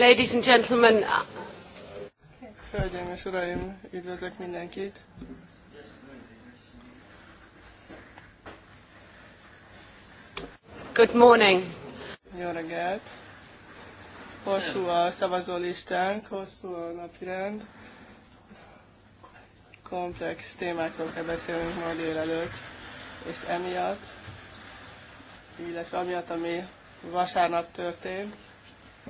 Ladies and gentlemen. Hölgyeim és uraim, üdvözlök mindenkit. Good morning. Jó reggelt. Hosszú a listánk, hosszú a napirend. Komplex témákról kell beszélnünk ma délelőtt, és emiatt, illetve amiatt, ami vasárnap történt,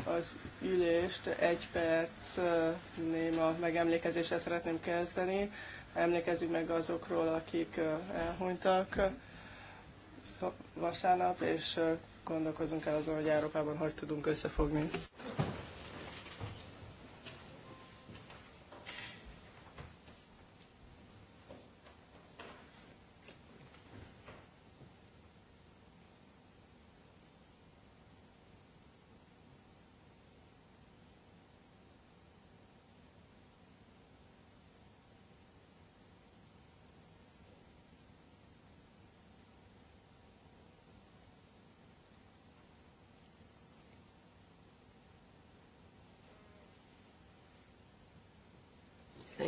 az ülést. Egy perc néma megemlékezésre szeretném kezdeni. Emlékezzük meg azokról, akik elhunytak vasárnap, és gondolkozunk el azon, hogy Európában hogy tudunk összefogni.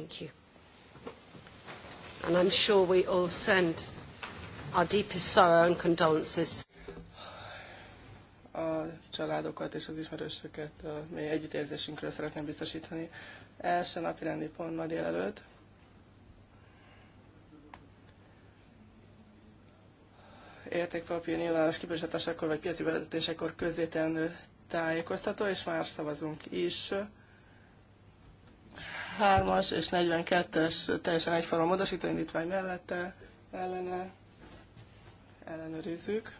Thank you. And I'm sure we all send our deepest sorrow and condolences. A családokat és az ismerősöket a mély együttérzésünkről szeretném biztosítani. Első napi rendi pont ma délelőtt. értékpapír nyilvános kibocsátásekor vagy piaci vezetésekor közzétendő tájékoztató, és már szavazunk is. 43-as és 42-es teljesen egyforma módosító indítvány mellette ellene ellenőrizzük.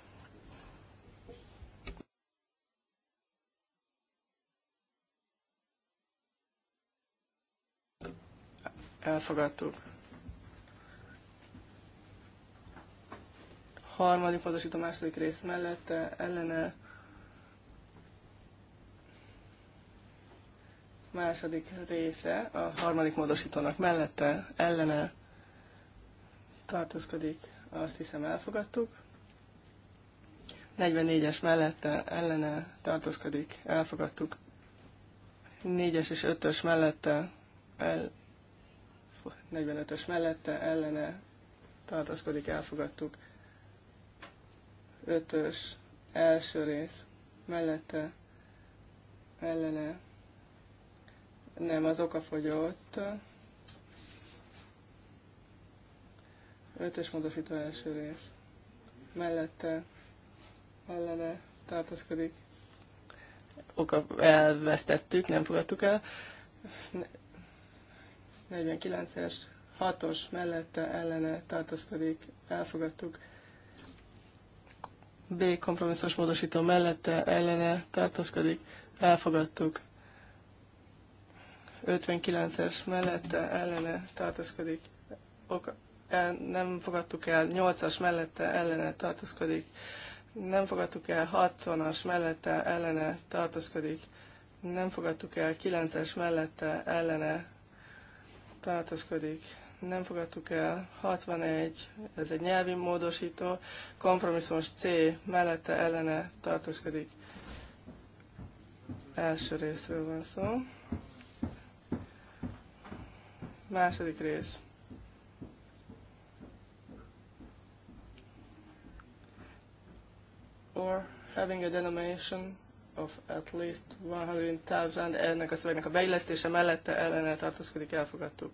Elfogadtuk. Harmadik módosító második rész mellette ellene Második része a harmadik módosítónak mellette, ellene tartózkodik, azt hiszem elfogadtuk. 44-es mellette, ellene tartózkodik, elfogadtuk. 4-es és 5-ös mellette, el, 45-ös mellette, ellene tartózkodik, elfogadtuk. 5-ös első rész mellette, ellene nem az oka fogyott. Ötös módosító első rész. Mellette, ellene tartozkodik. Oka elvesztettük, nem fogadtuk el. 49-es, 6-os mellette, ellene tartozkodik, elfogadtuk. B kompromisszos módosító mellette, ellene tartozkodik, elfogadtuk. 59-es mellette ellene tartozkodik, el, nem fogadtuk el. 8-as mellette ellene tartózkodik. Nem fogadtuk el. 60-as mellette ellene tartózkodik. Nem fogadtuk el. 9-es mellette ellene tartózkodik. Nem fogadtuk el. 61, ez egy nyelvi módosító. Kompromisszumos C mellette ellene tartózkodik. Első részről van szó. Második rész. Or having a denomination of at least 100,000, ennek a szövegnek a beillesztése mellette ellene tartózkodik, elfogadtuk.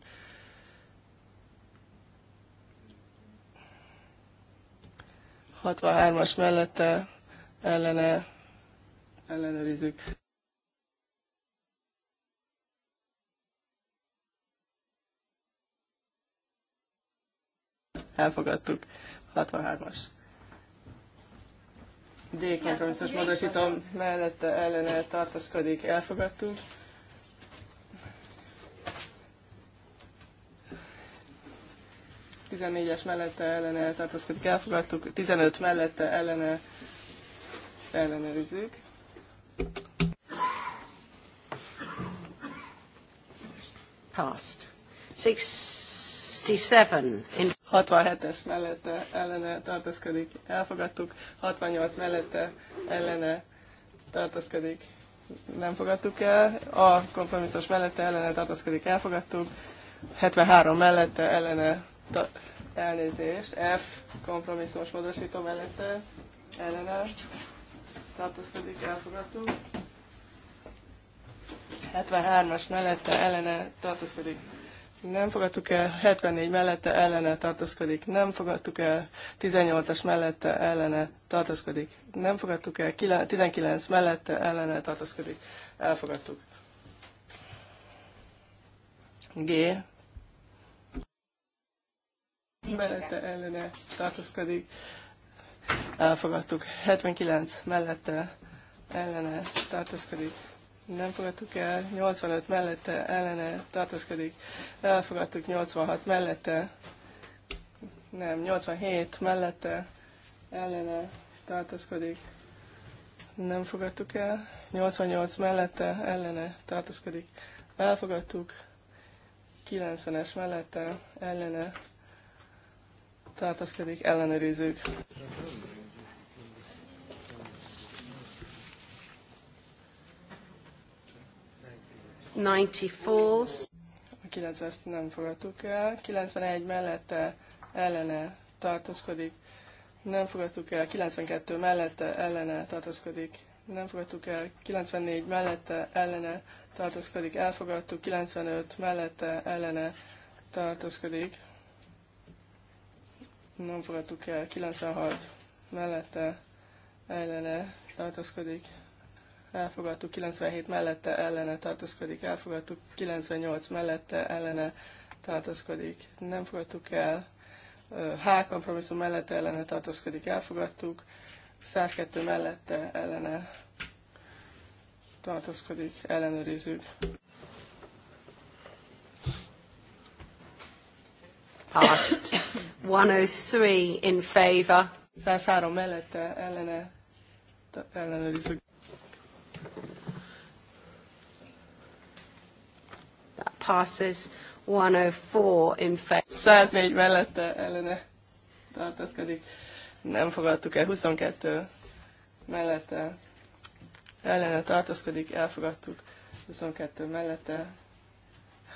Hatvanhármas mellette ellene ellenőrizzük. elfogadtuk. 63-as. D kompromisszus módosítom mellette ellene tartózkodik, elfogadtuk. Tizennégyes mellette ellene tartózkodik, elfogadtuk. 15 mellette ellene ellenőrizzük. Passed. 67 in 67-es mellette ellene tartózkodik, elfogadtuk. 68 mellette ellene tartozkodik nem fogadtuk el. A kompromisszus mellette ellene tartózkodik, elfogadtuk. 73 mellette ellene ta- elnézést, F kompromisszumos módosító mellette ellene tartozkodik elfogadtuk. 73-as mellette ellene tartozkodik nem fogadtuk el, 74 mellette ellene tartozkodik. nem fogadtuk el, 18-as mellette ellene tartozkodik. nem fogadtuk el, 19 mellette ellene tartozkodik. elfogadtuk. G. Mellette ellene tartozkodik. elfogadtuk. 79 mellette ellene tartozkodik nem fogadtuk el, 85 mellette ellene tartózkodik, elfogadtuk 86 mellette, nem, 87 mellette ellene tartózkodik, nem fogadtuk el, 88 mellette ellene tartózkodik, elfogadtuk, 90-es mellette ellene tartózkodik, ellenőrizzük. 90 falls. A 90 nem fogadtuk el. 91 mellette ellene tartózkodik. Nem fogadtuk el. 92 mellette ellene tartózkodik. Nem fogadtuk el. 94 mellette ellene tartózkodik. Elfogadtuk. 95 mellette ellene tartózkodik. Nem fogadtuk el. 96 mellette ellene tartózkodik elfogadtuk, 97 mellette ellene tartózkodik, elfogadtuk, 98 mellette ellene tartózkodik, nem fogadtuk el, H kompromisszum mellette ellene tartózkodik, elfogadtuk, 102 mellette ellene tartózkodik, ellenőrizzük. Passed. 103 in favor. 103 mellette ellene ellenőrizzük. passes 104 in favor. 104 mellette ellene tartaszkodik. Nem fogadtuk el. 22 mellette ellene tartaszkodik, elfogadtuk. 22 mellette,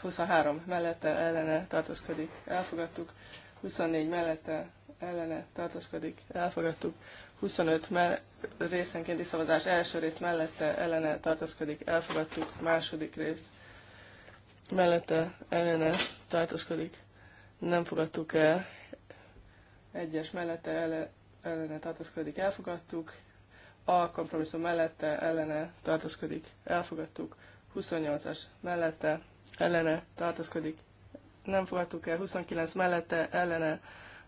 23 mellette ellene tartaszkodik, elfogadtuk. 24 mellette ellene tartaszkodik, elfogadtuk. 25 mell- részenkénti szavazás első rész mellette ellene tartaszkodik, elfogadtuk. Második rész mellette ellene tartózkodik, nem fogadtuk el, egyes mellette ele, ellene tartózkodik, elfogadtuk, a kompromisszum mellette ellene tartózkodik, elfogadtuk, 28-as mellette ellene tartózkodik, nem fogadtuk el, 29 mellette ellene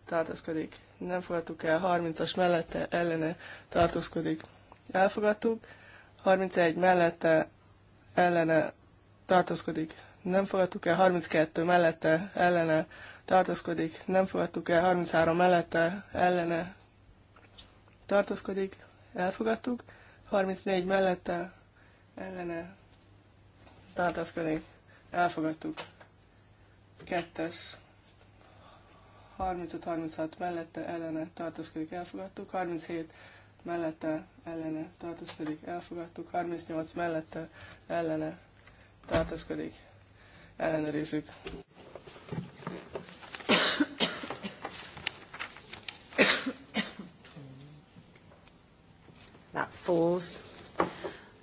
tartózkodik, nem fogadtuk el, 30-as mellette ellene tartózkodik, elfogadtuk, 31 mellette ellene tartózkodik, nem fogadtuk el, 32 mellette ellene tartózkodik, nem fogadtuk el, 33 mellette ellene tartózkodik, elfogadtuk, 34 mellette ellene tartózkodik, elfogadtuk, kettes, 35-36 mellette ellene tartózkodik, elfogadtuk, 37 mellette ellene tartózkodik, elfogadtuk, 38 mellette ellene tartózkodik, ellenőrizzük.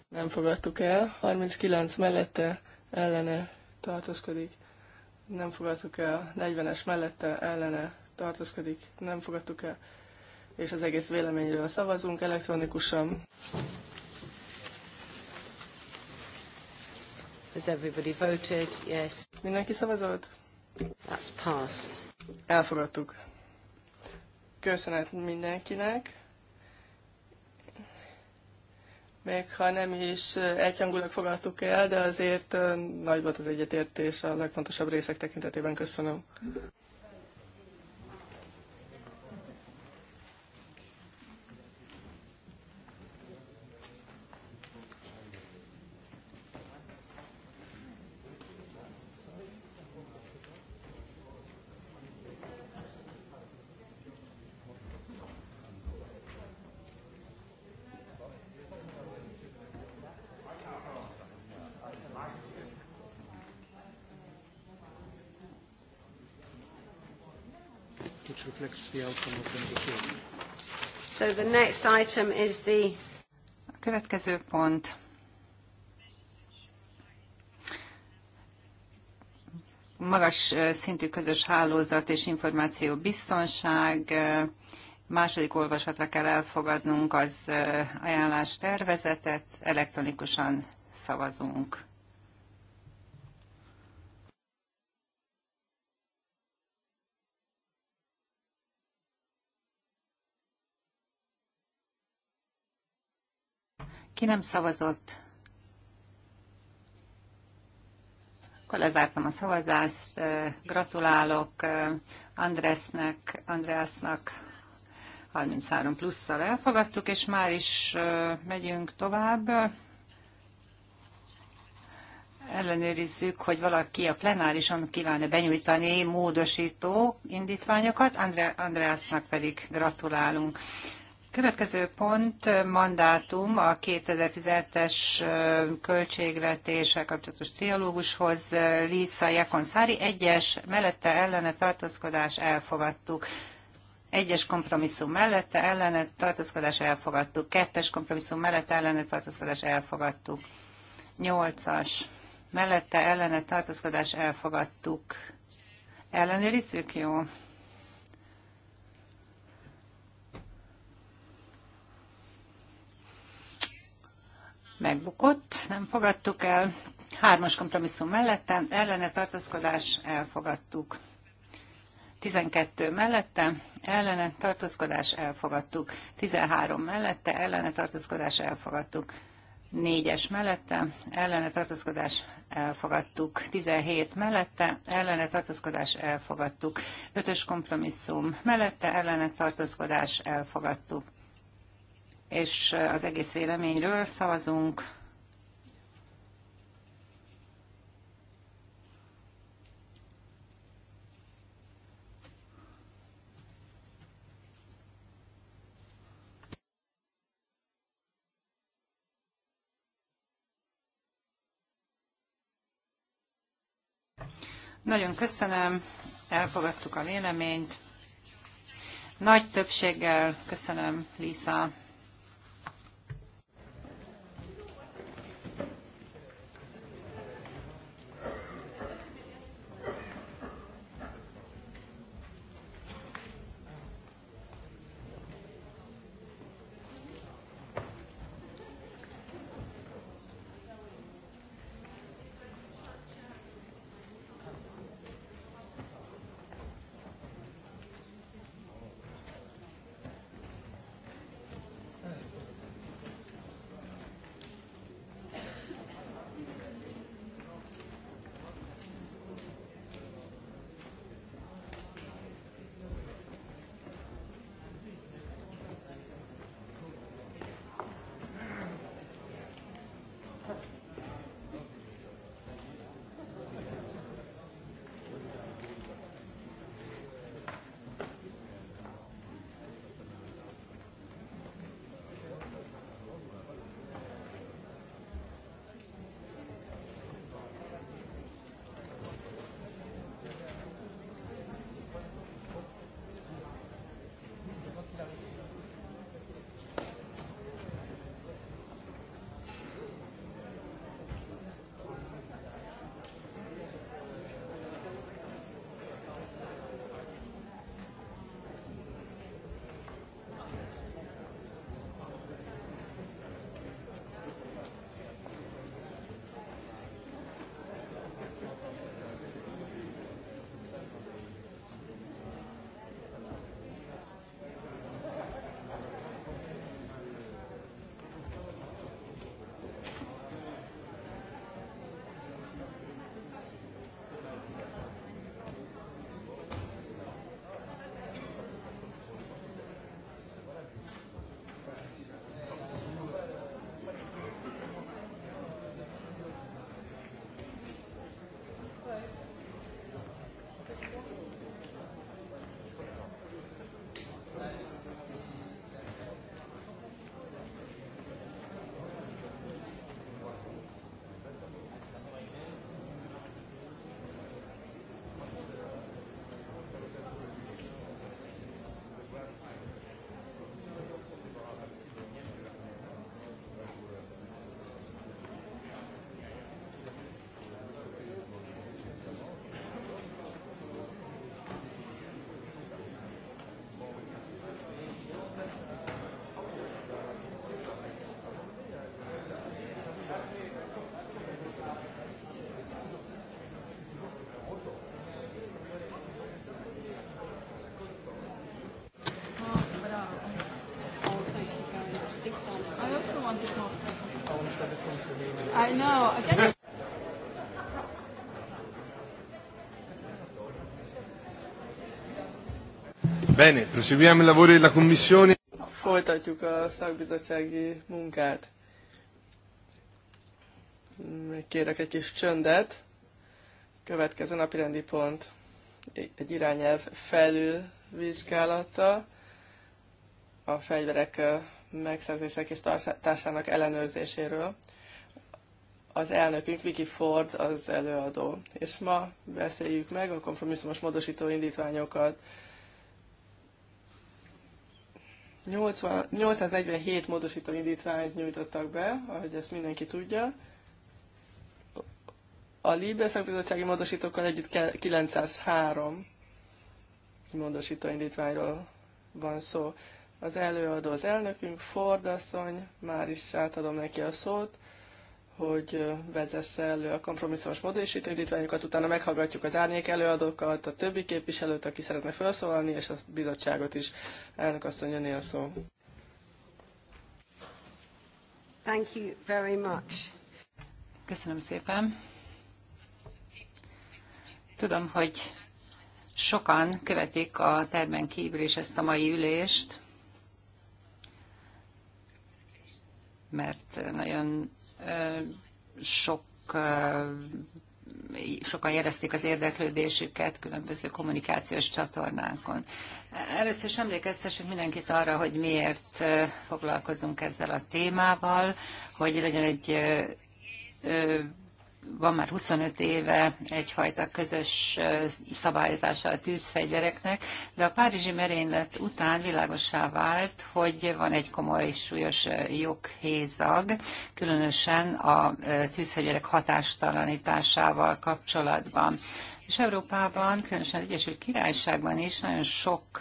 Nem fogadtuk el. 39 mellette ellene tartózkodik. Nem fogadtuk el. 40-es mellette ellene tartózkodik. Nem fogadtuk el. És az egész véleményről szavazunk elektronikusan. Has everybody voted? Yes. Mindenki szavazott? That's passed. Elfogadtuk. Köszönet mindenkinek. Még ha nem is egyhangulag fogadtuk el, de azért nagy volt az egyetértés a legfontosabb részek tekintetében. Köszönöm. the next item is the... A következő pont magas szintű közös hálózat és információ biztonság. Második olvasatra kell elfogadnunk az ajánlás tervezetet, elektronikusan szavazunk. Ki nem szavazott? Akkor lezártam a szavazást. Gratulálok Andresnek, Andreasnak. 33 plusszal elfogadtuk, és már is megyünk tovább ellenőrizzük, hogy valaki a plenárison kívánja benyújtani módosító indítványokat, Andreasnak pedig gratulálunk. Következő pont mandátum a 2017-es költségvetése kapcsolatos trialógushoz Lisa Jakonszári egyes mellette ellene tartózkodás elfogadtuk. Egyes kompromisszum mellette ellene tartózkodás elfogadtuk. Kettes kompromisszum mellette ellene tartózkodás elfogadtuk. Nyolcas mellette ellene tartózkodás elfogadtuk. Ellenőrizzük, jó? megbukott, nem fogadtuk el. Hármas kompromisszum mellette, ellene tartózkodás elfogadtuk. 12 mellette, ellene tartózkodás elfogadtuk. 13 mellette, ellene tartózkodás elfogadtuk. 4-es mellette, ellene tartózkodás elfogadtuk. 17 mellette, ellene tartózkodás elfogadtuk. 5-ös kompromisszum mellette, ellene tartózkodás elfogadtuk és az egész véleményről szavazunk. Nagyon köszönöm, elfogadtuk a véleményt. Nagy többséggel köszönöm, Lisa. Bene, proseguiamo i lavori della Commissione. Folytatjuk a szakbizottsági munkát. Kérek egy kis csöndet. Következő napi rendi pont egy irányelv felülvizsgálata a fegyverek megszerzések és társának ellenőrzéséről. Az elnökünk Vicky Ford az előadó, és ma beszéljük meg a kompromisszumos módosító indítványokat. 80, 847 módosító indítványt nyújtottak be, ahogy ezt mindenki tudja. A Libe szakbizottsági módosítókkal együtt 903 módosító indítványról van szó. Az előadó az elnökünk, Ford asszony, már is átadom neki a szót, hogy vezesse elő a kompromisszumos módosító indítványokat, utána meghallgatjuk az árnyék előadókat, a többi képviselőt, aki szeretne felszólalni, és a bizottságot is. Elnök asszony, jönni a szó. Thank you very much. Köszönöm szépen. Tudom, hogy sokan követik a termen kívül is ezt a mai ülést, mert nagyon sok sokan jelezték az érdeklődésüket különböző kommunikációs csatornákon. Először is emlékeztessük mindenkit arra, hogy miért foglalkozunk ezzel a témával, hogy legyen egy van már 25 éve egyfajta közös szabályozása a tűzfegyvereknek, de a párizsi merénylet után világosá vált, hogy van egy komoly és súlyos joghézag, különösen a tűzfegyverek hatástalanításával kapcsolatban. És Európában, különösen az Egyesült Királyságban is nagyon sok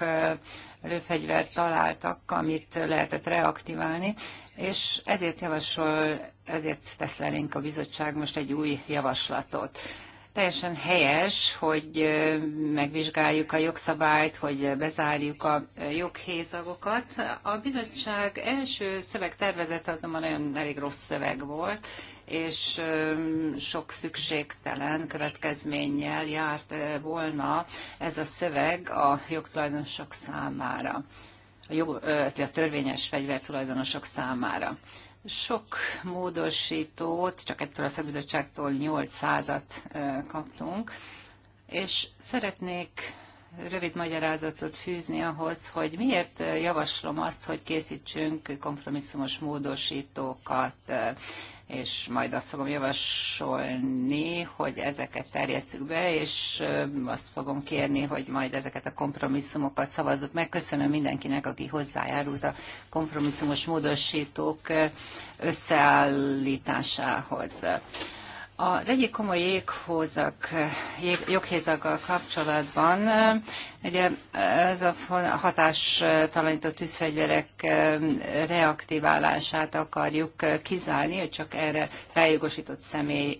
lőfegyvert találtak, amit lehetett reaktiválni, és ezért javasol, ezért tesz elénk a bizottság most egy új javaslatot. Teljesen helyes, hogy megvizsgáljuk a jogszabályt, hogy bezárjuk a joghézagokat. A bizottság első szövegtervezete azonban nagyon elég rossz szöveg volt, és sok szükségtelen következménnyel járt volna ez a szöveg a jogtulajdonosok számára a, jog, a törvényes fegyvertulajdonosok számára. Sok módosítót, csak ettől a szakbizottságtól 800-at kaptunk, és szeretnék rövid magyarázatot fűzni ahhoz, hogy miért javaslom azt, hogy készítsünk kompromisszumos módosítókat és majd azt fogom javasolni, hogy ezeket terjesszük be, és azt fogom kérni, hogy majd ezeket a kompromisszumokat szavazzuk meg. Köszönöm mindenkinek, aki hozzájárult a kompromisszumos módosítók összeállításához. Az egyik komoly jéghózak, jég, joghézakkal kapcsolatban, ugye ez a hatástalanító tűzfegyverek reaktiválását akarjuk kizárni, hogy csak erre feljogosított személy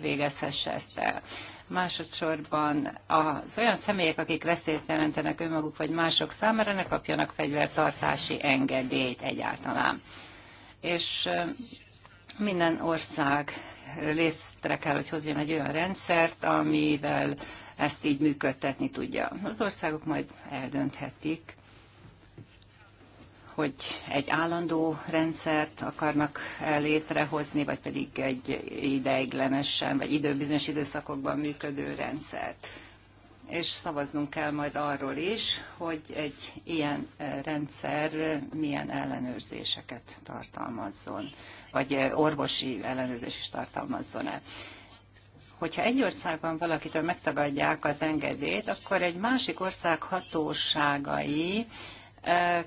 végezhesse ezt el. Másodszorban az olyan személyek, akik veszélyt jelentenek önmaguk vagy mások számára, ne kapjanak fegyvertartási engedélyt egyáltalán. És minden ország létre kell, hogy hozzon egy olyan rendszert, amivel ezt így működtetni tudja. Az országok majd eldönthetik, hogy egy állandó rendszert akarnak létrehozni, vagy pedig egy ideiglenesen, vagy időbizonyos időszakokban működő rendszert. És szavaznunk kell majd arról is, hogy egy ilyen rendszer milyen ellenőrzéseket tartalmazzon vagy orvosi ellenőrzés is tartalmazzon-e hogyha egy országban valakitől megtagadják az engedélyt, akkor egy másik ország hatóságai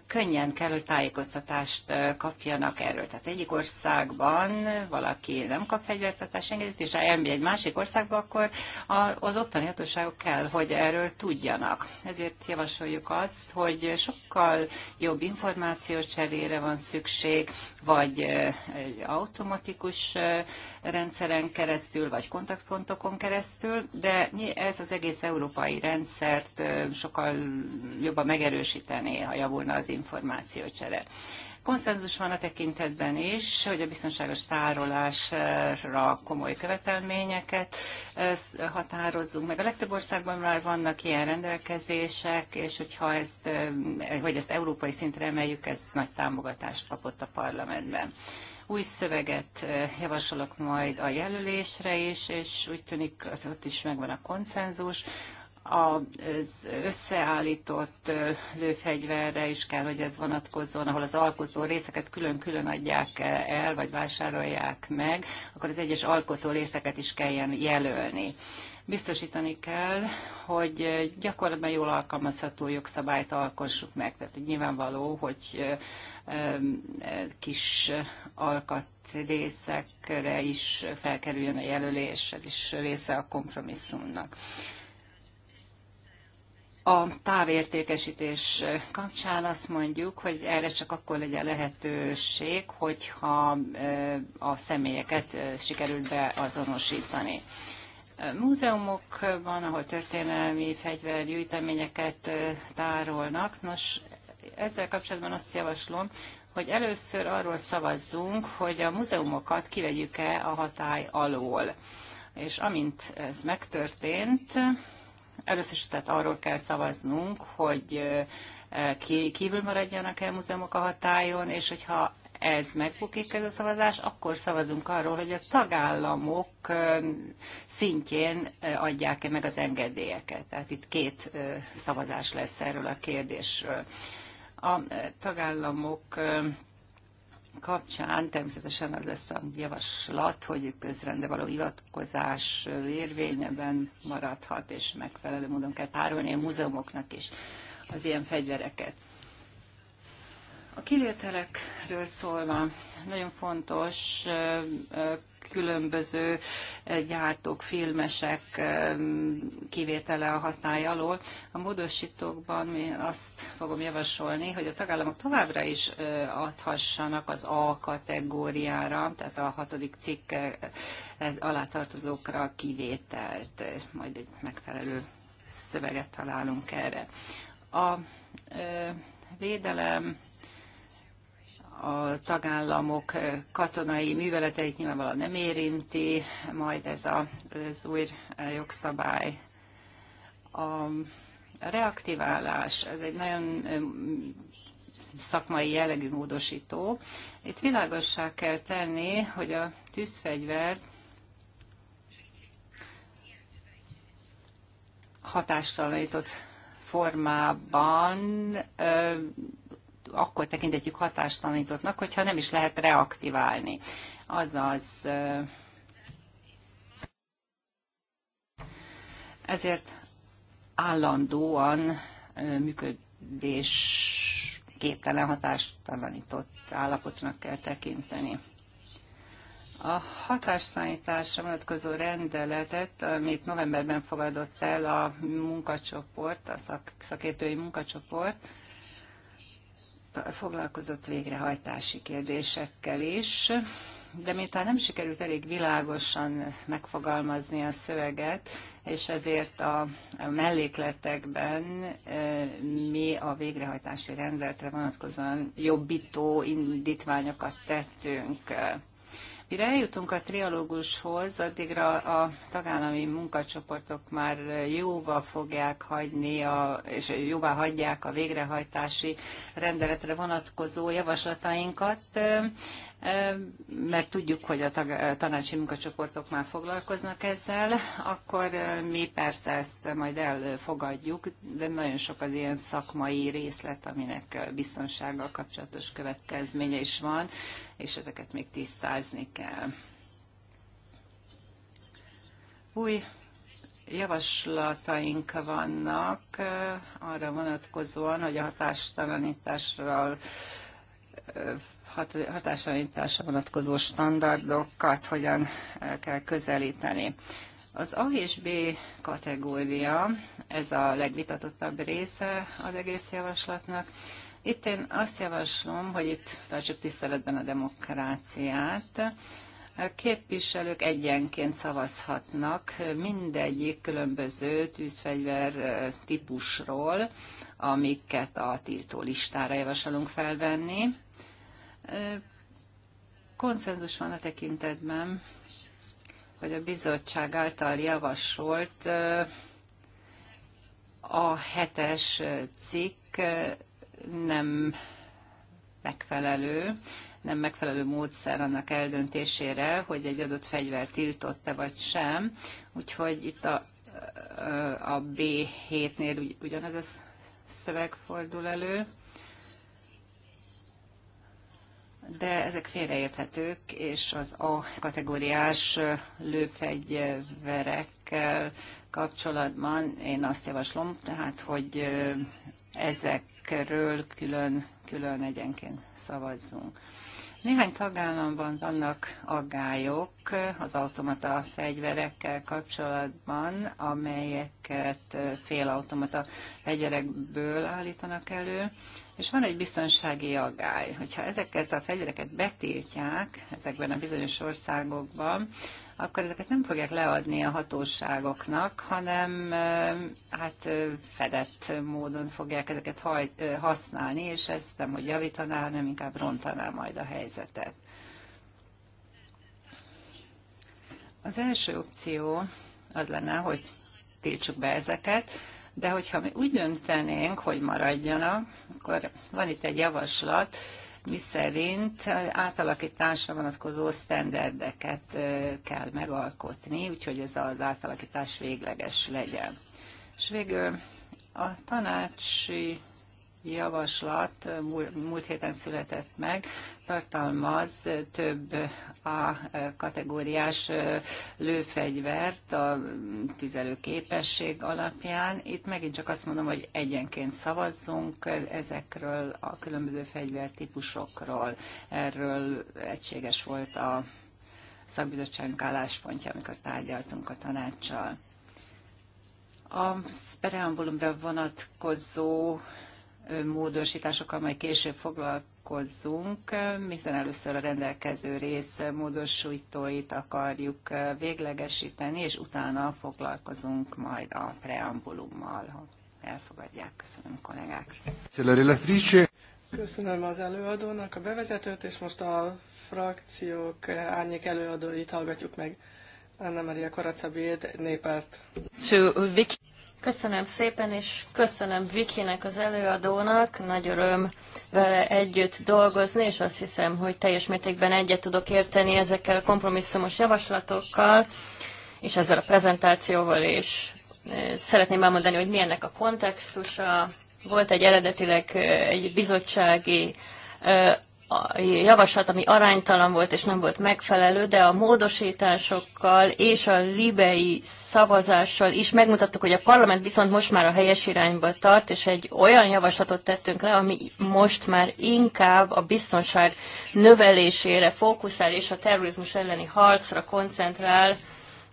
könnyen kell, hogy tájékoztatást kapjanak erről. Tehát egyik országban valaki nem kap fegyvertartás engedélyt, és elmegy egy másik országba, akkor az ottani hatóságok kell, hogy erről tudjanak. Ezért javasoljuk azt, hogy sokkal jobb információs cserére van szükség, vagy egy automatikus rendszeren keresztül, vagy kontaktpontokon keresztül, de ez az egész európai rendszert sokkal jobban megerősítené, ha javulna az információcsere. Konszenzus van a tekintetben is, hogy a biztonságos tárolásra komoly követelményeket eh, határozzunk meg. A legtöbb országban már vannak ilyen rendelkezések, és hogyha ezt, eh, hogy ezt európai szintre emeljük, ez nagy támogatást kapott a parlamentben új szöveget eh, javasolok majd a jelölésre is, és úgy tűnik, ott is megvan a konszenzus az összeállított lőfegyverre is kell, hogy ez vonatkozzon, ahol az alkotó részeket külön-külön adják el, vagy vásárolják meg, akkor az egyes alkotó részeket is kelljen jelölni biztosítani kell, hogy gyakorlatban jól alkalmazható jogszabályt alkossuk meg. Tehát nyilvánvaló, hogy kis alkatrészekre is felkerüljön a jelölés, ez is része a kompromisszumnak. A távértékesítés kapcsán azt mondjuk, hogy erre csak akkor legyen lehetőség, hogyha a személyeket sikerült beazonosítani múzeumokban, ahol történelmi fegyvergyűjteményeket tárolnak. Nos, ezzel kapcsolatban azt javaslom, hogy először arról szavazzunk, hogy a múzeumokat kivegyük-e a hatály alól. És amint ez megtörtént, Először is tehát arról kell szavaznunk, hogy kívül maradjanak el múzeumok a hatájon, és hogyha ez megbukik ez a szavazás, akkor szavazunk arról, hogy a tagállamok szintjén adják-e meg az engedélyeket. Tehát itt két szavazás lesz erről a kérdésről. A tagállamok kapcsán természetesen az lesz a javaslat, hogy közrende való hivatkozás érvényeben maradhat, és megfelelő módon kell tárolni a múzeumoknak is az ilyen fegyvereket. A kivételekről szólva nagyon fontos különböző eh, gyártók, filmesek eh, kivétele a hatály alól. A módosítókban mi azt fogom javasolni, hogy a tagállamok továbbra is eh, adhassanak az A kategóriára, tehát a hatodik cikk ez alátartozókra kivételt, majd egy megfelelő szöveget találunk erre. A védelem a tagállamok katonai műveleteit nyilvánvalóan nem érinti, majd ez a, az új jogszabály. A reaktiválás, ez egy nagyon szakmai jellegű módosító. Itt világossá kell tenni, hogy a tűzfegyver hatástalanított formában akkor tekintetjük hatástalanítottnak, hogyha nem is lehet reaktiválni. Azaz ezért állandóan működés képtelen hatástalanított állapotnak kell tekinteni. A hatástalanításra vonatkozó rendeletet, amit novemberben fogadott el a munkacsoport, a szak, szakértői munkacsoport, foglalkozott végrehajtási kérdésekkel is, de miután nem sikerült elég világosan megfogalmazni a szöveget, és ezért a mellékletekben e, mi a végrehajtási rendeletre vonatkozóan jobbító indítványokat tettünk. Mire eljutunk a trialógushoz, addigra a tagállami munkacsoportok már jóval fogják hagyni, a, és jóvá hagyják a végrehajtási rendeletre vonatkozó javaslatainkat mert tudjuk, hogy a tanácsi munkacsoportok már foglalkoznak ezzel, akkor mi persze ezt majd elfogadjuk, de nagyon sok az ilyen szakmai részlet, aminek biztonsággal kapcsolatos következménye is van, és ezeket még tisztázni kell. Új javaslataink vannak arra vonatkozóan, hogy a hatástalanításról hatásaitása vonatkozó standardokat hogyan eh, kell közelíteni. Az A és B kategória, ez a legvitatottabb része az egész javaslatnak. Itt én azt javaslom, hogy itt tartsuk tiszteletben a demokráciát. A képviselők egyenként szavazhatnak mindegyik különböző tűzfegyver eh, típusról, amiket a tiltó listára javasolunk felvenni. Konszenzus van a tekintetben, hogy a bizottság által javasolt a hetes cikk nem megfelelő, nem megfelelő módszer annak eldöntésére, hogy egy adott fegyver tiltott-e vagy sem. Úgyhogy itt a, a B7-nél ugyanez a szöveg fordul elő de ezek félreérthetők, és az A kategóriás lőfegyverekkel kapcsolatban én azt javaslom, tehát, hogy ezekről külön, külön egyenként szavazzunk. Néhány tagállamban vannak aggályok az automata fegyverekkel kapcsolatban, amelyeket félautomata fegyverekből állítanak elő, és van egy biztonsági aggály, hogyha ezeket a fegyvereket betiltják ezekben a bizonyos országokban, akkor ezeket nem fogják leadni a hatóságoknak, hanem eh, hát eh, fedett módon fogják ezeket haj, eh, használni, és ezt nem, hogy javítaná, hanem inkább rontaná majd a helyzetet. Az első opció az lenne, hogy tiltsuk be ezeket, de hogyha mi úgy döntenénk, hogy maradjanak, akkor van itt egy javaslat, miszerint átalakításra vonatkozó sztenderdeket kell megalkotni, úgyhogy ez az átalakítás végleges legyen. És végül a tanácsi javaslat múlt héten született meg, tartalmaz több A kategóriás lőfegyvert a tüzelőképesség alapján. Itt megint csak azt mondom, hogy egyenként szavazzunk ezekről a különböző fegyvertípusokról. Erről egységes volt a szakbizottságunk álláspontja, amikor tárgyaltunk a tanácssal. A preambulumra vonatkozó módosításokkal majd később foglalkozzunk, hiszen először a rendelkező rész módosítóit akarjuk véglegesíteni, és utána foglalkozunk majd a preambulummal, ha elfogadják. Köszönöm, kollégák. Köszönöm az előadónak a bevezetőt, és most a frakciók árnyék előadóit hallgatjuk meg. Anna Maria Koracabéd, Népárt. Köszönöm szépen, és köszönöm Vikinek, az előadónak. Nagy öröm vele együtt dolgozni, és azt hiszem, hogy teljes mértékben egyet tudok érteni ezekkel a kompromisszumos javaslatokkal, és ezzel a prezentációval is. Szeretném elmondani, hogy milyennek a kontextusa. Volt egy eredetileg eh, egy bizottsági eh, javaslat, ami aránytalan volt és nem volt megfelelő, de a módosításokkal és a libei szavazással is megmutattuk, hogy a parlament viszont most már a helyes irányba tart, és egy olyan javaslatot tettünk le, ami most már inkább a biztonság növelésére fókuszál és a terrorizmus elleni harcra koncentrál,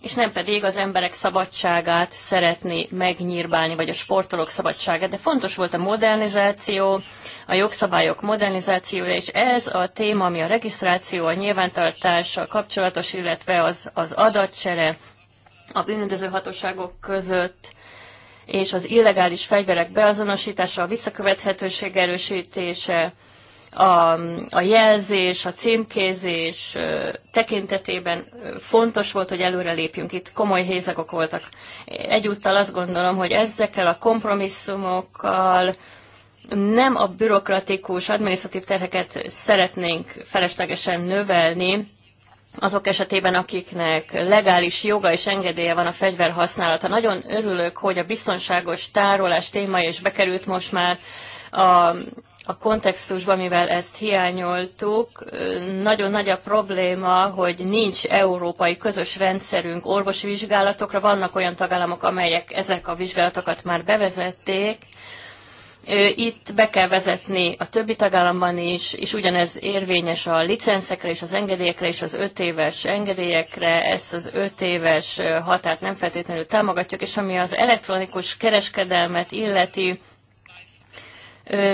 és nem pedig az emberek szabadságát szeretné megnyírbálni, vagy a sportolók szabadságát. De fontos volt a modernizáció, a jogszabályok modernizációja, és ez a téma, ami a regisztráció, a nyilvántartással kapcsolatos, illetve az, az adatcsere a bűnöző hatóságok között, és az illegális fegyverek beazonosítása, a visszakövethetőség erősítése, a, a jelzés, a címkézés tekintetében fontos volt, hogy előrelépjünk. Itt komoly hézagok voltak. Egyúttal azt gondolom, hogy ezekkel a kompromisszumokkal nem a bürokratikus, adminisztratív terheket szeretnénk feleslegesen növelni, azok esetében, akiknek legális joga és engedélye van a fegyver használata. Nagyon örülök, hogy a biztonságos tárolás témája is bekerült most már a a kontextusban, mivel ezt hiányoltuk, nagyon nagy a probléma, hogy nincs európai közös rendszerünk orvosi vizsgálatokra. Vannak olyan tagállamok, amelyek ezek a vizsgálatokat már bevezették. Itt be kell vezetni a többi tagállamban is, és ugyanez érvényes a licenszekre és az engedélyekre és az öt éves engedélyekre. Ezt az öt éves határt nem feltétlenül támogatjuk, és ami az elektronikus kereskedelmet illeti,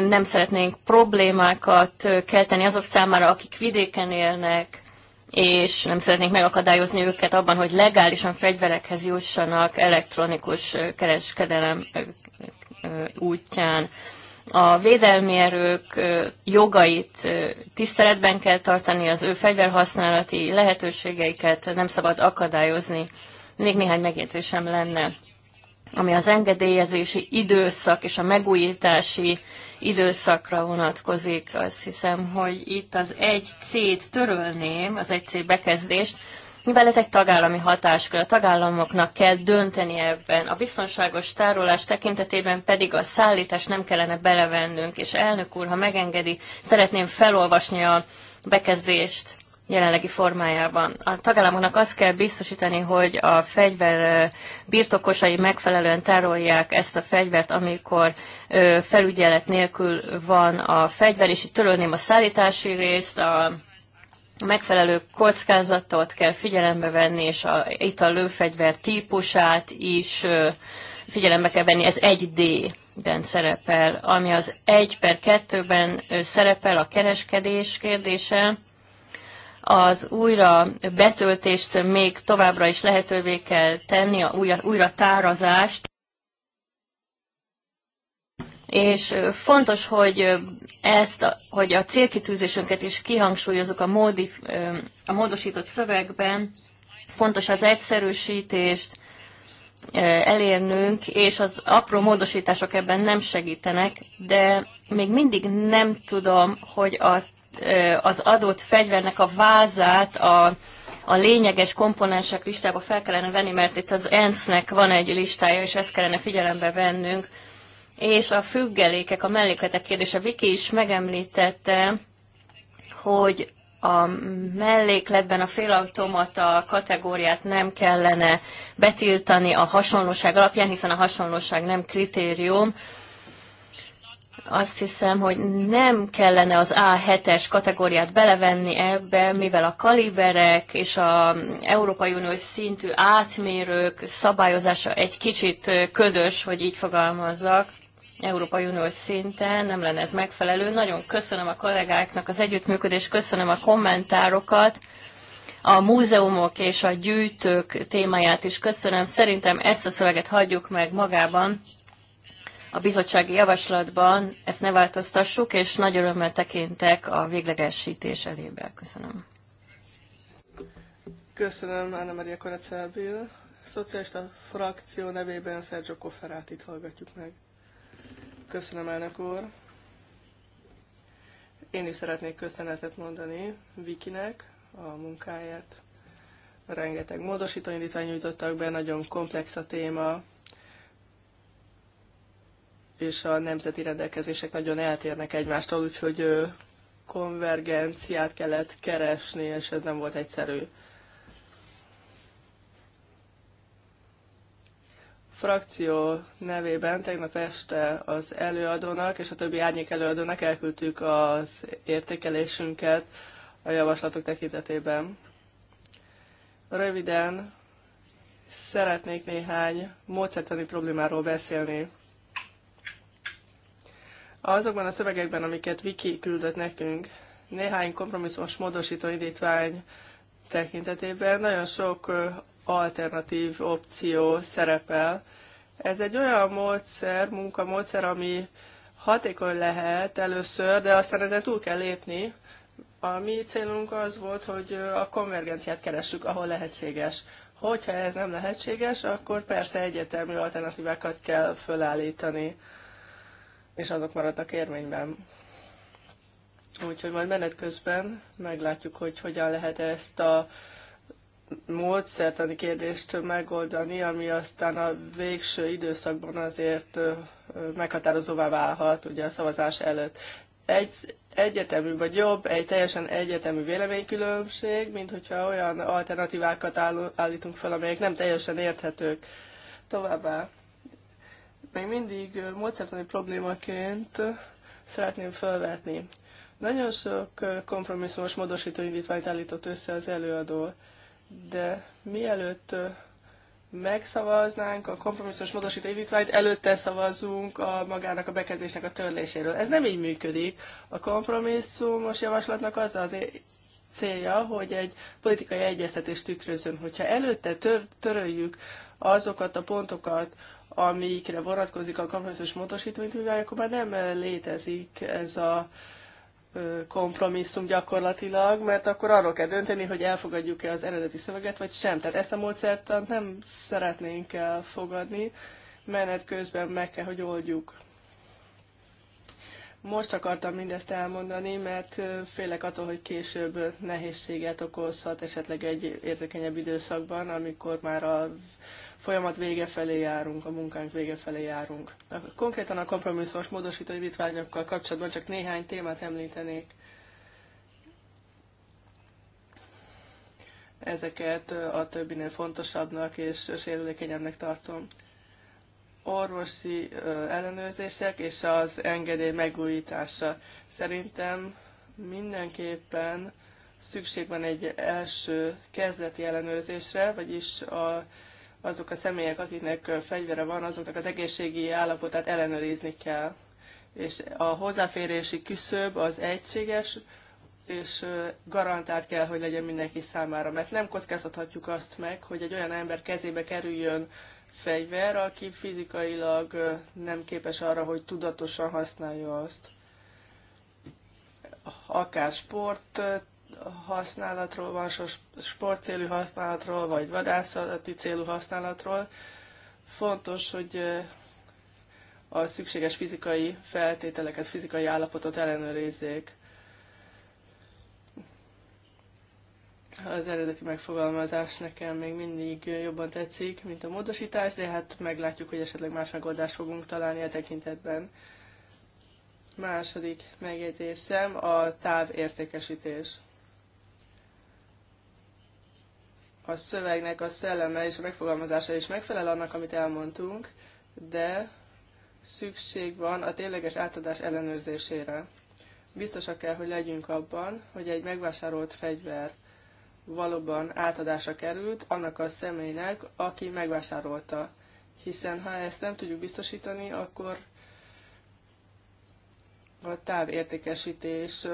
nem szeretnénk problémákat kelteni azok számára, akik vidéken élnek, és nem szeretnénk megakadályozni őket abban, hogy legálisan fegyverekhez jussanak elektronikus kereskedelem útján. A védelmi erők jogait tiszteletben kell tartani, az ő fegyverhasználati lehetőségeiket nem szabad akadályozni. Még néhány megjegyzésem lenne ami az engedélyezési időszak és a megújítási időszakra vonatkozik. Azt hiszem, hogy itt az 1C-t törölném, az 1C bekezdést, mivel ez egy tagállami hatáskör, a tagállamoknak kell dönteni ebben. A biztonságos tárolás tekintetében pedig a szállítás nem kellene belevennünk, és elnök úr, ha megengedi, szeretném felolvasni a bekezdést jelenlegi formájában. A tagállamoknak azt kell biztosítani, hogy a fegyver birtokosai megfelelően tárolják ezt a fegyvert, amikor felügyelet nélkül van a fegyver, és itt törölném a szállítási részt, a megfelelő kockázatot kell figyelembe venni, és a, itt a lőfegyver típusát is figyelembe kell venni, ez 1D ben szerepel, ami az 1 per 2-ben szerepel a kereskedés kérdése, az újra betöltést még továbbra is lehetővé kell tenni, a újra, újra tárazást. És fontos, hogy ezt, hogy a célkitűzésünket is kihangsúlyozok a, módi, a módosított szövegben, fontos az egyszerűsítést elérnünk, és az apró módosítások ebben nem segítenek, de még mindig nem tudom, hogy a az adott fegyvernek a vázát a, a lényeges komponensek listába fel kellene venni, mert itt az ENSZ-nek van egy listája, és ezt kellene figyelembe vennünk. És a függelékek, a mellékletek kérdése, Viki is megemlítette, hogy a mellékletben a félautomata kategóriát nem kellene betiltani a hasonlóság alapján, hiszen a hasonlóság nem kritérium, azt hiszem, hogy nem kellene az A7-es kategóriát belevenni ebbe, mivel a kaliberek és az Európai Uniós szintű átmérők szabályozása egy kicsit ködös, hogy így fogalmazzak. Európai Uniós szinten nem lenne ez megfelelő. Nagyon köszönöm a kollégáknak az együttműködést, köszönöm a kommentárokat a múzeumok és a gyűjtők témáját is köszönöm. Szerintem ezt a szöveget hagyjuk meg magában, a bizottsági javaslatban ezt ne változtassuk, és nagy örömmel tekintek a véglegesítés elébe. Köszönöm. Köszönöm, Anna Maria Koracelbil. Szocialista frakció nevében Sergio itt hallgatjuk meg. Köszönöm, elnök úr. Én is szeretnék köszönetet mondani Vikinek a munkáért. Rengeteg módosítóindítvány nyújtottak be, nagyon komplex a téma, és a nemzeti rendelkezések nagyon eltérnek egymástól, úgyhogy konvergenciát kellett keresni, és ez nem volt egyszerű. frakció nevében tegnap este az előadónak és a többi árnyék előadónak elküldtük az értékelésünket a javaslatok tekintetében. Röviden szeretnék néhány módszertani problémáról beszélni. Azokban a szövegekben, amiket Viki küldött nekünk, néhány kompromisszumos módosító indítvány tekintetében nagyon sok alternatív opció szerepel. Ez egy olyan módszer, munkamódszer, ami hatékony lehet először, de aztán ezen túl kell lépni. A mi célunk az volt, hogy a konvergenciát keressük, ahol lehetséges. Hogyha ez nem lehetséges, akkor persze egyértelmű alternatívákat kell fölállítani és azok maradnak érvényben. Úgyhogy majd menet közben meglátjuk, hogy hogyan lehet ezt a módszertani kérdést megoldani, ami aztán a végső időszakban azért meghatározóvá válhat, ugye a szavazás előtt. Egy egyetemű vagy jobb, egy teljesen egyetemű véleménykülönbség, mint hogyha olyan alternatívákat állítunk fel, amelyek nem teljesen érthetők. Továbbá még mindig módszertani problémaként szeretném felvetni. Nagyon sok kompromisszumos módosító indítványt állított össze az előadó, de mielőtt megszavaznánk a kompromisszumos módosító indítványt, előtte szavazunk a magának a bekezdésnek a törléséről. Ez nem így működik. A kompromisszumos javaslatnak az az célja, hogy egy politikai egyeztetést tükrözön. Hogyha előtte tör, töröljük azokat a pontokat, amikre vonatkozik a kompromisszus módosítóintvizsgálja, akkor már nem létezik ez a kompromisszum gyakorlatilag, mert akkor arról kell dönteni, hogy elfogadjuk-e az eredeti szöveget, vagy sem. Tehát ezt a módszert nem szeretnénk elfogadni, menet közben meg kell, hogy oldjuk. Most akartam mindezt elmondani, mert félek attól, hogy később nehézséget okozhat, esetleg egy érzékenyebb időszakban, amikor már a folyamat vége felé járunk, a munkánk vége felé járunk. Konkrétan a kompromisszumos módosító indítványokkal kapcsolatban csak néhány témát említenék. Ezeket a többinél fontosabbnak és sérülékenyebbnek tartom orvosi ellenőrzések és az engedély megújítása. Szerintem mindenképpen szükség van egy első kezdeti ellenőrzésre, vagyis a, azok a személyek, akiknek fegyvere van, azoknak az egészségi állapotát ellenőrizni kell. És a hozzáférési küszöb az egységes, és garantált kell, hogy legyen mindenki számára, mert nem kockáztathatjuk azt meg, hogy egy olyan ember kezébe kerüljön fegyver, aki fizikailag nem képes arra, hogy tudatosan használja azt. Akár sport használatról van, sportcélú használatról, vagy vadászati célú használatról. Fontos, hogy a szükséges fizikai feltételeket, fizikai állapotot ellenőrizzék. Az eredeti megfogalmazás nekem még mindig jobban tetszik, mint a módosítás, de hát meglátjuk, hogy esetleg más megoldást fogunk találni a e tekintetben. Második megjegyzésem a távértékesítés. A szövegnek a szelleme és a megfogalmazása is megfelel annak, amit elmondtunk, de szükség van a tényleges átadás ellenőrzésére biztosak kell, hogy legyünk abban, hogy egy megvásárolt fegyver valóban átadásra került annak a személynek, aki megvásárolta. Hiszen ha ezt nem tudjuk biztosítani, akkor a távértékesítés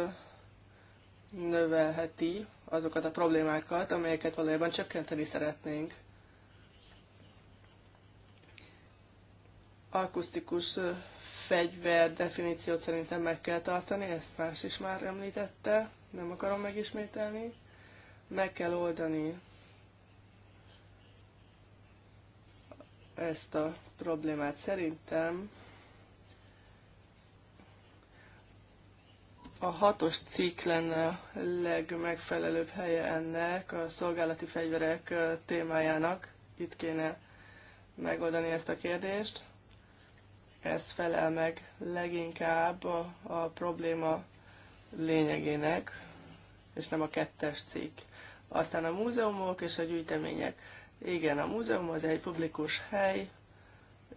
növelheti azokat a problémákat, amelyeket valójában csökkenteni szeretnénk. Akusztikus fegyver definíciót szerintem meg kell tartani, ezt más is már említette, nem akarom megismételni meg kell oldani ezt a problémát. Szerintem a hatos cikk lenne a legmegfelelőbb helye ennek a szolgálati fegyverek témájának. Itt kéne megoldani ezt a kérdést. Ez felel meg leginkább a, a probléma lényegének, és nem a kettes cikk. Aztán a múzeumok és a gyűjtemények. Igen, a múzeum az egy publikus hely,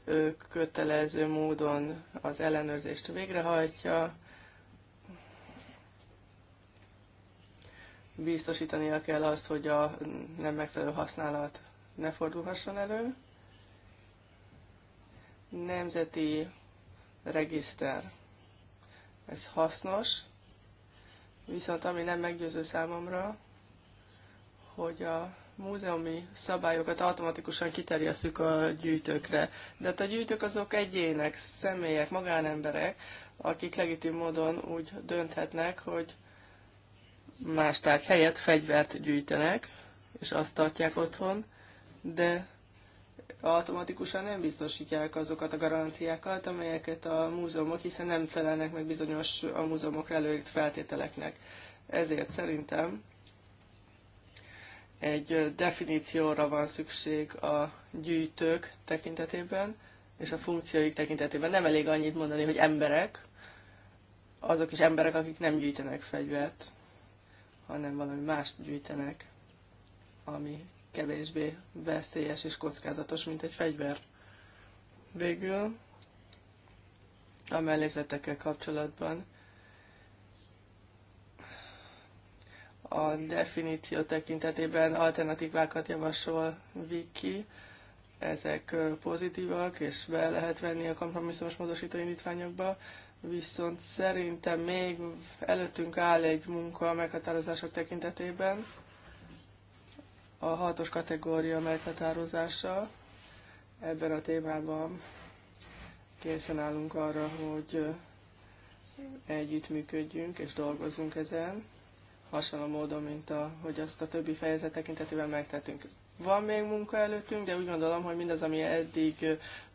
ők kötelező módon az ellenőrzést végrehajtja, biztosítania kell azt, hogy a nem megfelelő használat ne fordulhasson elő. Nemzeti regiszter. Ez hasznos, viszont ami nem meggyőző számomra, hogy a múzeumi szabályokat automatikusan kiterjesszük a gyűjtőkre. De hát a gyűjtők azok egyének, személyek, magánemberek, akik legitim módon úgy dönthetnek, hogy más tárgy helyett fegyvert gyűjtenek, és azt tartják otthon, de automatikusan nem biztosítják azokat a garanciákat, amelyeket a múzeumok, hiszen nem felelnek meg bizonyos a múzeumokra előírt feltételeknek. Ezért szerintem egy definícióra van szükség a gyűjtők tekintetében, és a funkcióik tekintetében. Nem elég annyit mondani, hogy emberek, azok is emberek, akik nem gyűjtenek fegyvert, hanem valami mást gyűjtenek, ami kevésbé veszélyes és kockázatos, mint egy fegyver. Végül a mellékletekkel kapcsolatban a definíció tekintetében alternatívákat javasol Viki. Ezek pozitívak, és be lehet venni a kompromisszumos módosító indítványokba, viszont szerintem még előttünk áll egy munka a meghatározások tekintetében, a hatos kategória meghatározása ebben a témában. Készen állunk arra, hogy együttműködjünk és dolgozzunk ezen hasonló módon, mint a, hogy azt a többi fejezet tekintetében megtettünk. Van még munka előttünk, de úgy gondolom, hogy mindaz, ami eddig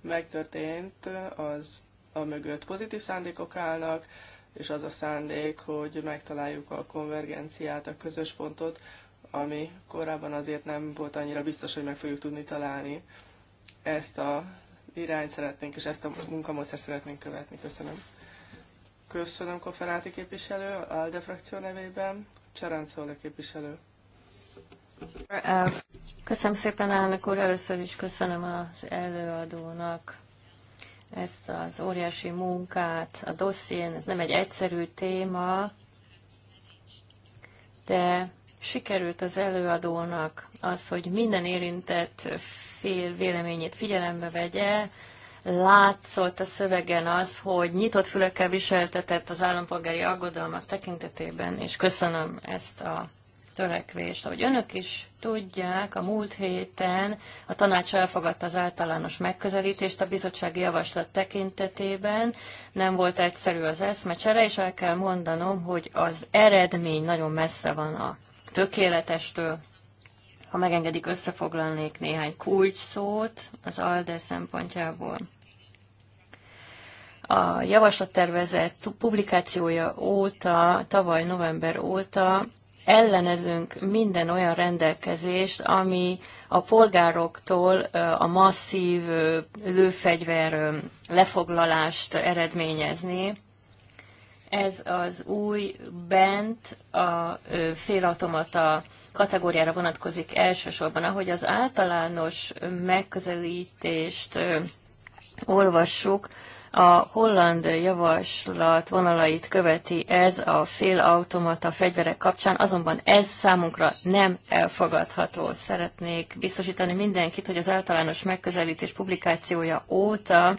megtörtént, az a mögött pozitív szándékok állnak, és az a szándék, hogy megtaláljuk a konvergenciát, a közös pontot, ami korábban azért nem volt annyira biztos, hogy meg fogjuk tudni találni. Ezt a irányt szeretnénk, és ezt a munkamódszert szeretnénk követni. Köszönöm. Köszönöm Koferáti képviselő, ALDE frakció nevében. Csaráncóle képviselő. Köszönöm szépen, elnök úr. Először is köszönöm az előadónak ezt az óriási munkát a dosszién. Ez nem egy egyszerű téma, de sikerült az előadónak az, hogy minden érintett fél véleményét figyelembe vegye, látszott a szövegen az, hogy nyitott fülekkel viseltetett az állampolgári aggodalmak tekintetében, és köszönöm ezt a törekvést. Ahogy önök is tudják, a múlt héten a tanács elfogadta az általános megközelítést a bizottsági javaslat tekintetében. Nem volt egyszerű az eszmecsere, és el kell mondanom, hogy az eredmény nagyon messze van a tökéletestől. Ha megengedik, összefoglalnék néhány kulcs szót az ALDE szempontjából. A javaslattervezet publikációja óta, tavaly november óta ellenezünk minden olyan rendelkezést, ami a polgároktól a masszív lőfegyver lefoglalást eredményezné. Ez az új bent a félautomata kategóriára vonatkozik elsősorban. Ahogy az általános megközelítést olvassuk, a holland javaslat vonalait követi ez a félautomata fegyverek kapcsán, azonban ez számunkra nem elfogadható. Szeretnék biztosítani mindenkit, hogy az általános megközelítés publikációja óta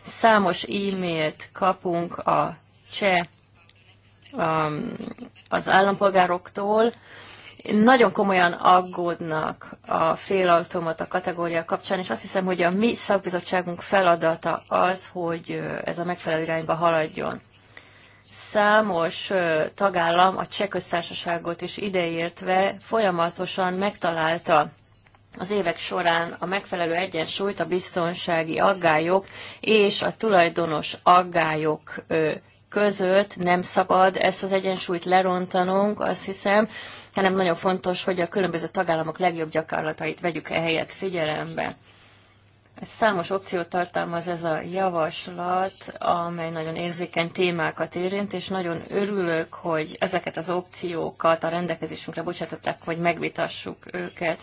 számos e-mailt kapunk a cseh um, az állampolgároktól, nagyon komolyan aggódnak a félautomata kategória kapcsán, és azt hiszem, hogy a mi szakbizottságunk feladata az, hogy ez a megfelelő irányba haladjon. Számos tagállam, a cseh köztársaságot is ideértve folyamatosan megtalálta az évek során a megfelelő egyensúlyt a biztonsági aggályok és a tulajdonos aggályok között nem szabad ezt az egyensúlyt lerontanunk, azt hiszem, hanem nagyon fontos, hogy a különböző tagállamok legjobb gyakorlatait vegyük e helyet figyelembe. Számos opciót tartalmaz ez a javaslat, amely nagyon érzékeny témákat érint, és nagyon örülök, hogy ezeket az opciókat a rendelkezésünkre bocsátották, hogy megvitassuk őket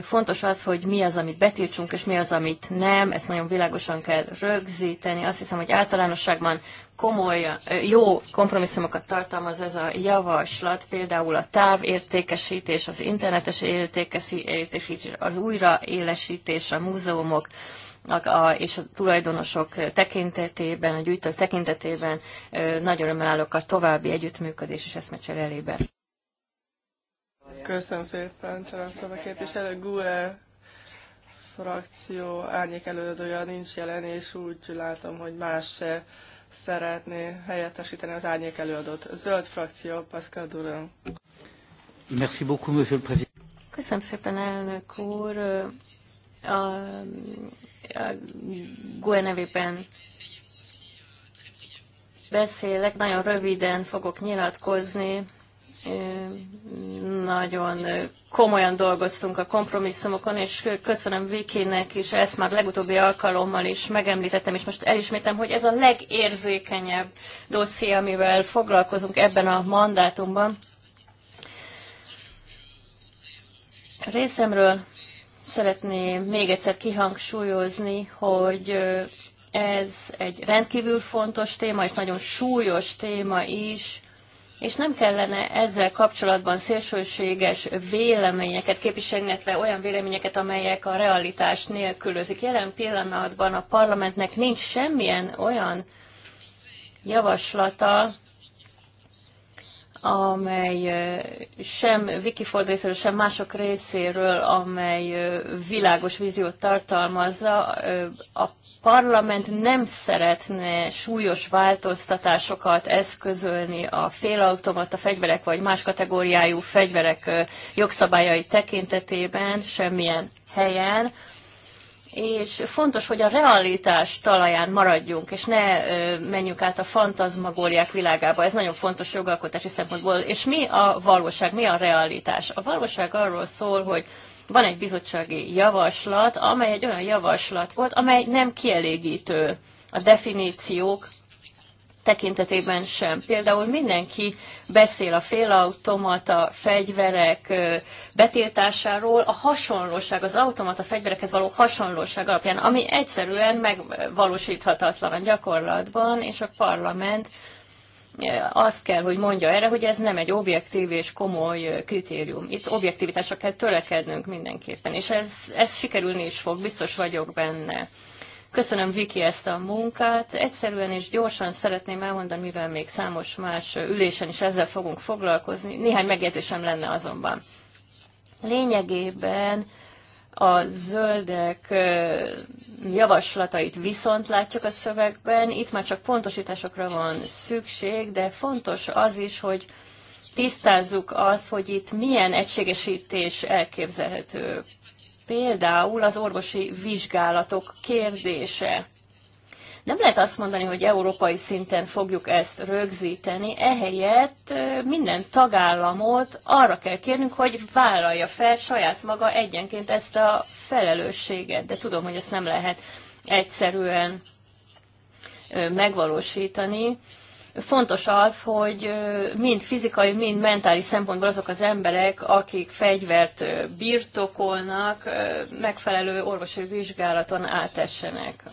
fontos az, hogy mi az, amit betiltsunk, és mi az, amit nem, ezt nagyon világosan kell rögzíteni. Azt hiszem, hogy általánosságban komoly, jó kompromisszumokat tartalmaz ez a javaslat, például a távértékesítés, az internetes értékesítés, az újraélesítés, a múzeumok, a, a, és a tulajdonosok tekintetében, a gyűjtők tekintetében nagyon örömmel állok a további együttműködés és eszmecsere elébe. Köszönöm szépen, Csaranszava képviselő. GUE frakció árnyék elődője nincs jelen, és úgy látom, hogy más se szeretné helyettesíteni az árnyék előadót. Zöld frakció, Pascal Durán. Merci beaucoup, monsieur le président. Köszönöm szépen, elnök úr. A, a GUE nevében beszélek, nagyon röviden fogok nyilatkozni nagyon komolyan dolgoztunk a kompromisszumokon, és köszönöm Vikinek is, ezt már legutóbbi alkalommal is megemlítettem, és most elismétem, hogy ez a legérzékenyebb dosszié, amivel foglalkozunk ebben a mandátumban. Részemről szeretném még egyszer kihangsúlyozni, hogy ez egy rendkívül fontos téma, és nagyon súlyos téma is, és nem kellene ezzel kapcsolatban szélsőséges véleményeket képviselni, illetve olyan véleményeket, amelyek a realitást nélkülözik. Jelen pillanatban a parlamentnek nincs semmilyen olyan javaslata, amely sem Wikifold részéről, sem mások részéről, amely világos víziót tartalmazza, a parlament nem szeretne súlyos változtatásokat eszközölni a félautomata fegyverek vagy más kategóriájú fegyverek jogszabályai tekintetében semmilyen helyen, és fontos, hogy a realitás talaján maradjunk, és ne menjünk át a fantazmagóriák világába. Ez nagyon fontos jogalkotási szempontból. És mi a valóság, mi a realitás? A valóság arról szól, hogy van egy bizottsági javaslat, amely egy olyan javaslat volt, amely nem kielégítő a definíciók tekintetében sem. Például mindenki beszél a félautomata fegyverek betiltásáról, a hasonlóság, az automata fegyverekhez való hasonlóság alapján, ami egyszerűen megvalósíthatatlan a gyakorlatban, és a parlament azt kell, hogy mondja erre, hogy ez nem egy objektív és komoly kritérium. Itt objektivitásra kell törekednünk mindenképpen, és ez, ez sikerülni is fog, biztos vagyok benne. Köszönöm Viki ezt a munkát. Egyszerűen és gyorsan szeretném elmondani, mivel még számos más ülésen is ezzel fogunk foglalkozni. Néhány megjegyzésem lenne azonban. Lényegében a zöldek javaslatait viszont látjuk a szövegben, itt már csak pontosításokra van szükség, de fontos az is, hogy tisztázzuk azt, hogy itt milyen egységesítés elképzelhető. Például az orvosi vizsgálatok kérdése nem lehet azt mondani, hogy európai szinten fogjuk ezt rögzíteni, ehelyett minden tagállamot arra kell kérnünk, hogy vállalja fel saját maga egyenként ezt a felelősséget. De tudom, hogy ezt nem lehet egyszerűen megvalósítani fontos az, hogy mind fizikai, mind mentális szempontból azok az emberek, akik fegyvert birtokolnak, megfelelő orvosi vizsgálaton átessenek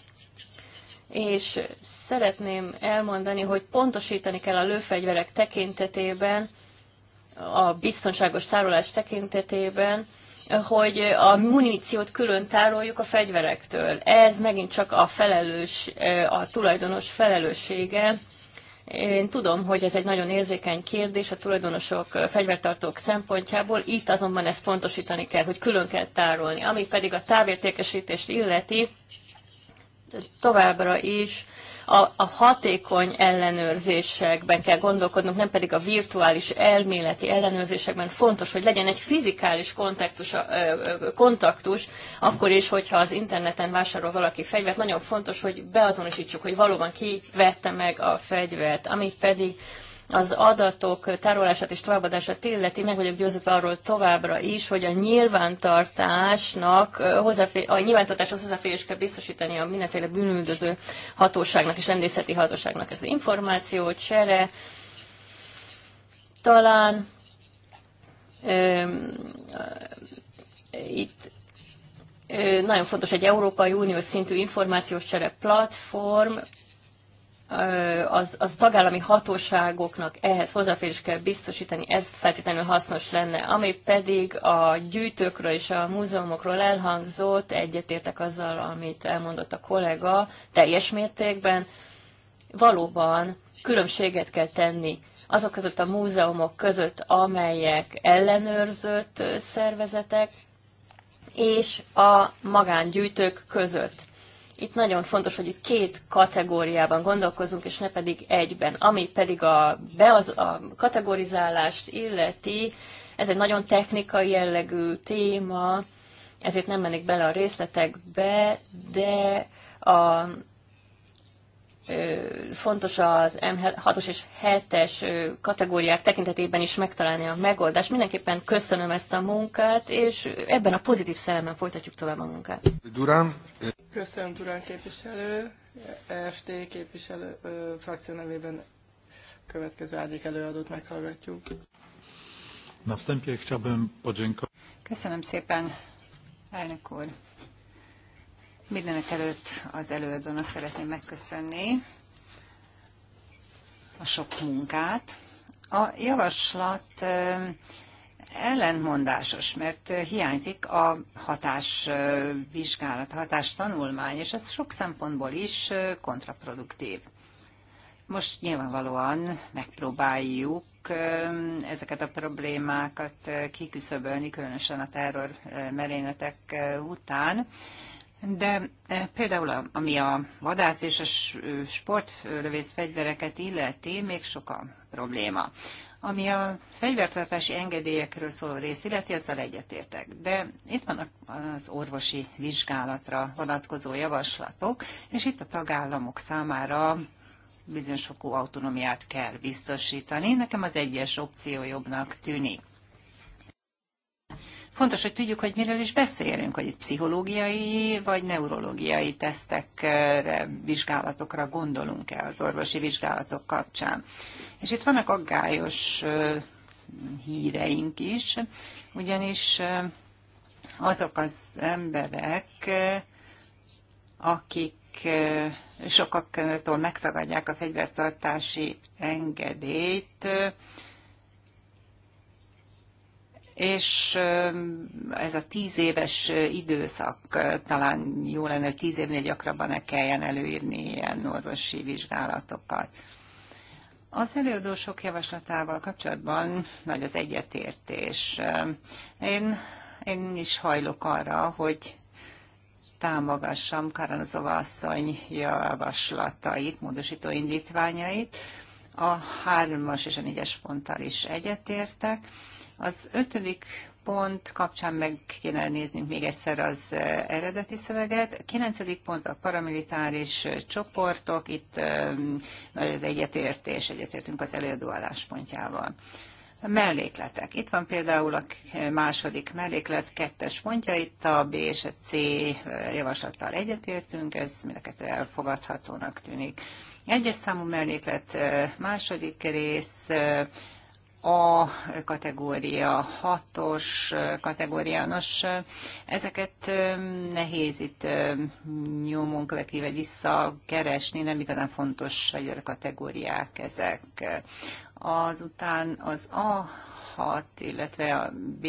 és szeretném elmondani, hogy pontosítani kell a lőfegyverek tekintetében, a biztonságos tárolás tekintetében, hogy a muníciót külön tároljuk a fegyverektől. Ez megint csak a felelős, eh, a tulajdonos felelőssége. Én tudom, hogy ez egy nagyon érzékeny kérdés a tulajdonosok, a eh, fegyvertartók szempontjából, itt azonban ezt pontosítani kell, hogy külön kell tárolni. Ami pedig a távértékesítést illeti, továbbra is a, a hatékony ellenőrzésekben kell gondolkodnunk, nem pedig a virtuális elméleti ellenőrzésekben. Fontos, hogy legyen egy fizikális kontaktus, kontaktus akkor is, hogyha az interneten vásárol valaki fegyvert. Nagyon fontos, hogy beazonosítsuk, hogy valóban ki vette meg a fegyvert, ami pedig az adatok tárolását és továbbadását illeti, meg vagyok győződve arról továbbra is, hogy a nyilvántartásnak hozzáfér, a nyilvántartáshoz hozzáférés kell biztosítani a mindenféle bűnüldöző hatóságnak és rendészeti hatóságnak az információ, csere, talán itt nagyon fontos egy Európai Uniós szintű információs csere platform, az, az tagállami hatóságoknak ehhez hozzáférés kell biztosítani, ez feltétlenül hasznos lenne. Ami pedig a gyűjtőkről és a múzeumokról elhangzott, egyetértek azzal, amit elmondott a kollega teljes mértékben, valóban különbséget kell tenni azok között a múzeumok között, amelyek ellenőrzött szervezetek, és a magángyűjtők között itt nagyon fontos, hogy itt két kategóriában gondolkozunk, és ne pedig egyben. Ami pedig a, az, a kategorizálást illeti, ez egy nagyon technikai jellegű téma, ezért nem mennék bele a részletekbe, de a, fontos az M6-os és 7-es kategóriák tekintetében is megtalálni a megoldást. Mindenképpen köszönöm ezt a munkát, és ebben a pozitív szellemben folytatjuk tovább a munkát. Durán. Köszönöm, Turán képviselő. FT képviselő ö, frakció nevében következő árnyék előadót meghallgatjuk. Köszönöm szépen, elnök úr. Mindenek előtt az előadónak szeretném megköszönni a sok munkát. A javaslat ellentmondásos, mert hiányzik a hatásvizsgálat, hatástanulmány, és ez sok szempontból is kontraproduktív. Most nyilvánvalóan megpróbáljuk ezeket a problémákat kiküszöbölni, különösen a terror merényletek után, de például ami a vadász és a sportlövész fegyvereket illeti, még sok a probléma. Ami a fegyvertartási engedélyekről szóló részt illeti, azzal egyetértek. De itt vannak az orvosi vizsgálatra vonatkozó javaslatok, és itt a tagállamok számára bizonyos sokú autonomiát kell biztosítani. Nekem az egyes opció jobbnak tűnik. Fontos, hogy tudjuk, hogy miről is beszélünk, hogy itt pszichológiai vagy neurológiai tesztekre, vizsgálatokra gondolunk-e az orvosi vizsgálatok kapcsán. És itt vannak aggályos híreink is, ugyanis azok az emberek, akik sokaktól megtagadják a fegyvertartási engedélyt, és ez a tíz éves időszak talán jó lenne, hogy tíz évnél gyakrabban ne kelljen előírni ilyen orvosi vizsgálatokat. Az előadósok javaslatával kapcsolatban nagy az egyetértés. Én, én is hajlok arra, hogy támogassam Karanzova asszony javaslatait, módosító indítványait. A hármas és a négyes ponttal is egyetértek az ötödik pont kapcsán meg kéne nézni még egyszer az eh, eredeti szöveget. Kilencedik pont a paramilitáris eh, csoportok, itt ehm, nagy az egyetértés, egyetértünk az előadó álláspontjával. A mellékletek. Itt van például a eh, második melléklet kettes pontja, itt a B és a C javaslattal egyetértünk, ez mind a kettő elfogadhatónak tűnik. Egyes számú melléklet második rész, a kategória, hatos kategória. Nos, ezeket nehéz itt nyomon követni, vagy visszakeresni, nem igazán fontos a kategóriák ezek. Azután az A6, illetve a B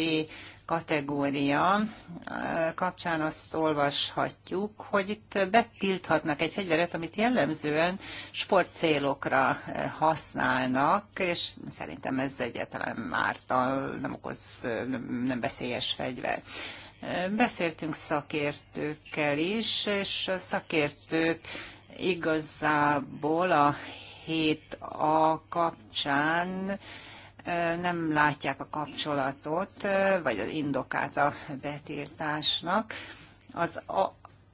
kategória eh, kapcsán azt olvashatjuk, hogy itt betilthatnak egy fegyveret, amit jellemzően sportcélokra eh, használnak, és szerintem ez egyetlen mártal nem okoz, eh, nem veszélyes fegyver. Beszéltünk szakértőkkel is, és a szakértők igazából a 7A kapcsán nem látják a kapcsolatot, vagy az indokát a betiltásnak. Az a,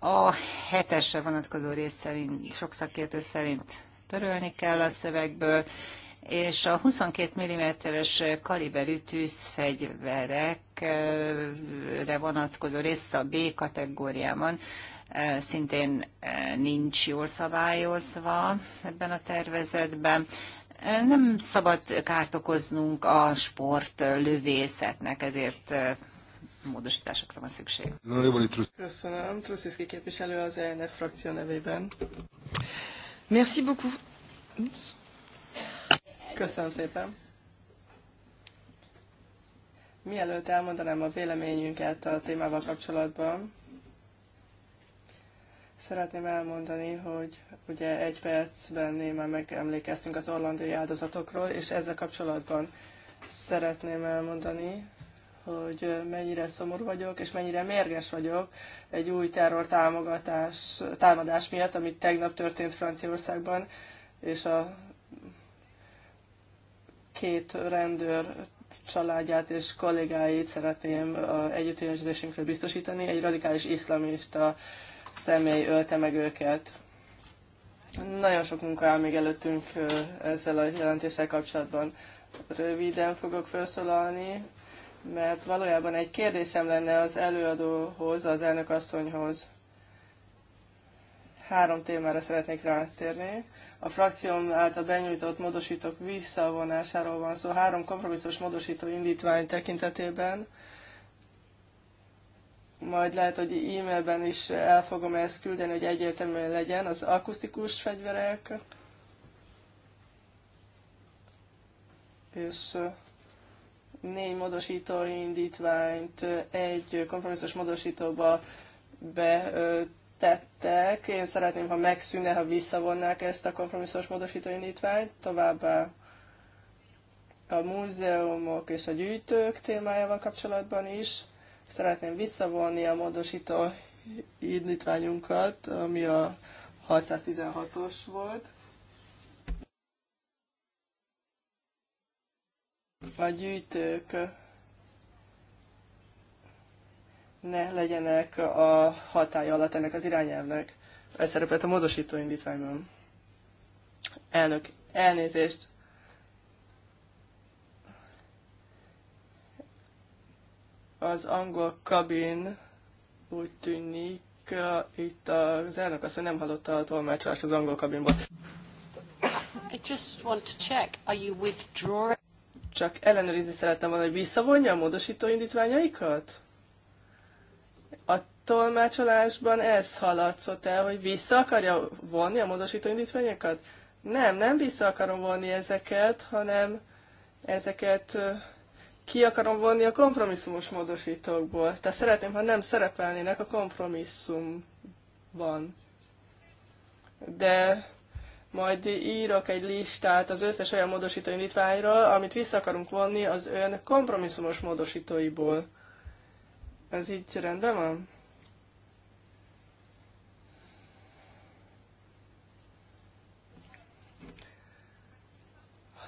a hetesre vonatkozó rész szerint, sok szakértő szerint törölni kell a szövegből, és a 22 mm-es kaliberű tűzfegyverekre vonatkozó rész a B kategóriában szintén nincs jól szabályozva ebben a tervezetben. Nem szabad kárt okoznunk a sport lövészetnek, ezért eh, módosításokra van szükség. Köszönöm. Trusziszki képviselő az ENF frakció nevében. Merci beaucoup. Köszönöm szépen. Mielőtt elmondanám a véleményünket a témával kapcsolatban, Szeretném elmondani, hogy ugye egy percben már megemlékeztünk az orlandai áldozatokról, és ezzel kapcsolatban szeretném elmondani, hogy mennyire szomorú vagyok, és mennyire mérges vagyok egy új terror támogatás, támadás miatt, amit tegnap történt Franciaországban, és a két rendőr családját és kollégáit szeretném együttérzésünkre biztosítani. Egy radikális iszlamista személy ölte meg őket. Nagyon sok munka áll még előttünk ezzel a jelentéssel kapcsolatban. Röviden fogok felszólalni, mert valójában egy kérdésem lenne az előadóhoz, az elnökasszonyhoz. Három témára szeretnék rátérni. A frakcióm által benyújtott módosítók visszavonásáról van szó. Három kompromisszós módosító indítvány tekintetében majd lehet, hogy e-mailben is el fogom ezt küldeni, hogy egyértelműen legyen, az akusztikus fegyverek, és négy módosító indítványt egy kompromisszus módosítóba betettek. Én szeretném, ha megszűnne, ha visszavonnák ezt a kompromisszós módosító indítványt. Továbbá a múzeumok és a gyűjtők témájával kapcsolatban is Szeretném visszavonni a módosító indítványunkat, ami a 616-os volt. A gyűjtők ne legyenek a hatája alatt ennek az irányelvnek. Ez szerepelt a módosító indítványban. Elnök, elnézést, az angol kabin úgy tűnik, uh, itt az elnök azt, nem hallotta a tolmácsolást az angol kabinból. I just want to check, are you withdrawing? Csak ellenőrizni szerettem volna, hogy visszavonja a módosító indítványaikat? A tolmácsolásban ez haladszott el, hogy vissza akarja vonni a módosító indítványokat? Nem, nem vissza akarom vonni ezeket, hanem ezeket uh, ki akarom vonni a kompromisszumos módosítókból. Tehát szeretném, ha nem szerepelnének a kompromisszumban. De majd írok egy listát az összes olyan módosító indítványról, amit vissza akarunk vonni az ön kompromisszumos módosítóiból. Ez így rendben van?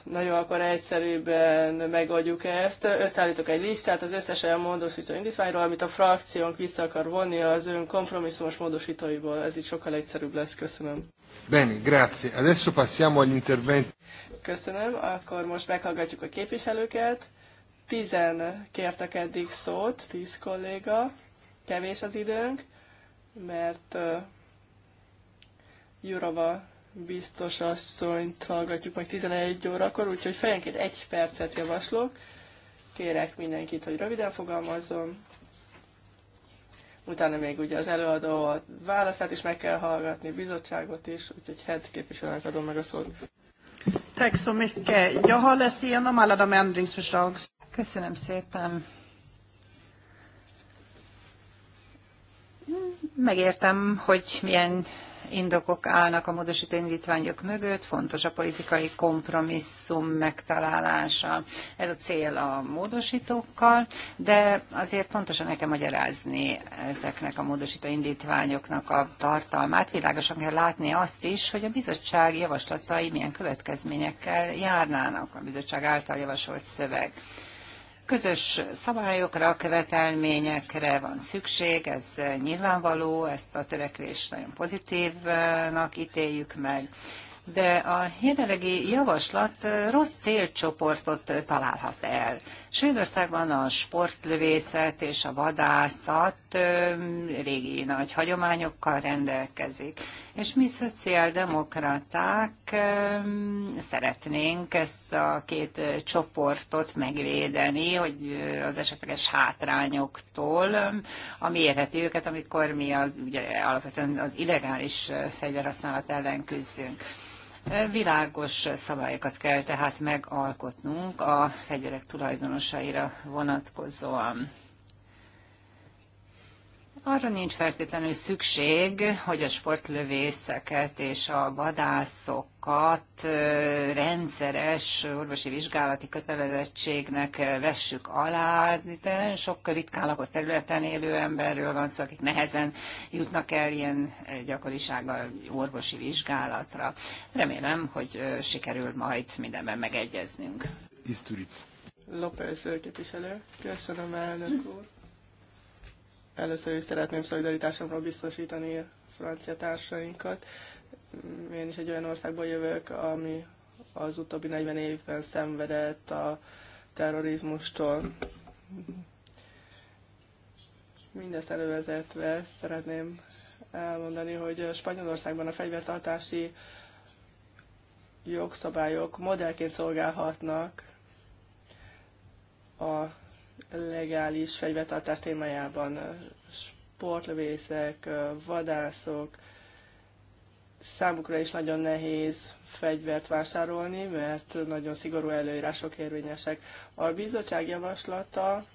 nagyon akkor egyszerűbben megoldjuk ezt. Összeállítok egy listát az összes elmódosító indítványról, amit a frakciónk vissza akar vonni az ön kompromisszumos módosítóiból. Ez így sokkal egyszerűbb lesz. Köszönöm. Bene, grazie. Adesso passiamo agli interventi. Köszönöm. Akkor most meghallgatjuk a képviselőket. Tizen kértek eddig szót, tíz kolléga. Kevés az időnk, mert uh, Jurova biztos asszonyt hallgatjuk majd 11 órakor, úgyhogy fejenként egy percet javaslok. Kérek mindenkit, hogy röviden fogalmazzon. Utána még ugye az előadó a válaszát is meg kell hallgatni, bizottságot is, úgyhogy hát képviselőnek adom meg a szót. Tack så mycket. Jag har läst igenom alla de ändringsförslag. Köszönöm szépen. Megértem, hogy milyen indokok állnak a módosító indítványok mögött, fontos a politikai kompromisszum megtalálása. Ez a cél a módosítókkal, de azért pontosan nekem magyarázni ezeknek a módosító indítványoknak a tartalmát. Világosan kell látni azt is, hogy a bizottság javaslatai milyen következményekkel járnának a bizottság által javasolt szöveg. Közös szabályokra, követelményekre van szükség, ez nyilvánvaló, ezt a törekvést nagyon pozitívnak ítéljük meg. De a jelenlegi javaslat rossz célcsoportot találhat el. Svédországban a sportlövészet és a vadászat régi nagy hagyományokkal rendelkezik, és mi szociáldemokraták szeretnénk ezt a két csoportot megvédeni, hogy az esetleges hátrányoktól, ami érheti őket, amikor mi a, ugye, alapvetően az illegális fegyverhasználat ellen küzdünk. Világos szabályokat kell tehát megalkotnunk a fegyverek tulajdonosaira vonatkozóan. Arra nincs feltétlenül szükség, hogy a sportlövészeket és a vadászokat rendszeres orvosi vizsgálati kötelezettségnek vessük alá. De sok ritkán lakott területen élő emberről van szó, akik nehezen jutnak el ilyen gyakorisággal orvosi vizsgálatra. Remélem, hogy sikerül majd mindenben megegyeznünk. Isturic. López képviselő. Köszönöm, elnök úr. Először is szeretném szolidaritásomról biztosítani a francia társainkat. Én is egy olyan országból jövök, ami az utóbbi 40 évben szenvedett a terrorizmustól. Mindezt elővezetve szeretném elmondani, hogy Spanyolországban a fegyvertartási jogszabályok modellként szolgálhatnak a legális fegyvertartás témájában sportlövészek, vadászok, számukra is nagyon nehéz fegyvert vásárolni, mert nagyon szigorú előírások érvényesek. A bizottság javaslata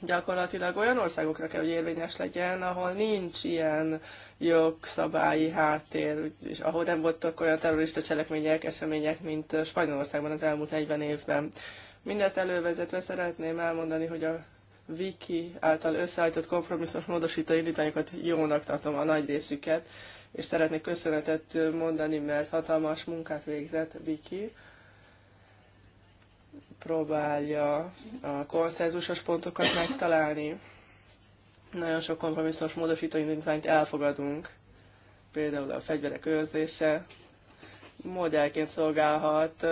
gyakorlatilag olyan országokra kell, hogy érvényes legyen, ahol nincs ilyen jogszabályi háttér, és ahol nem voltak olyan terrorista cselekmények, események, mint Spanyolországban az elmúlt 40 évben. Mindent elővezetve szeretném elmondani, hogy a Wiki által összeállított kompromisszumos módosító indítványokat jónak tartom a nagy részüket, és szeretnék köszönetet mondani, mert hatalmas munkát végzett Viki. Próbálja a konszenzusos pontokat megtalálni. Nagyon sok kompromisszumos módosító indítványt elfogadunk, például a fegyverek őrzése, modellként szolgálhat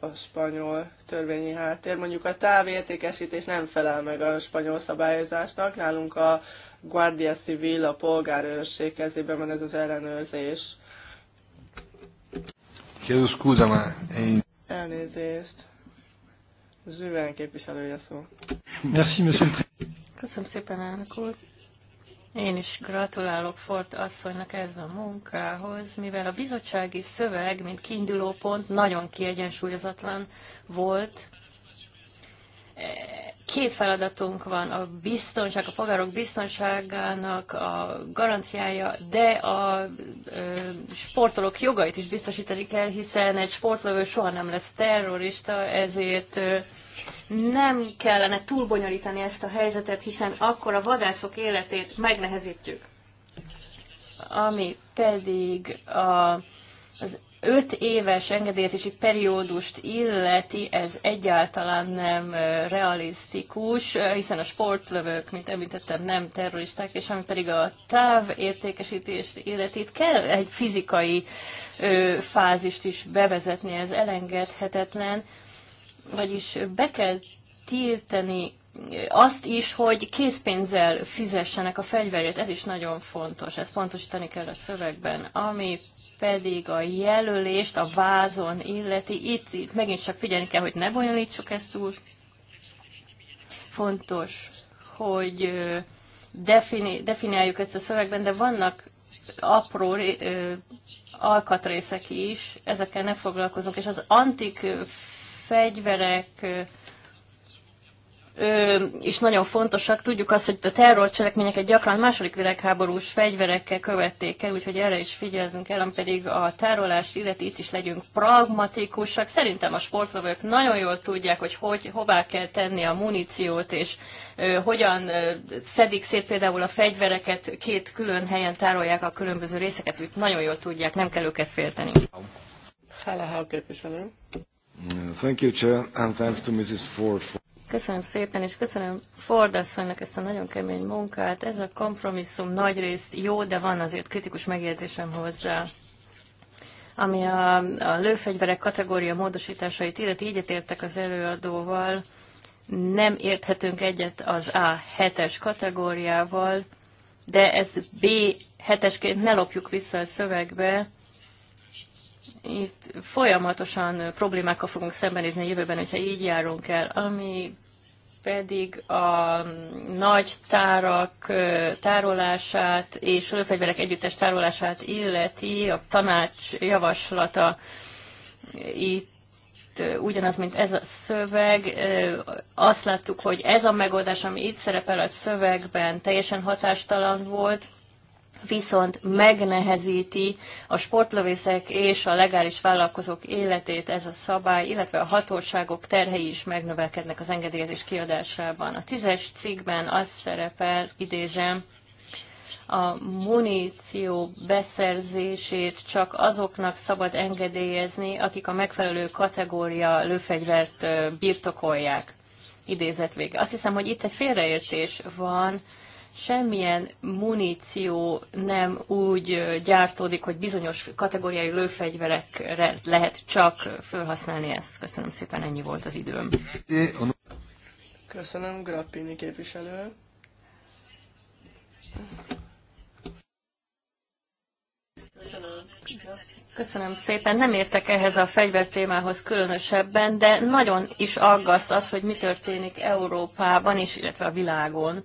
a spanyol törvényi háttér. Mondjuk a távértékesítés nem felel meg a spanyol szabályozásnak, nálunk a Guardia Civil, a polgárőrség kezében van ez az ellenőrzés. Chiedo scusa, Elnézést. Zsüven képviselője szó. Merci, monsieur. Köszönöm szépen, elnök úr. Én is gratulálok Fort asszonynak ez a munkához, mivel a bizottsági szöveg, mint kiinduló pont, nagyon kiegyensúlyozatlan volt. E, két feladatunk van, a biztonság, a polgárok biztonságának a garanciája, de a sportolók jogait is biztosítani kell, hiszen egy sportlövő soha nem lesz terrorista, ezért ö, nem kellene túlbonyolítani ezt a helyzetet, hiszen akkor a vadászok életét megnehezítjük. Ami pedig a, az öt éves engedélyezési periódust illeti, ez egyáltalán nem realisztikus, hiszen a sportlövők, mint említettem, nem terroristák, és ami pedig a távértékesítést illeti, kell egy fizikai ö, fázist is bevezetni, ez elengedhetetlen vagyis be kell tiltani azt is, hogy készpénzzel fizessenek a fegyverért, ez is nagyon fontos, ezt pontosítani kell a szövegben, ami pedig a jelölést a vázon illeti, itt, itt megint csak figyelni kell, hogy ne bonyolítsuk ezt túl. Fontos, hogy defini, definiáljuk ezt a szövegben, de vannak apró alkatrészek is, ezekkel ne foglalkozunk, és az antik fegyverek ö, is nagyon fontosak. Tudjuk azt, hogy a terrorcselekményeket gyakran második világháborús fegyverekkel követték el, úgyhogy erre is el. kell, pedig a tárolás, illetve itt is legyünk pragmatikusak. Szerintem a sportolók nagyon jól tudják, hogy, hogy hová kell tenni a muníciót, és ö, hogyan ö, szedik szét például a fegyvereket, két külön helyen tárolják a különböző részeket, úgyhogy nagyon jól tudják, nem kell őket félteni. Hello, hello, képviselő. Köszönöm szépen, és köszönöm Ford asszonynak ezt a nagyon kemény munkát. Ez a kompromisszum nagyrészt jó, de van azért kritikus megjegyzésem hozzá ami a, a lőfegyverek kategória módosításait illeti, így értek az előadóval, nem érthetünk egyet az A7-es kategóriával, de ez B7-esként ne lopjuk vissza a szövegbe, itt folyamatosan problémákkal fogunk szembenézni a jövőben, hogyha így járunk el, ami pedig a mm, nagy tárak tárolását és lőfegyverek együttes tárolását illeti, a tanács javaslata itt ugyanaz, mint ez a szöveg. Azt láttuk, hogy ez a megoldás, ami itt szerepel a szövegben, teljesen hatástalan volt, viszont megnehezíti a sportlövészek és a legális vállalkozók életét ez a szabály, illetve a hatóságok terhei is megnövelkednek az engedélyezés kiadásában. A tízes cikkben az szerepel, idézem, a muníció beszerzését csak azoknak szabad engedélyezni, akik a megfelelő kategória lőfegyvert birtokolják. Idézet vége. Azt hiszem, hogy itt egy félreértés van, semmilyen muníció nem úgy gyártódik, hogy bizonyos kategóriai lőfegyverekre lehet csak felhasználni ezt. Köszönöm szépen, ennyi volt az időm. Köszönöm, Grappini képviselő. Köszönöm. szépen. Nem értek ehhez a fegyver témához különösebben, de nagyon is aggaszt az, hogy mi történik Európában is, illetve a világon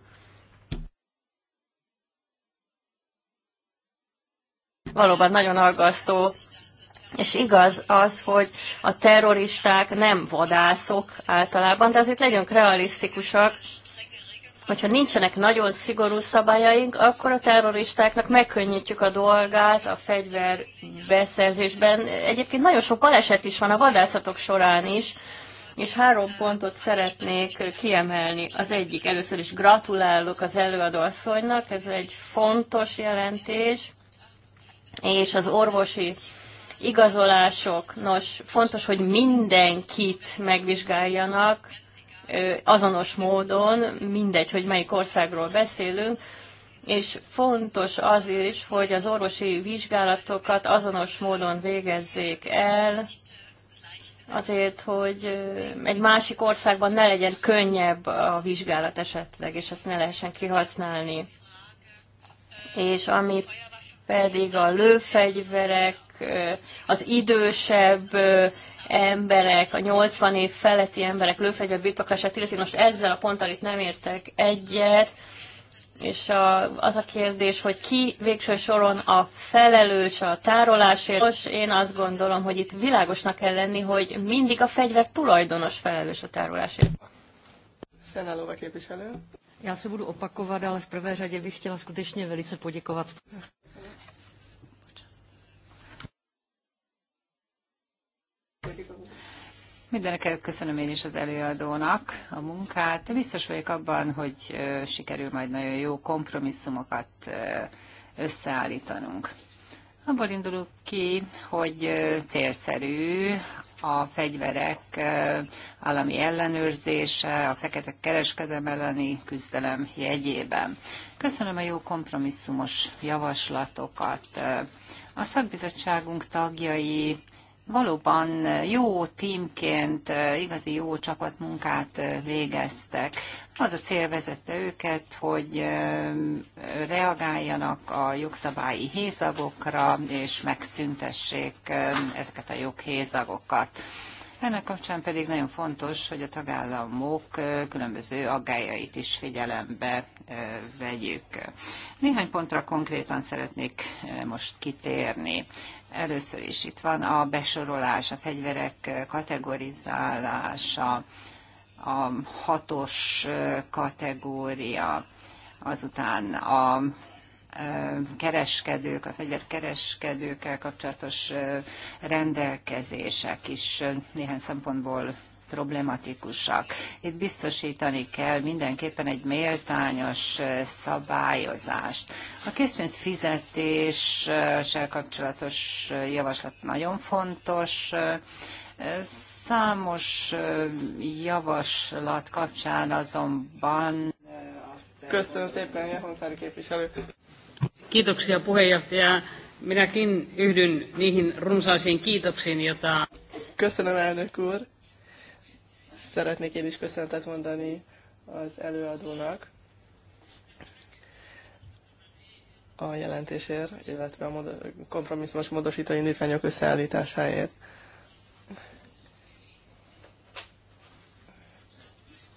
valóban nagyon aggasztó. És igaz az, hogy a terroristák nem vadászok általában, de azért legyünk realisztikusak, hogyha nincsenek nagyon szigorú szabályaink, akkor a terroristáknak megkönnyítjük a dolgát a fegyver beszerzésben. Egyébként nagyon sok baleset is van a vadászatok során is, és három pontot szeretnék kiemelni. Az egyik, először is gratulálok az előadóasszonynak, ez egy fontos jelentés, és az orvosi igazolások. Nos, fontos, hogy mindenkit megvizsgáljanak azonos módon, mindegy, hogy melyik országról beszélünk, és fontos az is, hogy az orvosi vizsgálatokat azonos módon végezzék el, azért, hogy egy másik országban ne legyen könnyebb a vizsgálat esetleg, és ezt ne lehessen kihasználni. És ami pedig a lőfegyverek, az idősebb emberek, a 80 év feletti emberek lőfegyver birtoklását illeti. Most ezzel a ponttal itt nem értek egyet, és a, az a kérdés, hogy ki végső soron a felelős a tárolásért. Most én azt gondolom, hogy itt világosnak kell lenni, hogy mindig a fegyver tulajdonos felelős a tárolásért. Szenálóva képviselő. Já se budu opakovat, ale v prvé řadě bych chtěla skutečně velice poděkovat. Mindenek köszönöm én is az előadónak a munkát. Biztos vagyok abban, hogy sikerül majd nagyon jó kompromisszumokat összeállítanunk. Abból indulunk ki, hogy célszerű a fegyverek állami ellenőrzése, a fekete kereskedem elleni küzdelem jegyében. Köszönöm a jó kompromisszumos javaslatokat. A szakbizottságunk tagjai valóban jó tímként, eh, igazi jó csapatmunkát eh, végeztek. Az a cél vezette őket, hogy eh, reagáljanak a jogszabályi hézagokra, és megszüntessék ezeket a joghézagokat. Ennek kapcsán pedig nagyon fontos, hogy a tagállamok különböző aggájait is figyelembe vegyük. Néhány pontra konkrétan szeretnék most kitérni. Először is itt van a besorolás, a fegyverek kategorizálása, a hatos kategória, azután a kereskedők, a fegyverkereskedőkkel kapcsolatos rendelkezések is néhány szempontból problematikusak. Itt biztosítani kell mindenképpen egy méltányos szabályozást. A készpénz fizetéssel kapcsolatos javaslat nagyon fontos. Számos javaslat kapcsán azonban... Köszönöm szépen, Jehonszári képviselő. Kiitoksia puheenjohtaja. Minäkin yhdyn niihin runsaisiin kiitoksiin, jota... Köszönöm, elnök úr. Szeretnék én is köszönetet mondani az előadónak a jelentésért, illetve a mod- kompromisszumos módosító indítványok összeállításáért.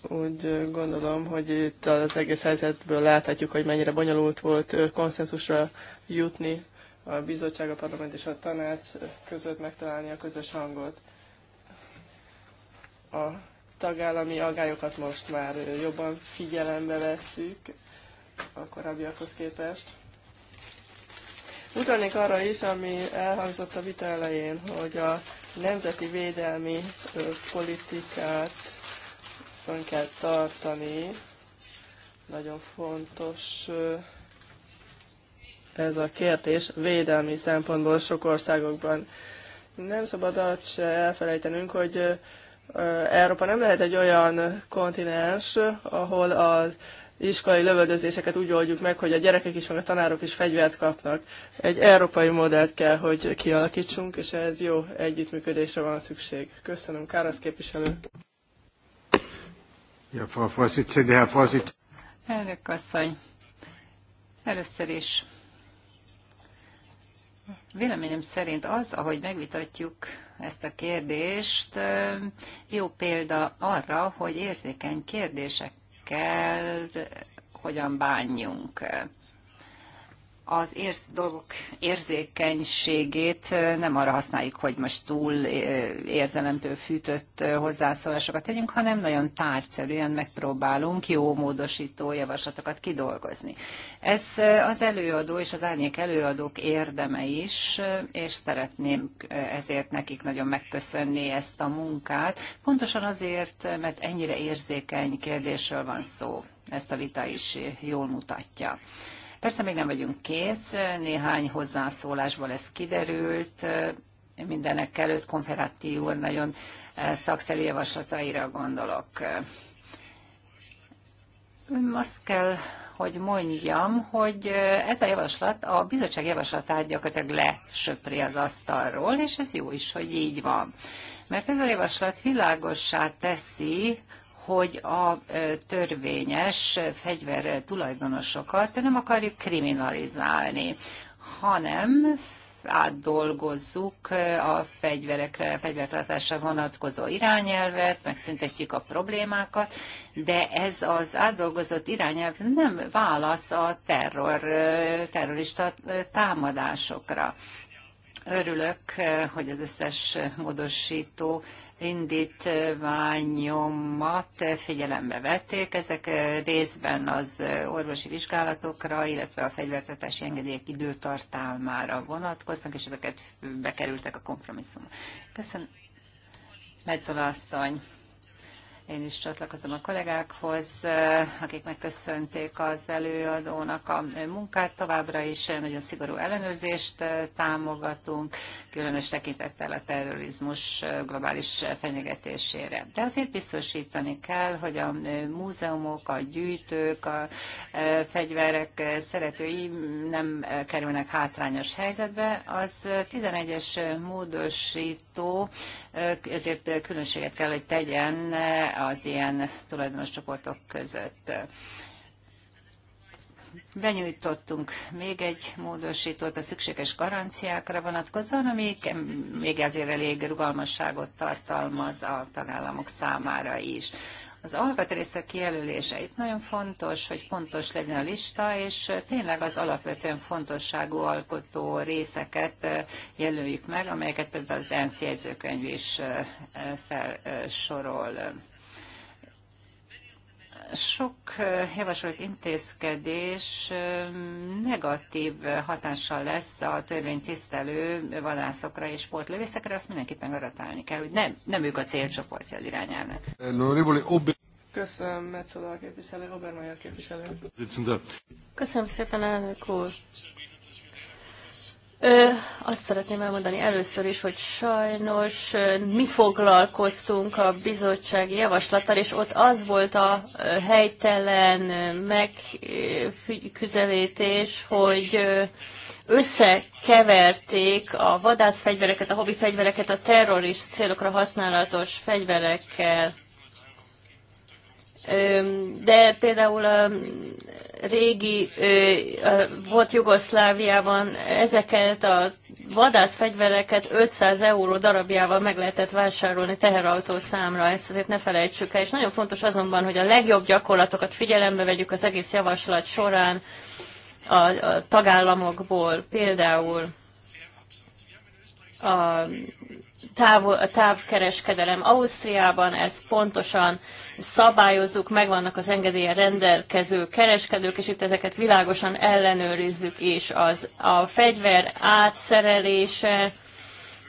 Úgy gondolom, hogy itt az egész helyzetből láthatjuk, hogy mennyire bonyolult volt konszenzusra jutni a bizottság, a parlament és a tanács között megtalálni a közös hangot. A tagállami agályokat most már jobban figyelembe vesszük a korábbiakhoz képest. Utalnék arra is, ami elhangzott a vita elején, hogy a nemzeti védelmi politikát fönn kell tartani. Nagyon fontos ez a kérdés védelmi szempontból sok országokban. Nem szabad azt se elfelejtenünk, hogy Európa nem lehet egy olyan kontinens, ahol az iskolai lövöldözéseket úgy oldjuk meg, hogy a gyerekek is, meg a tanárok is fegyvert kapnak. Egy európai modellt kell, hogy kialakítsunk, és ez jó együttműködésre van szükség. Köszönöm, Káros képviselő. Ja, Frau Vorsitzende, Herr Vorsitzende. Elnök asszony, először is Véleményem szerint az, ahogy megvitatjuk ezt a kérdést, jó példa arra, hogy érzékeny kérdésekkel hogyan bánjunk az érz, dolgok érzékenységét nem arra használjuk, hogy most túl érzelemtől fűtött hozzászólásokat tegyünk, hanem nagyon tárgyszerűen megpróbálunk jó módosító javaslatokat kidolgozni. Ez az előadó és az árnyék előadók érdeme is, és szeretném ezért nekik nagyon megköszönni ezt a munkát, pontosan azért, mert ennyire érzékeny kérdésről van szó. Ezt a vita is jól mutatja. Persze még nem vagyunk kész, néhány hozzászólásból ez kiderült, mindenek előtt Konferatti úr nagyon eh, szakszerű javaslataira gondolok. Azt kell, hogy mondjam, hogy eh, ez a javaslat, a bizottság javaslatát gyakorlatilag lesöpri az asztalról, és ez jó is, hogy így van. Mert ez a javaslat világossá teszi, hogy a törvényes fegyver tulajdonosokat nem akarjuk kriminalizálni, hanem átdolgozzuk a fegyverekre, fegyvertartásra vonatkozó irányelvet, megszüntetjük a problémákat, de ez az átdolgozott irányelv nem válasz a terror, terrorista támadásokra. Örülök, hogy az összes módosító indítványomat figyelembe vették. Ezek részben az orvosi vizsgálatokra, illetve a fegyvertetési engedélyek időtartalmára vonatkoznak, és ezeket bekerültek a kompromisszumba. Köszönöm. Metzola asszony. Én is csatlakozom a kollégákhoz, akik megköszönték az előadónak a munkát. Továbbra is nagyon szigorú ellenőrzést támogatunk, különös tekintettel a terrorizmus globális fenyegetésére. De azért biztosítani kell, hogy a múzeumok, a gyűjtők, a fegyverek szeretői nem kerülnek hátrányos helyzetbe. Az 11-es módosító ezért különbséget kell, hogy tegyen az ilyen tulajdonos csoportok között. Benyújtottunk még egy módosítót a szükséges garanciákra vonatkozóan, ami még azért elég rugalmasságot tartalmaz a tagállamok számára is. Az alkatrészek kijelölése itt nagyon fontos, hogy pontos legyen a lista, és tényleg az alapvetően fontosságú alkotó részeket jelöljük meg, amelyeket például az ENSZ jegyzőkönyv is felsorol. Sok javasolt intézkedés negatív hatással lesz a törvénytisztelő vadászokra és sportlövészekre, azt mindenképpen garantálni kell, hogy nem, nem ők a célcsoportja az irányelvnek. Köszönöm, Metzola képviselő, Obermeier képviselő. Köszönöm szépen, elnök úr. Ö, azt szeretném elmondani először is, hogy sajnos mi foglalkoztunk a bizottsági javaslattal, és ott az volt a helytelen megküzelítés, hogy összekeverték a vadászfegyvereket, a hobbi fegyvereket a terrorist célokra használatos fegyverekkel. De például a régi, volt Jugoszláviában ezeket a vadászfegyvereket 500 euró darabjával meg lehetett vásárolni teherautó számra, ezt azért ne felejtsük el. És nagyon fontos azonban, hogy a legjobb gyakorlatokat figyelembe vegyük az egész javaslat során a, a tagállamokból, például a, táv, a távkereskedelem Ausztriában, ez pontosan szabályozzuk, megvannak az engedélye rendelkező kereskedők, és itt ezeket világosan ellenőrizzük is. Az, a fegyver átszerelése,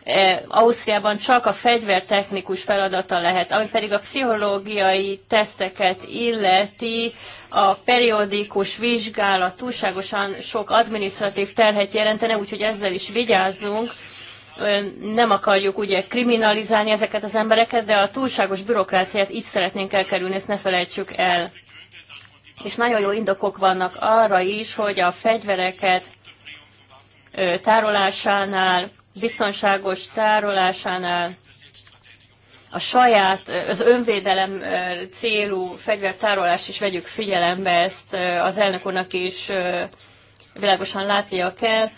e, Ausztriában csak a fegyvertechnikus feladata lehet, ami pedig a pszichológiai teszteket illeti, a periódikus vizsgálat túlságosan sok adminisztratív terhet jelentene, úgyhogy ezzel is vigyázzunk nem akarjuk ugye kriminalizálni ezeket az embereket, de a túlságos bürokráciát így szeretnénk elkerülni, ezt ne felejtsük el. És nagyon jó indokok vannak arra is, hogy a fegyvereket tárolásánál, biztonságos tárolásánál, a saját, az önvédelem célú fegyvertárolást is vegyük figyelembe, ezt az elnök úrnak is világosan látnia kell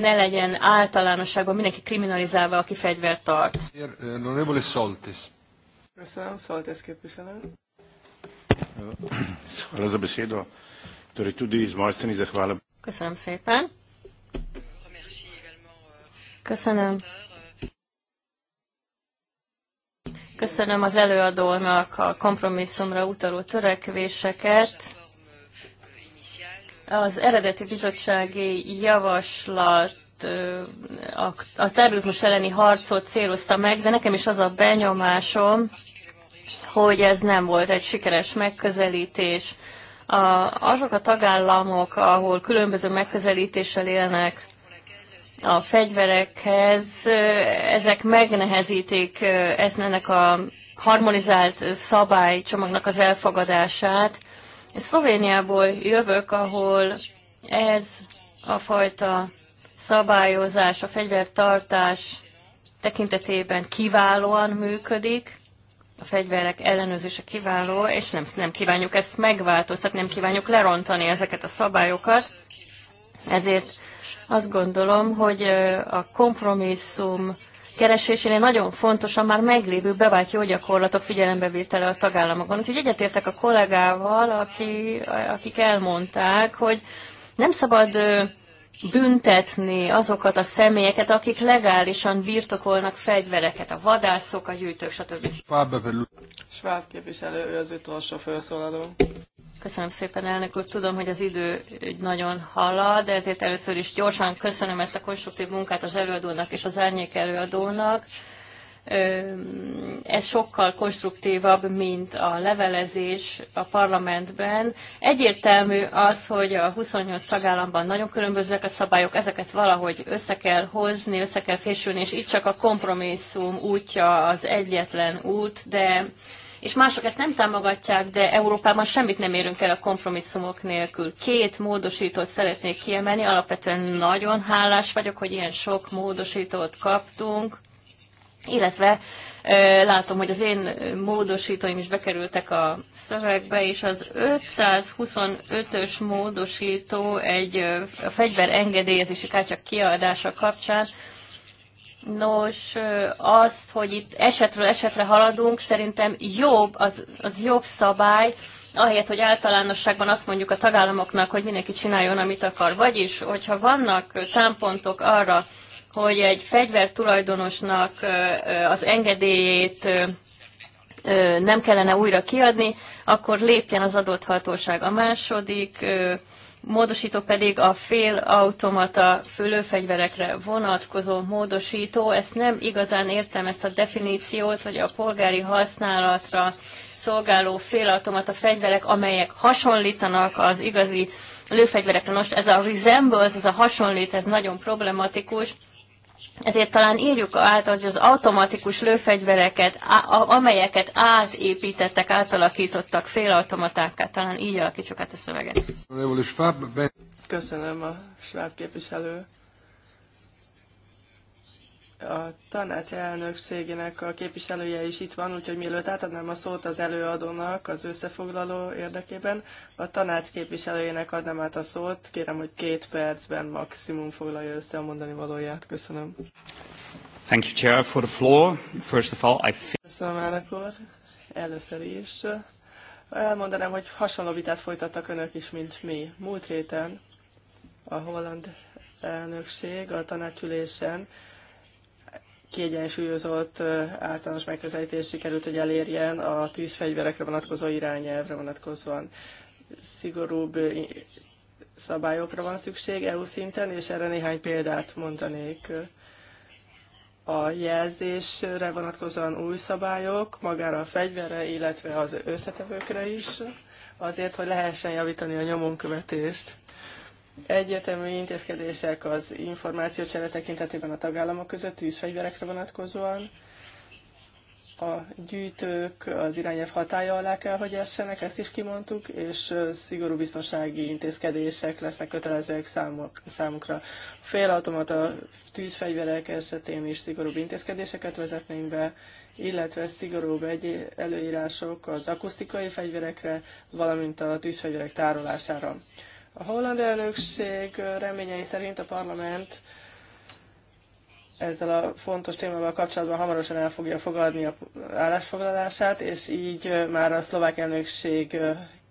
ne legyen általánosságban mindenki kriminalizálva, aki fegyvert tart. Köszönöm, Szoltész képviselő. Hvala za besedo. Torej tudi iz moje strani zahvala. Köszönöm szépen. Köszönöm. Köszönöm az előadónak a kompromisszumra utaló törekvéseket az eredeti bizottsági javaslat a, a terrorizmus elleni harcot célozta meg, de nekem is az a benyomásom, hogy ez nem volt egy sikeres megközelítés. A, azok a tagállamok, ahol különböző megközelítéssel élnek a fegyverekhez, ezek megnehezítik ezt ennek a harmonizált szabálycsomagnak az elfogadását, Szlovéniából jövök, ahol ez a fajta szabályozás, a fegyvertartás tekintetében kiválóan működik, a fegyverek ellenőrzése kiváló, és nem, nem kívánjuk ezt megváltoztatni, nem kívánjuk lerontani ezeket a szabályokat. Ezért azt gondolom, hogy a kompromisszum keresésénél nagyon fontos a már meglévő bevált jó gyakorlatok figyelembevétele a tagállamokon. Úgyhogy egyetértek a kollégával, aki, akik elmondták, hogy nem szabad büntetni azokat a személyeket, akik legálisan birtokolnak fegyvereket, a vadászok, a gyűjtők, stb. Schwab képviselő, ő az utolsó felszólaló. Köszönöm szépen, elnök úr. Tudom, hogy az idő nagyon halad, de ezért először is gyorsan köszönöm ezt a konstruktív munkát az előadónak és az árnyék előadónak. Ez sokkal konstruktívabb, mint a levelezés a parlamentben. Egyértelmű az, hogy a 28 tagállamban nagyon különbözőek a szabályok, ezeket valahogy össze kell hozni, össze kell fésülni, és itt csak a kompromisszum útja az egyetlen út, de és mások ezt nem támogatják, de Európában semmit nem érünk el a kompromisszumok nélkül. Két módosítót szeretnék kiemelni, alapvetően nagyon hálás vagyok, hogy ilyen sok módosítót kaptunk, illetve látom, hogy az én módosítóim is bekerültek a szövegbe, és az 525-ös módosító egy fegyverengedélyezési engedélyezési kártya kiadása kapcsán Nos, azt, hogy itt esetről esetre haladunk, szerintem jobb, az, az jobb szabály, ahelyett, hogy általánosságban azt mondjuk a tagállamoknak, hogy mindenki csináljon, amit akar. Vagyis, hogyha vannak támpontok arra, hogy egy fegyvertulajdonosnak az engedélyét nem kellene újra kiadni, akkor lépjen az adott hatóság. A második módosító pedig a félautomata fülőfegyverekre vonatkozó módosító. Ezt nem igazán értem, ezt a definíciót, hogy a polgári használatra szolgáló félautomata fegyverek, amelyek hasonlítanak az igazi lőfegyverekre. Most ez a resembles, ez a hasonlít, ez nagyon problematikus ezért talán írjuk át, hogy az automatikus lőfegyvereket, amelyeket átépítettek, átalakítottak félautomatákká, talán így alakítsuk át a szöveget. Köszönöm a sláv képviselő a tanács elnökségének a képviselője is itt van, úgyhogy mielőtt átadnám a szót az előadónak az összefoglaló érdekében, a tanács képviselőjének adnám át a szót. Kérem, hogy két percben maximum foglalja össze a mondani valóját. Köszönöm. Thank you, Chair, for the floor. First of all, I think... Köszönöm, elnök úr. Először is. Uh, elmondanám, hogy hasonló vitát folytattak önök is, mint mi. Múlt héten a holland elnökség a tanácsülésen kiegyensúlyozott általános megközelítés sikerült, hogy elérjen a tűzfegyverekre vonatkozó irányelvre vonatkozóan. Szigorúbb szabályokra van szükség EU szinten, és erre néhány példát mondanék. A jelzésre vonatkozóan új szabályok, magára a fegyverre, illetve az összetevőkre is, azért, hogy lehessen javítani a nyomonkövetést egyértelmű intézkedések az információcsere tekintetében a tagállamok között tűzfegyverekre vonatkozóan, a gyűjtők az irányelv hatája alá kell, hogy essenek, ezt is kimondtuk, és szigorú biztonsági intézkedések lesznek kötelezőek számok, számukra. Félautomata tűzfegyverek esetén is szigorúbb intézkedéseket vezetnénk be, illetve szigorúbb egy előírások az akusztikai fegyverekre, valamint a tűzfegyverek tárolására. A holland elnökség reményei szerint a parlament ezzel a fontos témával kapcsolatban hamarosan el fogja fogadni a állásfoglalását, és így már a szlovák elnökség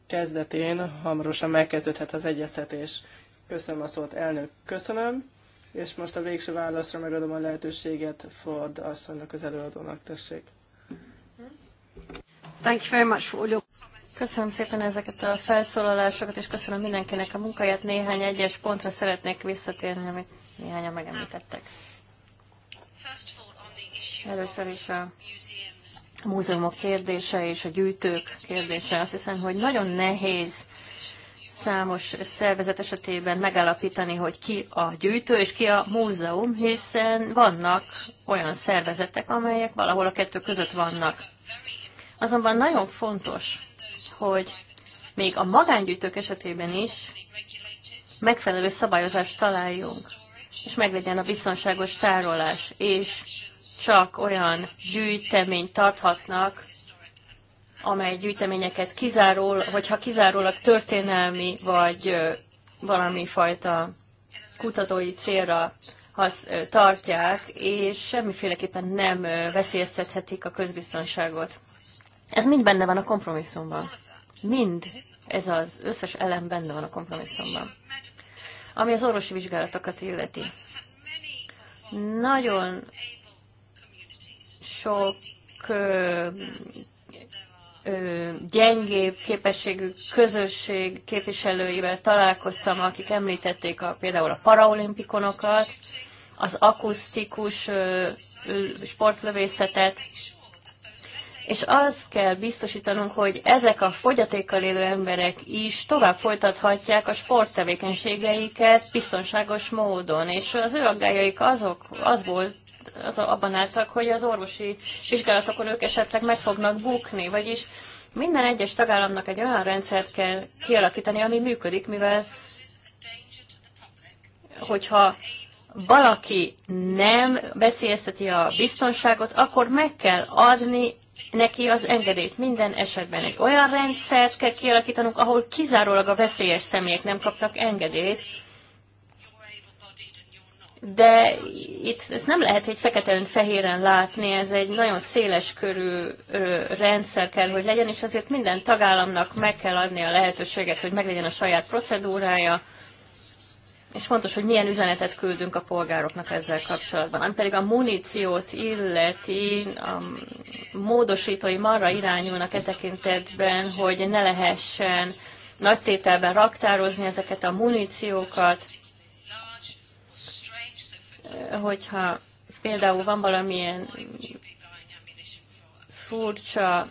kezdetén hamarosan megkezdődhet az egyeztetés. Köszönöm a szót, elnök, köszönöm, és most a végső válaszra megadom a lehetőséget Ford asszonynak az előadónak, tessék. Thank you very much for all your... Köszönöm szépen ezeket a felszólalásokat, és köszönöm mindenkinek a munkáját. Néhány egyes pontra szeretnék visszatérni, amit néhányan megemlítettek. Először is a múzeumok kérdése és a gyűjtők kérdése. Azt hiszem, hogy nagyon nehéz számos szervezet esetében megállapítani, hogy ki a gyűjtő és ki a múzeum, hiszen vannak olyan szervezetek, amelyek valahol a kettő között vannak. Azonban nagyon fontos hogy még a magángyűjtők esetében is megfelelő szabályozást találjunk, és meglegyen a biztonságos tárolás, és csak olyan gyűjteményt tarthatnak, amely gyűjteményeket kizáról, hogyha kizárólag történelmi vagy valami fajta kutatói célra azt tartják, és semmiféleképpen nem veszélyeztethetik a közbiztonságot. Ez mind benne van a kompromisszumban. Mind ez az összes elem benne van a kompromisszumban. Ami az orvosi vizsgálatokat illeti. Nagyon sok ö, ö, gyengébb képességű közösség képviselőivel találkoztam, akik említették a, például a paraolimpikonokat, az akusztikus ö, ö, sportlövészetet, és azt kell biztosítanunk, hogy ezek a fogyatékkal élő emberek is tovább folytathatják a sporttevékenységeiket biztonságos módon, és az ő aggájaik azok, az volt, az abban álltak, hogy az orvosi vizsgálatokon ők esetleg meg fognak bukni, vagyis minden egyes tagállamnak egy olyan rendszert kell kialakítani, ami működik, mivel hogyha valaki nem veszélyezteti a biztonságot, akkor meg kell adni neki az engedélyt. Minden esetben egy olyan rendszert kell kialakítanunk, ahol kizárólag a veszélyes személyek nem kapnak engedélyt, de itt ez nem lehet egy feketén fehéren látni, ez egy nagyon széles körű rendszer kell, hogy legyen, és azért minden tagállamnak meg kell adni a lehetőséget, hogy meglegyen a saját procedúrája, és fontos, hogy milyen üzenetet küldünk a polgároknak ezzel kapcsolatban. Ami pedig a muníciót illeti, a módosítói marra irányulnak e tekintetben, hogy ne lehessen nagy tételben raktározni ezeket a muníciókat, hogyha például van valamilyen furcsa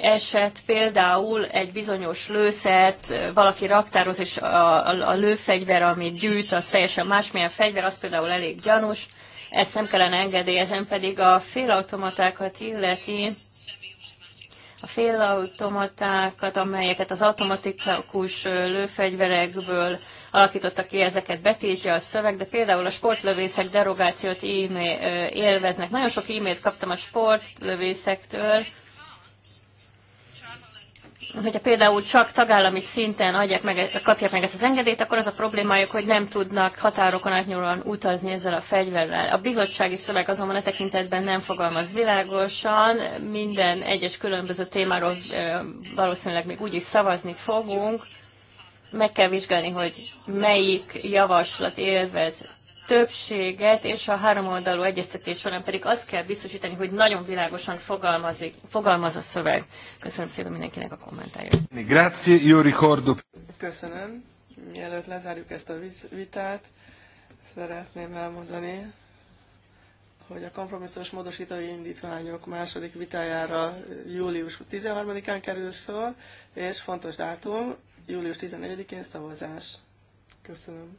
eset például egy bizonyos lőszert valaki raktároz, és a, a, a lőfegyver, amit gyűjt, az teljesen másmilyen fegyver, az például elég gyanús, ezt nem kellene engedélyezni, pedig a félautomatákat illeti, a félautomatákat, amelyeket az automatikus lőfegyverekből alakítottak ki, ezeket betiltja a szöveg, de például a sportlövészek derogációt élveznek. Nagyon sok e-mailt kaptam a sportlövészektől, hogyha például csak tagállami szinten adják meg, kapják meg ezt az engedélyt, akkor az a problémájuk, hogy nem tudnak határokon átnyúlóan utazni ezzel a fegyverrel. A bizottsági szöveg azonban a e tekintetben nem fogalmaz világosan, minden egyes különböző témáról valószínűleg még úgy is szavazni fogunk, meg kell vizsgálni, hogy melyik javaslat élvez többséget, és a háromoldalú egyeztetés során pedig azt kell biztosítani, hogy nagyon világosan fogalmazik, fogalmaz a szöveg. Köszönöm szépen mindenkinek a kommentáját. Grazie, io ricordo. Köszönöm. Mielőtt lezárjuk ezt a vitát, szeretném elmondani, hogy a kompromisszós módosítói indítványok második vitájára július 13-án kerül sor, és fontos dátum, július 14-én szavazás. Köszönöm.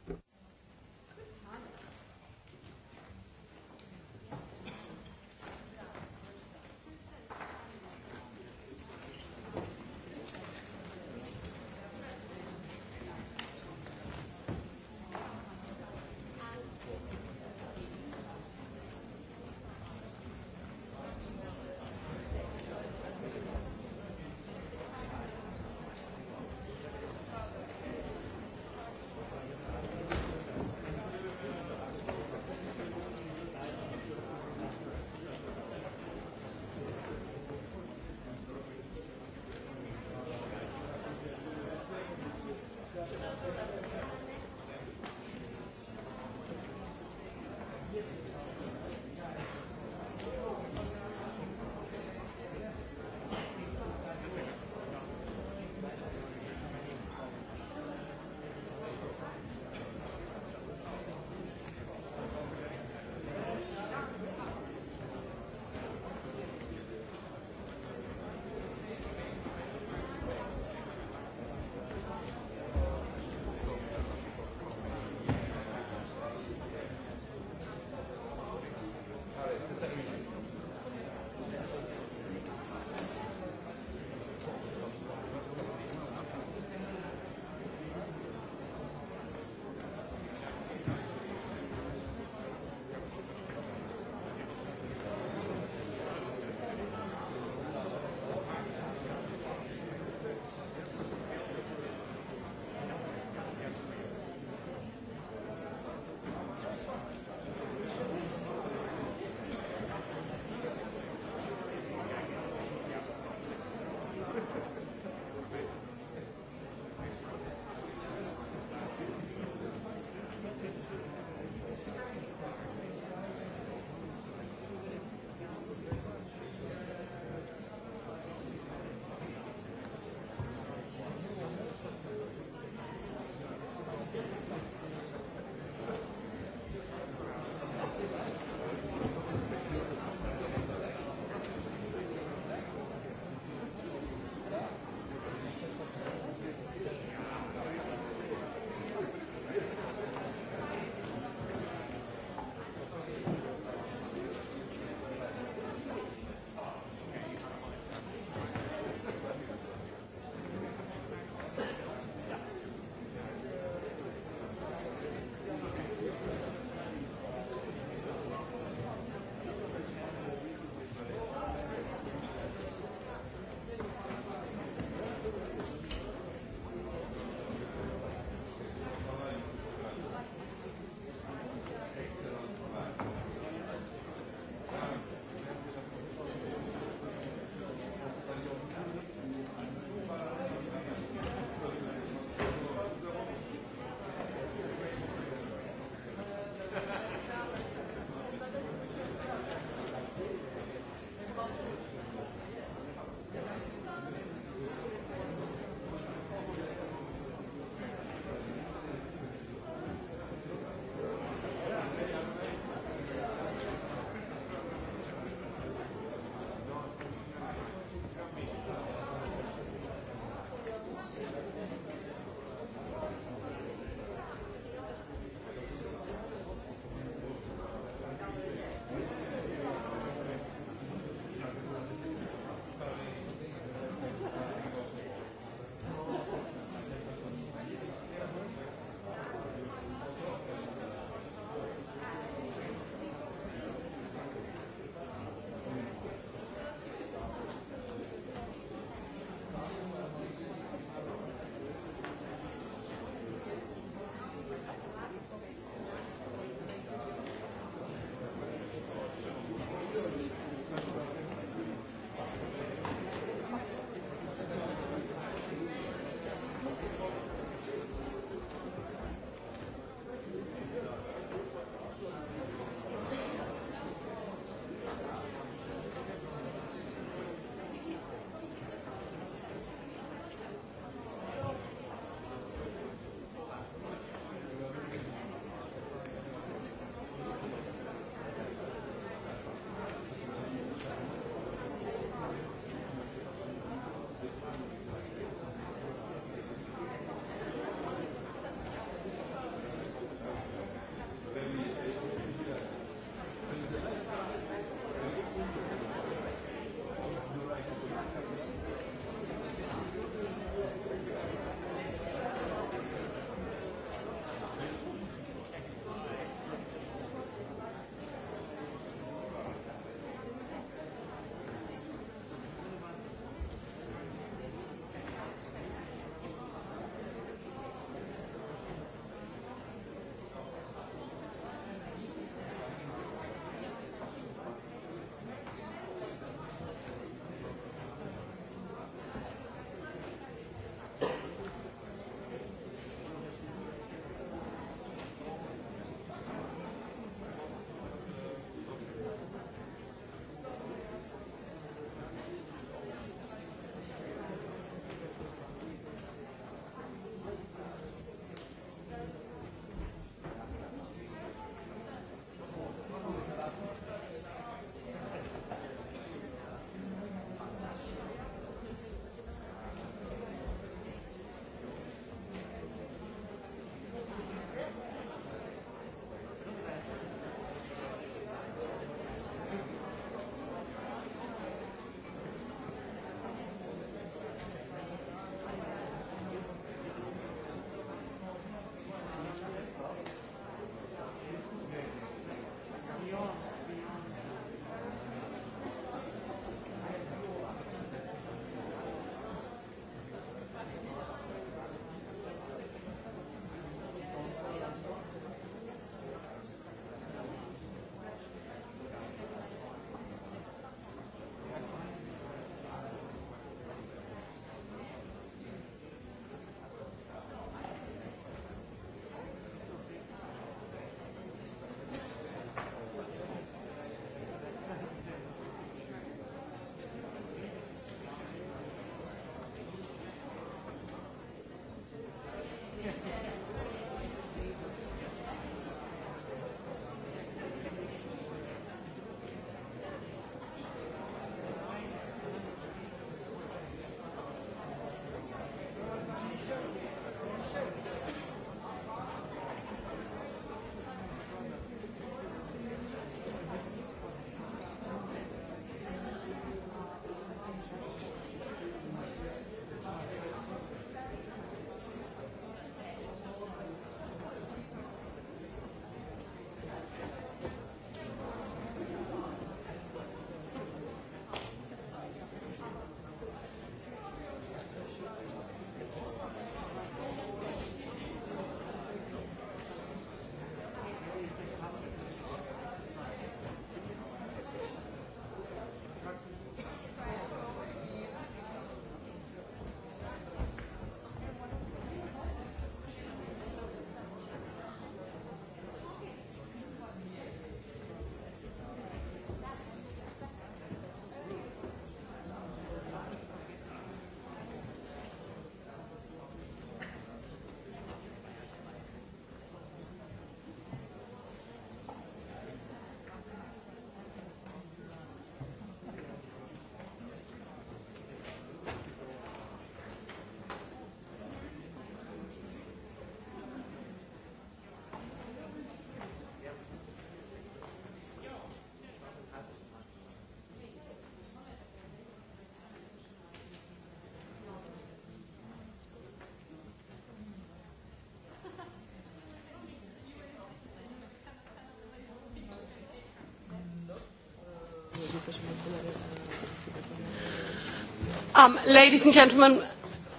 Um, ladies and gentlemen,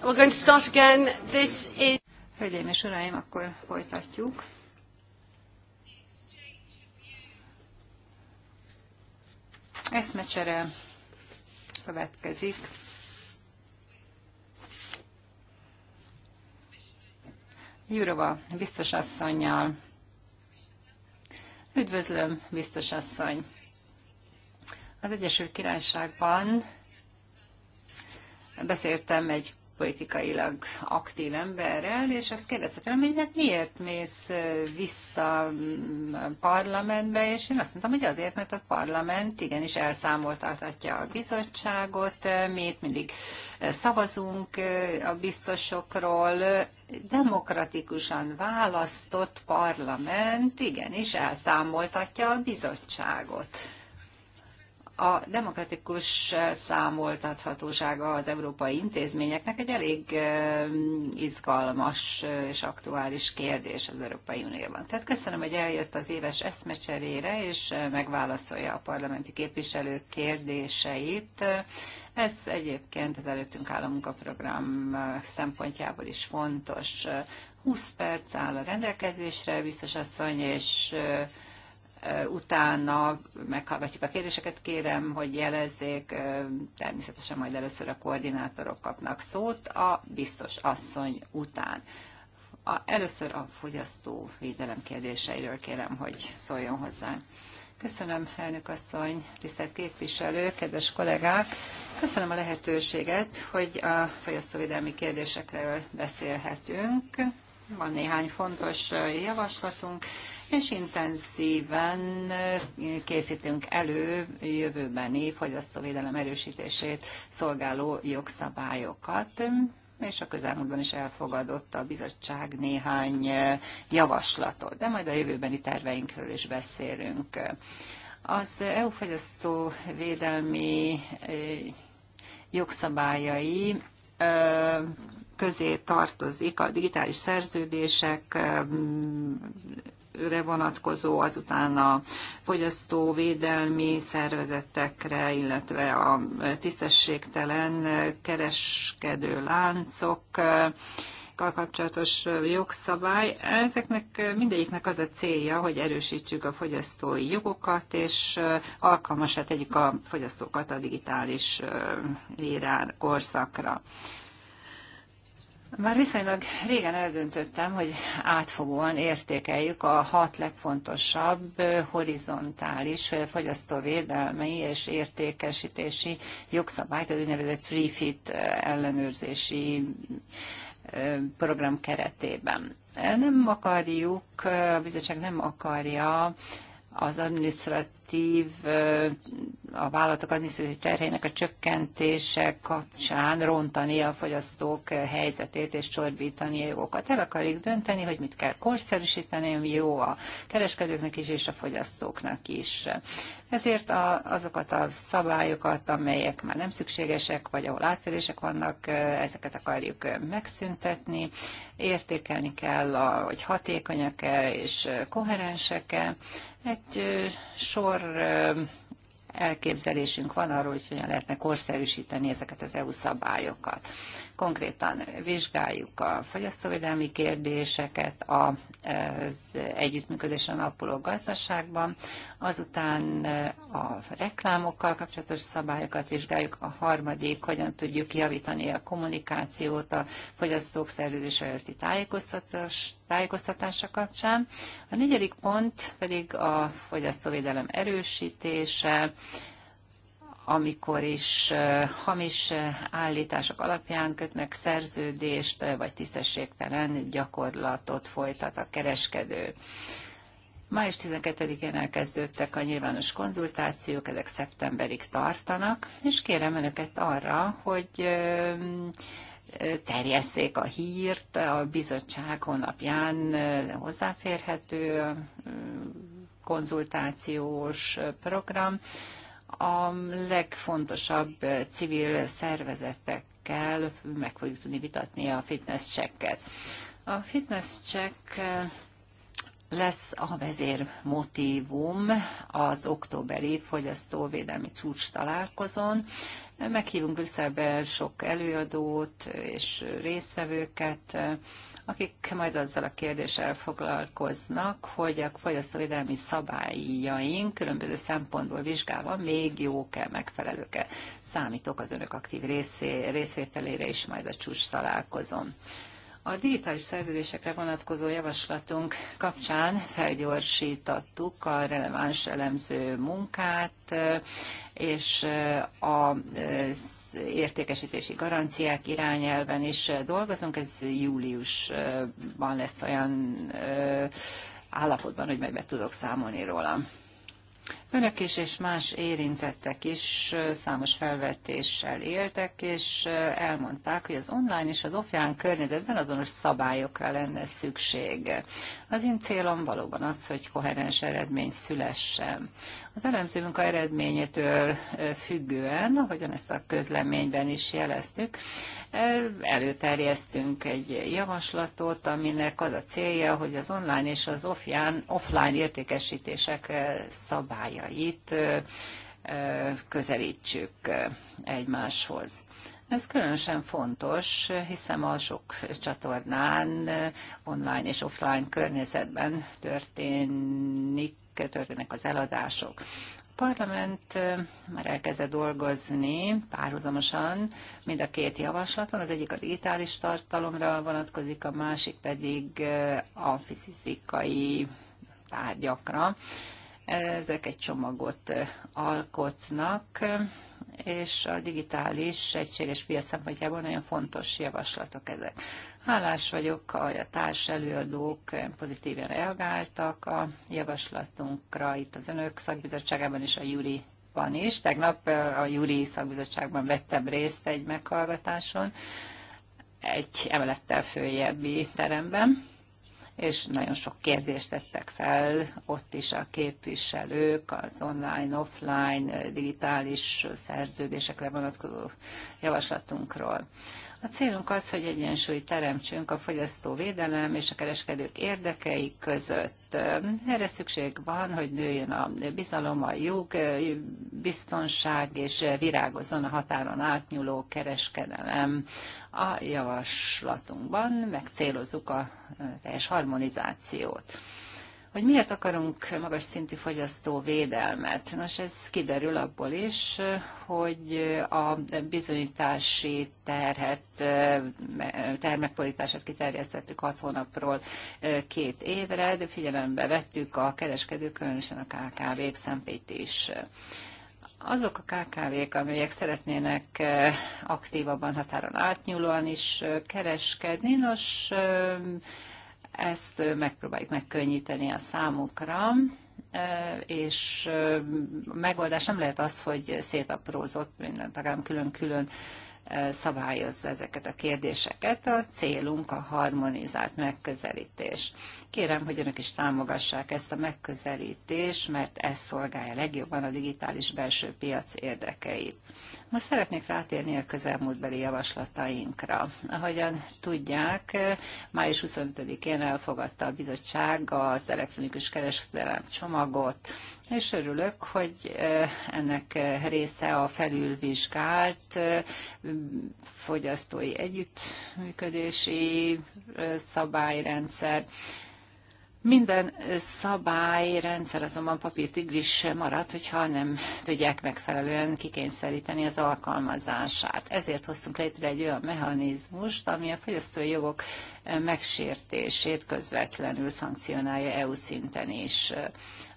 we're going to start again. This is... Hölgyeim és uraim, akkor folytatjuk. Eszmecsere következik. Jurova biztos asszonynal. Üdvözlöm, biztos asszony! Az Egyesült Királyságban beszéltem egy politikailag aktív emberrel, és azt kérdezte tőlem, hogy hát miért mész vissza a parlamentbe, és én azt mondtam, hogy azért, mert a parlament igenis elszámoltatja a bizottságot, miért, mindig szavazunk a biztosokról, demokratikusan választott parlament igenis elszámoltatja a bizottságot a demokratikus eh, számoltathatósága az európai intézményeknek egy elég eh, izgalmas eh, és aktuális kérdés az Európai Unióban. Tehát köszönöm, hogy eljött az éves eszmecserére, és megválaszolja a parlamenti képviselők kérdéseit. Ez egyébként az előttünk álló munkaprogram szempontjából is fontos. 20 perc áll a rendelkezésre, biztos asszony, és utána meghallgatjuk a kérdéseket, kérem, hogy jelezzék, természetesen majd először a koordinátorok kapnak szót a biztos asszony után. A, először a fogyasztó védelem kérdéseiről kérem, hogy szóljon hozzá. Köszönöm, elnök asszony, tisztelt képviselő, kedves kollégák! Köszönöm a lehetőséget, hogy a fogyasztóvédelmi kérdésekről beszélhetünk. Van néhány fontos javaslatunk, és intenzíven készítünk elő jövőbeni fogyasztóvédelem erősítését szolgáló jogszabályokat és a közelmúltban is elfogadott a bizottság néhány javaslatot, de majd a jövőbeni terveinkről is beszélünk. Az EU fogyasztó védelmi jogszabályai közé tartozik a digitális szerződések vonatkozó, azután a fogyasztóvédelmi szervezetekre, illetve a tisztességtelen kereskedő láncok, kapcsolatos jogszabály. Ezeknek mindegyiknek az a célja, hogy erősítsük a fogyasztói jogokat, és alkalmasát tegyük a fogyasztókat a digitális eh, érár korszakra. Már viszonylag régen eldöntöttem, hogy átfogóan értékeljük a hat legfontosabb horizontális fogyasztóvédelmi és értékesítési jogszabályt, az úgynevezett refit ellenőrzési program keretében. Nem akarjuk, a bizottság nem akarja az administratív, a vállalatok administratív terhének a csökkentése kapcsán rontani a fogyasztók helyzetét és csorbítani a jogokat. El akarjuk dönteni, hogy mit kell korszerűsíteni, ami jó a kereskedőknek is és a fogyasztóknak is. Ezért a, azokat a szabályokat, amelyek már nem szükségesek, vagy ahol átfedések vannak, ezeket akarjuk megszüntetni. Értékelni kell, hogy hatékonyak-e és koherensek-e egy sor elképzelésünk van arról, hogy hogyan lehetne korszerűsíteni ezeket az EU szabályokat. Konkrétan vizsgáljuk a fogyasztóvédelmi kérdéseket az együttműködésen alapuló gazdaságban, azután eh, a reklámokkal kapcsolatos szabályokat vizsgáljuk, a harmadik, hogyan tudjuk javítani a kommunikációt a fogyasztók szerződés előtti tájékoztatás, tájékoztatása kapcsán. A negyedik pont pedig a fogyasztóvédelem erősítése, amikor is hamis állítások alapján kötnek szerződést, vagy tisztességtelen gyakorlatot folytat a kereskedő. Május 12-én elkezdődtek a nyilvános konzultációk, ezek szeptemberig tartanak, és kérem önöket arra, hogy terjesszék a hírt, a bizottság honlapján hozzáférhető konzultációs program, a legfontosabb civil szervezetekkel meg fogjuk tudni vitatni a fitness checket. A fitness check eh, lesz a vezér motivum az októberi fogyasztóvédelmi csúcs találkozón. Meghívunk Brüsszelbe sok előadót és résztvevőket, eh, akik majd azzal a kérdéssel foglalkoznak, hogy a fogyasztóvédelmi szabályaink különböző szempontból vizsgálva még jók-e, megfelelők-e. Számítok az önök aktív részé, részvételére is majd a csúcs találkozom. A digitális szerződésekre vonatkozó javaslatunk kapcsán felgyorsítottuk a releváns elemző munkát, és a értékesítési garanciák irányelven is dolgozunk, ez júliusban lesz olyan állapotban, hogy meg be tudok számolni róla. Önök is és más érintettek is számos felvetéssel éltek, és elmondták, hogy az online és az offline környezetben azonos szabályokra lenne szükség. Az én célom valóban az, hogy koherens eredmény szülessen. Az elemző munka eredményétől függően, ahogyan ezt a közleményben is jeleztük, előterjesztünk egy javaslatot, aminek az a célja, hogy az online és az offline, offline értékesítések szabály céljait közelítsük egymáshoz. Ez különösen fontos, hiszen a sok csatornán, online és offline környezetben történik, történnek az eladások. A parlament már elkezdett dolgozni párhuzamosan mind a két javaslaton, az egyik a digitális tartalomra vonatkozik, a másik pedig a fizikai tárgyakra ezek egy csomagot alkotnak, és a digitális egységes piac szempontjából nagyon fontos javaslatok ezek. Hálás vagyok, hogy a társ előadók pozitíven reagáltak a javaslatunkra itt az önök szakbizottságában és a júli van is. Tegnap a júli szakbizottságban vettem részt egy meghallgatáson, egy emelettel följebbi teremben és nagyon sok kérdést tettek fel ott is a képviselők az online, offline, digitális szerződésekre vonatkozó javaslatunkról. A célunk az, hogy egyensúlyt teremtsünk a fogyasztóvédelem és a kereskedők érdekei között. Erre szükség van, hogy nőjön a bizalom, a jog, biztonság és virágozon a határon átnyúló kereskedelem. A javaslatunkban megcélozzuk a teljes harmonizációt hogy miért akarunk magas szintű védelmet. Nos, ez kiderül abból is, hogy a bizonyítási terhet, termekpolitását kiterjesztettük hat hónapról két évre, de figyelembe vettük a kereskedők, különösen a KKV-k szempét is azok a KKV-k, amelyek szeretnének eh, aktívabban határon átnyúlóan is eh, kereskedni, nos, eh, ezt megpróbáljuk megkönnyíteni a számukra, és a megoldás nem lehet az, hogy szétaprózott minden tagállam külön-külön szabályozza ezeket a kérdéseket. A célunk a harmonizált megközelítés. Kérem, hogy önök is támogassák ezt a megközelítést, mert ez szolgálja legjobban a digitális belső piac érdekeit. Most szeretnék rátérni a közelmúltbeli javaslatainkra. Ahogyan tudják, május 25-én elfogadta a bizottság az elektronikus kereskedelem csomagot, és örülök, hogy ennek része a felülvizsgált fogyasztói együttműködési szabályrendszer, minden szabályrendszer azonban papírtigris marad, hogyha nem tudják megfelelően kikényszeríteni az alkalmazását. Ezért hoztunk létre egy olyan mechanizmust, ami a fogyasztói jogok megsértését közvetlenül szankcionálja EU szinten is.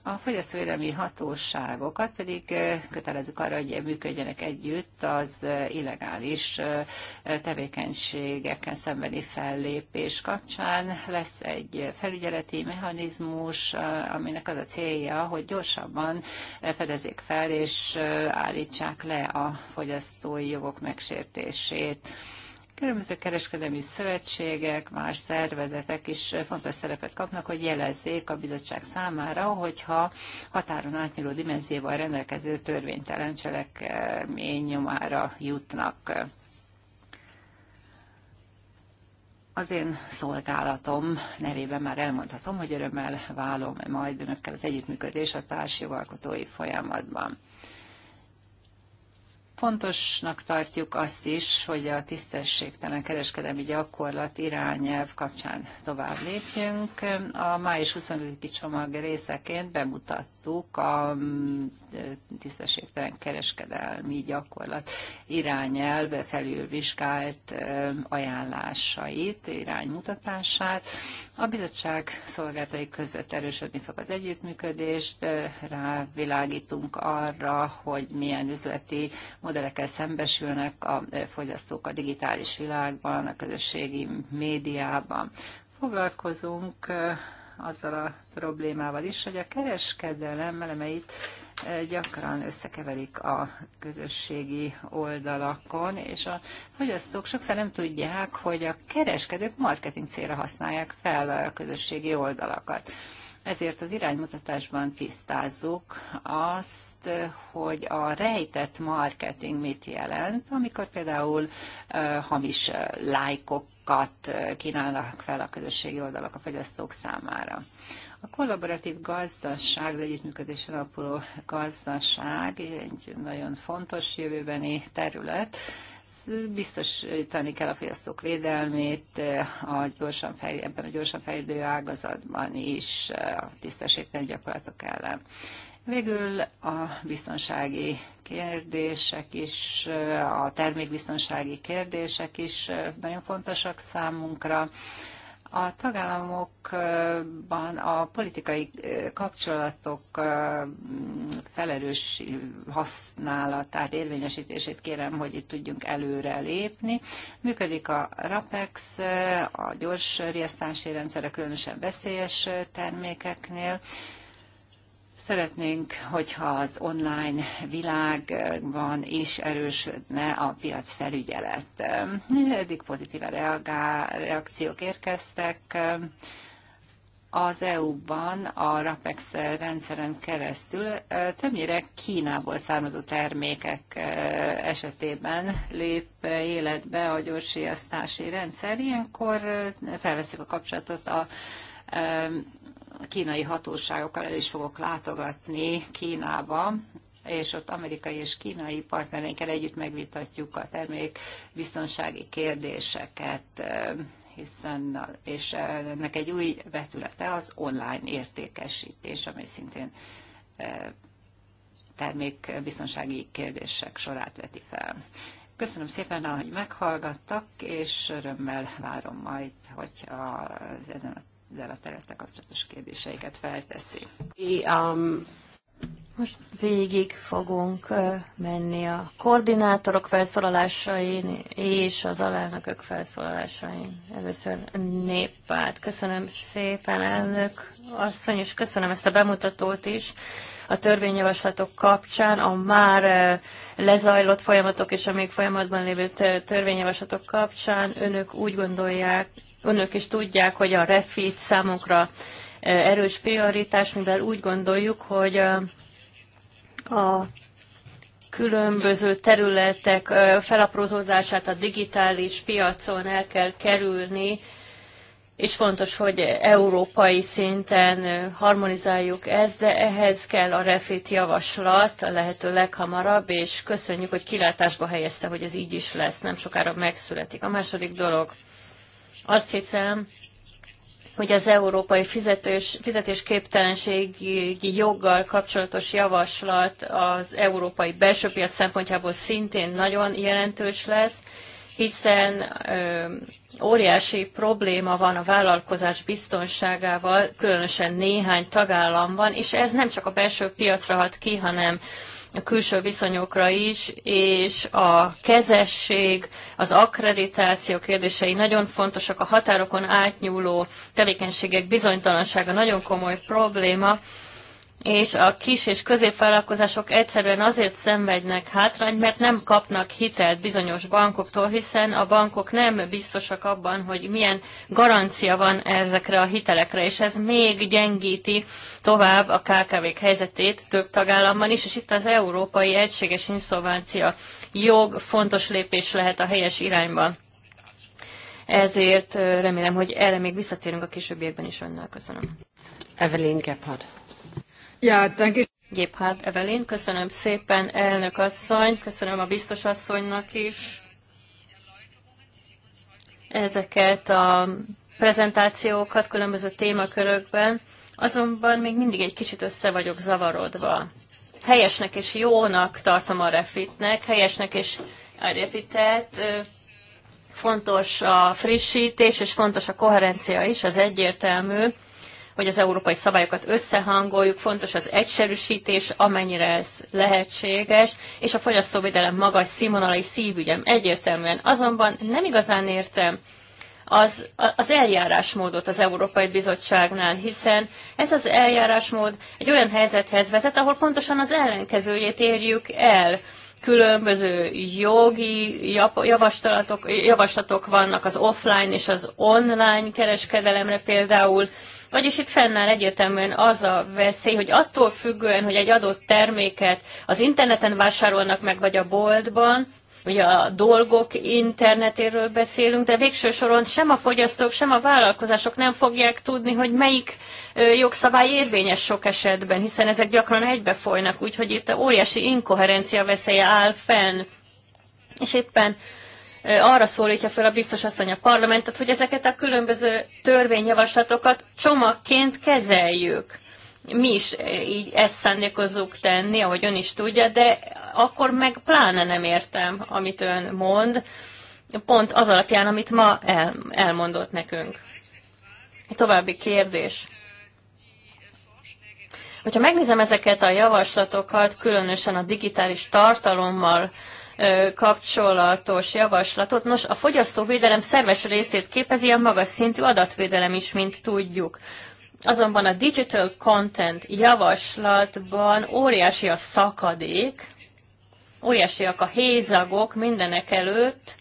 A fogyasztóvédelmi hatóságokat pedig kötelezzük arra, hogy működjenek együtt az illegális tevékenységeken szembeni fellépés kapcsán. Lesz egy felügyeleti mechanizmus, aminek az a célja, hogy gyorsabban fedezzék fel és állítsák le a fogyasztói jogok megsértését. Különböző kereskedelmi szövetségek, más szervezetek is fontos szerepet kapnak, hogy jelezzék a bizottság számára, hogyha határon átnyúló dimenzióval rendelkező törvénytelen cselekmény nyomára jutnak. Az én szolgálatom nevében már elmondhatom, hogy örömmel válom majd önökkel az együttműködés a társjogalkotói folyamatban. Fontosnak tartjuk azt is, hogy a tisztességtelen kereskedelmi gyakorlat irányelv kapcsán tovább lépjünk. A május 25-i csomag részeként bemutattuk a mm, tisztességtelen kereskedelmi gyakorlat irányelv felülvizsgált ajánlásait, iránymutatását. A bizottság szolgáltai között erősödni fog az együttműködést, rávilágítunk arra, hogy milyen üzleti modellekkel szembesülnek a e, fogyasztók a digitális világban, a közösségi médiában. Foglalkozunk e, azzal a problémával is, hogy a kereskedelem elemeit e, gyakran összekeverik a közösségi oldalakon, és a fogyasztók sokszor nem tudják, hogy a kereskedők marketing célra használják fel a közösségi oldalakat. Ezért az iránymutatásban tisztázzuk azt, hogy a rejtett marketing mit jelent, amikor például hamis lájkokat kínálnak fel a közösségi oldalak a fogyasztók számára. A kollaboratív gazdaság, az együttműködésen alapuló gazdaság egy nagyon fontos jövőbeni terület, biztosítani kell a fogyasztók védelmét eh, a gyorsan fejl- ebben a gyorsan fejlődő ágazatban is eh, a tisztességtelen gyakorlatok ellen. Végül a biztonsági kérdések is, eh, a termékbiztonsági kérdések is nagyon fontosak számunkra. A tagállamokban a politikai kapcsolatok felelős használatát, érvényesítését kérem, hogy itt tudjunk előre lépni. Működik a RAPEX, a gyors riasztási rendszerek, különösen veszélyes termékeknél. Szeretnénk, hogyha az online világban is erősödne a piac felügyelet. Eddig pozitív reakciók érkeztek. Az EU-ban a RAPEX rendszeren keresztül többnyire Kínából származó termékek esetében lép életbe a gyorsiasztási rendszer. Ilyenkor felveszik a kapcsolatot a a kínai hatóságokkal el is fogok látogatni Kínába, és ott amerikai és kínai partnereinkkel együtt megvitatjuk a termék biztonsági kérdéseket, hiszen, és ennek egy új vetülete az online értékesítés, ami szintén biztonsági kérdések sorát veti fel. Köszönöm szépen, hogy meghallgattak, és örömmel várom majd, hogy a, ezen a ezzel a területtel kapcsolatos kérdéseiket felteszi. Um, Most végig fogunk menni a koordinátorok felszólalásain és az alelnökök felszólalásain. Először néppárt. Köszönöm szépen, elnök asszony, és köszönöm ezt a bemutatót is a törvényjavaslatok kapcsán, a már lezajlott folyamatok és a még folyamatban lévő törvényjavaslatok kapcsán önök úgy gondolják, önök is tudják, hogy a refit számunkra eh, erős prioritás, mivel úgy gondoljuk, hogy eh, a különböző területek eh, felaprózódását a digitális piacon el kell kerülni, és fontos, hogy európai szinten harmonizáljuk ezt, de ehhez kell a refit javaslat a lehető leghamarabb, és köszönjük, hogy kilátásba helyezte, hogy ez így is lesz, nem sokára megszületik. A második dolog, azt hiszem, hogy az európai fizetős, fizetésképtelenségi joggal kapcsolatos javaslat az európai belső piac szempontjából szintén nagyon jelentős lesz, hiszen ö, óriási probléma van a vállalkozás biztonságával, különösen néhány tagállamban, és ez nem csak a belső piacra hat ki, hanem a külső viszonyokra is, és a kezesség, az akkreditáció kérdései nagyon fontosak, a határokon átnyúló tevékenységek bizonytalansága nagyon komoly probléma, és a kis és középvállalkozások egyszerűen azért szenvednek hátrányt, mert nem kapnak hitelt bizonyos bankoktól, hiszen a bankok nem biztosak abban, hogy milyen garancia van ezekre a hitelekre, és ez még gyengíti tovább a KKV-k helyzetét több tagállamban is, és itt az Európai Egységes Inszolváncia jog fontos lépés lehet a helyes irányban. Ezért remélem, hogy erre még visszatérünk a későbbiekben is önnel. Köszönöm. Evelyn Gephardt. Ja, danke. Evelin, köszönöm szépen, elnök asszony, köszönöm a biztos asszonynak is ezeket a prezentációkat különböző témakörökben, azonban még mindig egy kicsit össze vagyok zavarodva. Helyesnek és jónak tartom a refitnek, helyesnek és a refitet, fontos a frissítés, és fontos a koherencia is, az egyértelmű, hogy az európai szabályokat összehangoljuk, fontos az egyszerűsítés, amennyire ez lehetséges, és a fogyasztóvédelem magas színvonalai szívügyem egyértelműen. Azonban nem igazán értem, az, az eljárásmódot az Európai Bizottságnál, hiszen ez az eljárásmód egy olyan helyzethez vezet, ahol pontosan az ellenkezőjét érjük el. Különböző jogi javaslatok, javaslatok vannak az offline és az online kereskedelemre például, vagyis itt fennáll egyértelműen az a veszély, hogy attól függően, hogy egy adott terméket az interneten vásárolnak meg, vagy a boltban, ugye a dolgok internetéről beszélünk, de végső soron sem a fogyasztók, sem a vállalkozások nem fogják tudni, hogy melyik jogszabály érvényes sok esetben, hiszen ezek gyakran folynak, úgyhogy itt a óriási inkoherencia veszélye áll fenn. És éppen arra szólítja fel a biztos asszony a parlamentet, hogy ezeket a különböző törvényjavaslatokat csomagként kezeljük. Mi is így ezt szándékozzuk tenni, ahogy ön is tudja, de akkor meg pláne nem értem, amit ön mond, pont az alapján, amit ma el, elmondott nekünk. További kérdés. Hogyha megnézem ezeket a javaslatokat, különösen a digitális tartalommal kapcsolatos javaslatot. Nos, a fogyasztóvédelem szerves részét képezi a magas szintű adatvédelem is, mint tudjuk. Azonban a digital content javaslatban óriási a szakadék, óriásiak a hézagok mindenek előtt,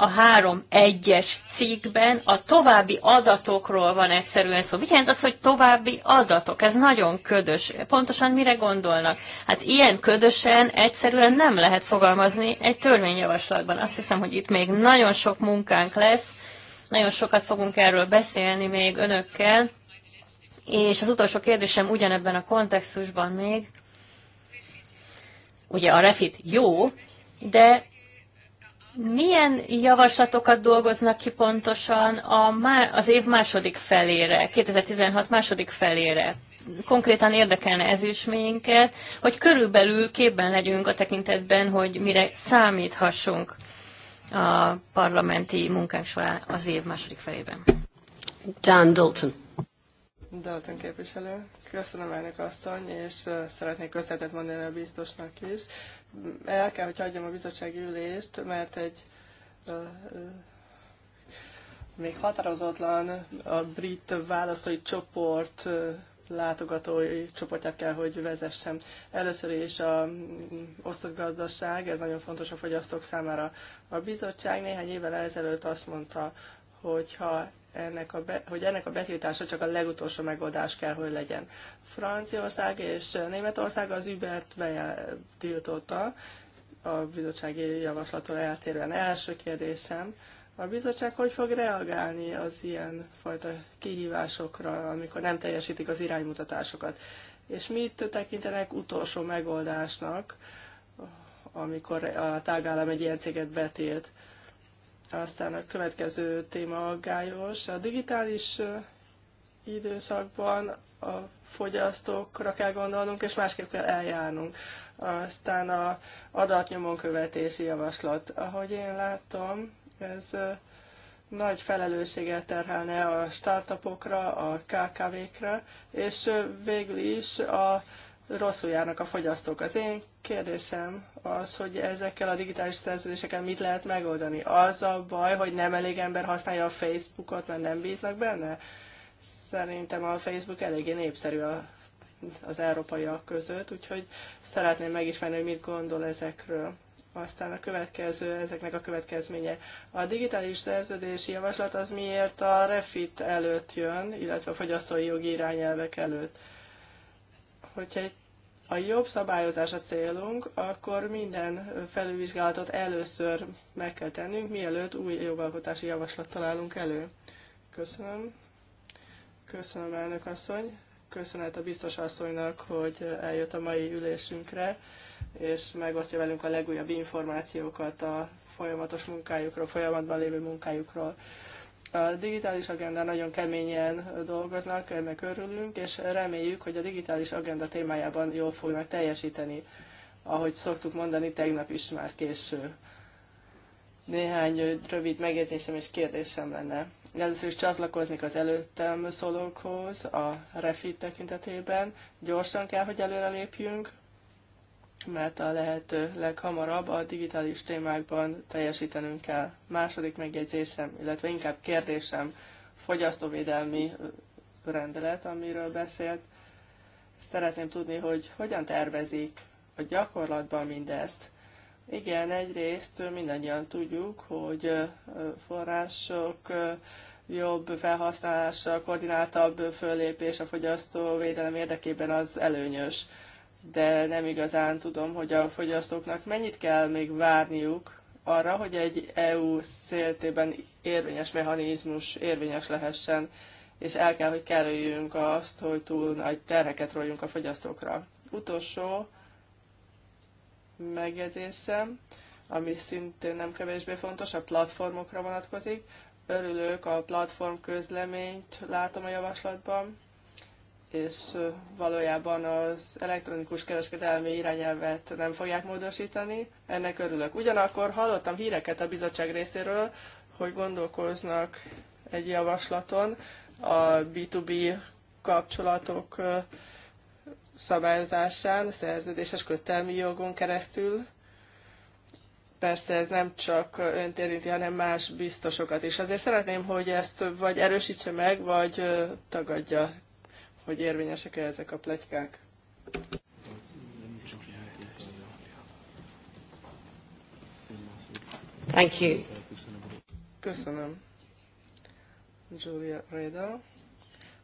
a 3.1-es cikkben a további adatokról van egyszerűen szó. Mit jelent az, hogy további adatok? Ez nagyon ködös. Pontosan mire gondolnak? Hát ilyen ködösen egyszerűen nem lehet fogalmazni egy törvényjavaslatban. Azt hiszem, hogy itt még nagyon sok munkánk lesz, nagyon sokat fogunk erről beszélni még önökkel. És az utolsó kérdésem ugyanebben a kontextusban még, ugye a refit jó, de milyen javaslatokat dolgoznak ki pontosan a má, az év második felére, 2016 második felére? Konkrétan érdekelne ez is minket, hogy körülbelül képben legyünk a tekintetben, hogy mire számíthassunk a parlamenti munkánk során az év második felében. Dan Dalton. Dalton képviselő. Köszönöm elnök asszony, és szeretnék köszönetet mondani a biztosnak is el kell, hogy hagyjam a bizottsági ülést, mert egy még határozatlan a brit választói csoport látogatói csoportját kell, hogy vezessem. Először is a osztott gazdaság, ez nagyon fontos a fogyasztók számára. A bizottság néhány évvel ezelőtt azt mondta, hogyha ennek a be, hogy ennek a betiltása csak a legutolsó megoldás kell, hogy legyen. Franciaország és Németország az Ubert tiltotta a bizottsági javaslattól eltérően. Első kérdésem, a bizottság hogy fog reagálni az ilyen fajta kihívásokra, amikor nem teljesítik az iránymutatásokat? És mit tekintenek utolsó megoldásnak, amikor a tágállam egy ilyen céget betilt? Aztán a következő téma gályos. A digitális időszakban a fogyasztókra kell gondolnunk, és másképp kell eljárnunk. Aztán a adatnyomon követési javaslat. Ahogy én látom, ez nagy felelősséget terhelne a startupokra, a KKV-kra, és végül is a rosszul járnak a fogyasztók. Az én kérdésem az, hogy ezekkel a digitális szerződésekkel mit lehet megoldani. Az a baj, hogy nem elég ember használja a Facebookot, mert nem bíznak benne? Szerintem a Facebook eléggé népszerű a, az európaiak között, úgyhogy szeretném megismerni, hogy mit gondol ezekről. Aztán a következő, ezeknek a következménye. A digitális szerződési javaslat az miért a refit előtt jön, illetve a fogyasztói jogi irányelvek előtt? hogyha egy a jobb szabályozás a célunk, akkor minden felülvizsgálatot először meg kell tennünk, mielőtt új jogalkotási javaslat találunk elő. Köszönöm. Köszönöm, elnök asszony. Köszönet a biztos asszonynak, hogy eljött a mai ülésünkre, és megosztja velünk a legújabb információkat a folyamatos munkájukról, folyamatban lévő munkájukról. A digitális agenda nagyon keményen dolgoznak, ennek örülünk, és reméljük, hogy a digitális agenda témájában jól fognak teljesíteni. Ahogy szoktuk mondani, tegnap is már késő. Néhány rövid megjegyzésem és kérdésem lenne. Először is csatlakoznék az előttem szólókhoz a refit tekintetében. Gyorsan kell, hogy előrelépjünk, mert a lehető leghamarabb a digitális témákban teljesítenünk kell. Második megjegyzésem, illetve inkább kérdésem, fogyasztóvédelmi rendelet, amiről beszélt. Szeretném tudni, hogy hogyan tervezik a gyakorlatban mindezt. Igen, egyrészt mindannyian tudjuk, hogy források jobb felhasználása, koordináltabb fölépés a fogyasztóvédelem érdekében az előnyös de nem igazán tudom, hogy a fogyasztóknak mennyit kell még várniuk arra, hogy egy EU széltében érvényes mechanizmus érvényes lehessen, és el kell, hogy kerüljünk azt, hogy túl nagy terheket rójunk a fogyasztókra. Utolsó megjegyzésem, ami szintén nem kevésbé fontos, a platformokra vonatkozik. Örülök, a platform közleményt látom a javaslatban és valójában az elektronikus kereskedelmi irányelvet nem fogják módosítani. Ennek örülök. Ugyanakkor hallottam híreket a bizottság részéről, hogy gondolkoznak egy javaslaton a B2B kapcsolatok szabályozásán, szerződéses kötelmi jogon keresztül. Persze ez nem csak önt érinti, hanem más biztosokat is. Azért szeretném, hogy ezt vagy erősítse meg, vagy tagadja hogy érvényesek-e ezek a plegykák. Thank you. Köszönöm. Julia Reda.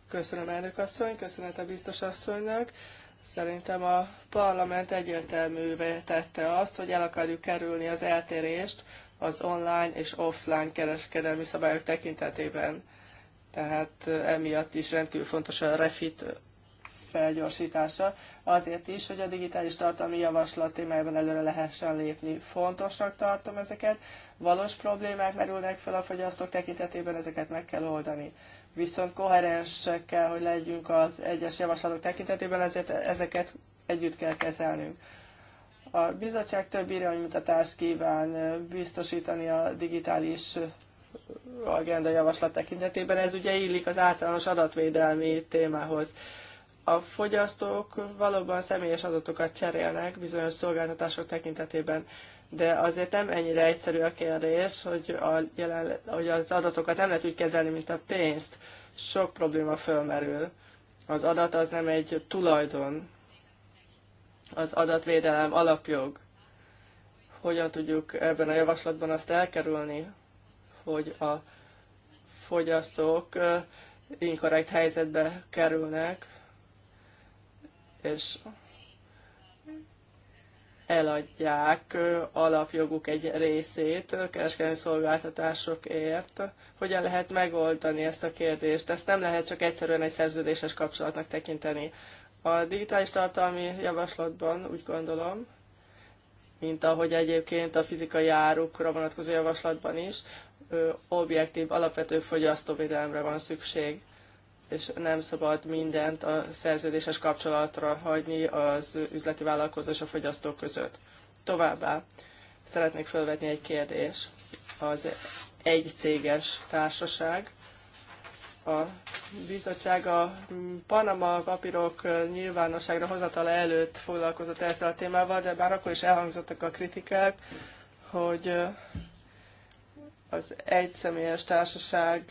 Köszönöm elnök asszony, köszönet a biztos asszonynak. Szerintem a parlament egyértelművé tette azt, hogy el akarjuk kerülni az eltérést az online és offline kereskedelmi szabályok tekintetében. Tehát emiatt is rendkívül fontos a refit felgyorsítása, azért is, hogy a digitális tartalmi javaslat témájában előre lehessen lépni. Fontosnak tartom ezeket, valós problémák merülnek fel a fogyasztók tekintetében, ezeket meg kell oldani. Viszont koherensek kell, hogy legyünk az egyes javaslatok tekintetében, ezért ezeket együtt kell kezelnünk. A bizottság több iránymutatást kíván biztosítani a digitális agenda javaslat tekintetében. Ez ugye illik az általános adatvédelmi témához. A fogyasztók valóban személyes adatokat cserélnek bizonyos szolgáltatások tekintetében, de azért nem ennyire egyszerű a kérdés, hogy, a jelen, hogy az adatokat nem lehet úgy kezelni, mint a pénzt. Sok probléma fölmerül. Az adat az nem egy tulajdon, az adatvédelem alapjog. Hogyan tudjuk ebben a javaslatban azt elkerülni, hogy a fogyasztók inkorrekt helyzetbe kerülnek, és eladják alapjoguk egy részét kereskedelmi szolgáltatásokért. Hogyan lehet megoldani ezt a kérdést? Ezt nem lehet csak egyszerűen egy szerződéses kapcsolatnak tekinteni. A digitális tartalmi javaslatban úgy gondolom, mint ahogy egyébként a fizikai árukra vonatkozó javaslatban is, objektív, alapvető fogyasztóvédelemre van szükség, és nem szabad mindent a szerződéses kapcsolatra hagyni az üzleti vállalkozó és a fogyasztó között. Továbbá szeretnék felvetni egy kérdés. Az egy céges társaság, a bizottság a Panama papírok nyilvánosságra hozatala előtt foglalkozott ezzel a témával, de már akkor is elhangzottak a kritikák, hogy az egyszemélyes társaságra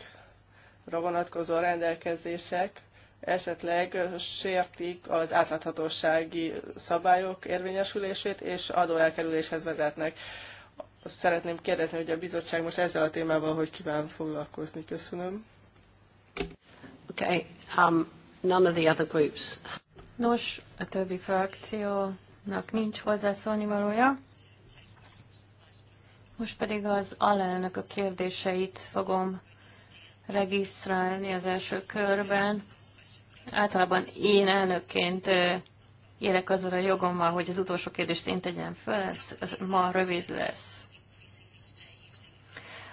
vonatkozó rendelkezések esetleg sértik az átláthatósági szabályok érvényesülését, és adóelkerüléshez vezetnek. Szeretném kérdezni, hogy a bizottság most ezzel a témával hogy kíván foglalkozni. Köszönöm. Okay. Um, none of the other groups. Nos, a többi frakciónak nincs hozzászólni valója. Most pedig az alelnök kérdéseit fogom regisztrálni az első körben. Általában én elnökként élek azzal a jogommal, hogy az utolsó kérdést én tegyem föl, ez, ez ma rövid lesz.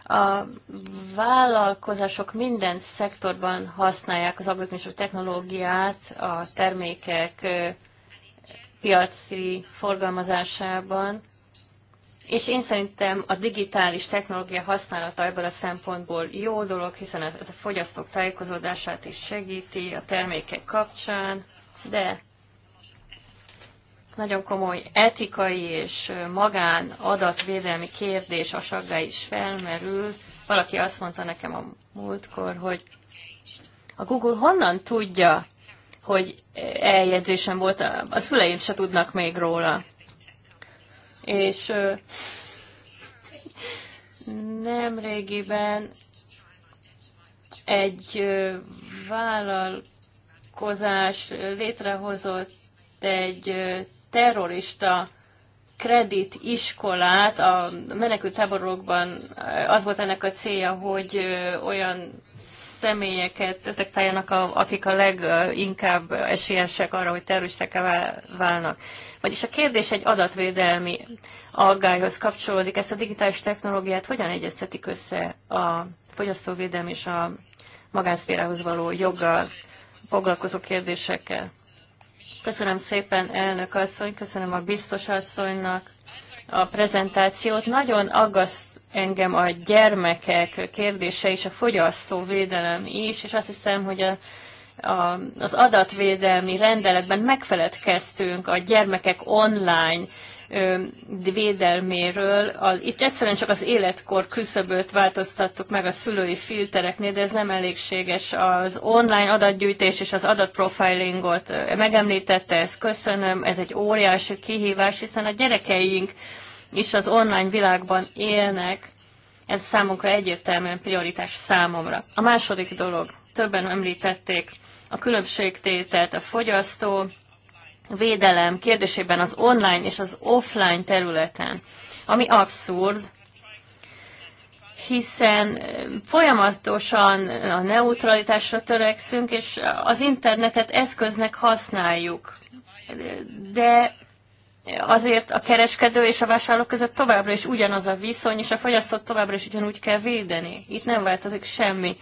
A vállalkozások minden szektorban használják az algoritmikus technológiát a termékek piaci forgalmazásában, és én szerintem a digitális technológia használata ebből a szempontból jó dolog, hiszen ez a fogyasztók tájékozódását is segíti a termékek kapcsán, de nagyon komoly etikai és magán adatvédelmi kérdés a saggá is felmerül. Valaki azt mondta nekem a múltkor, hogy a Google honnan tudja, hogy eljegyzésem volt, a szüleim se tudnak még róla és nem régiben egy vállalkozás létrehozott egy terrorista kredit iskolát a menekült táborokban az volt ennek a célja, hogy olyan személyeket, detektáljanak, a, akik a leginkább esélyesek arra, hogy terroristák válnak. Vagyis a kérdés egy adatvédelmi aggályhoz kapcsolódik. Ezt a digitális technológiát hogyan egyeztetik össze a fogyasztóvédelmi és a magánszférához való joggal foglalkozó kérdésekkel? Köszönöm szépen, elnök asszony, köszönöm a biztos asszonynak a prezentációt. Nagyon aggaszt engem a gyermekek kérdése és a fogyasztóvédelem is, és azt hiszem, hogy a, a, az adatvédelmi rendeletben megfeledkeztünk a gyermekek online védelméről. A, itt egyszerűen csak az életkor küszöböt változtattuk meg a szülői filtereknél, de ez nem elégséges. Az online adatgyűjtés és az adatprofilingot megemlítette, ezt köszönöm, ez egy óriási kihívás, hiszen a gyerekeink is az online világban élnek, ez számunkra egyértelműen prioritás számomra. A második dolog, többen említették a különbségtételt, a fogyasztó, védelem kérdésében az online és az offline területen, ami abszurd, hiszen folyamatosan a neutralitásra törekszünk, és az internetet eszköznek használjuk. De azért a kereskedő és a vásárló között továbbra is ugyanaz a viszony, és a fogyasztót továbbra is ugyanúgy kell védeni. Itt nem változik semmi.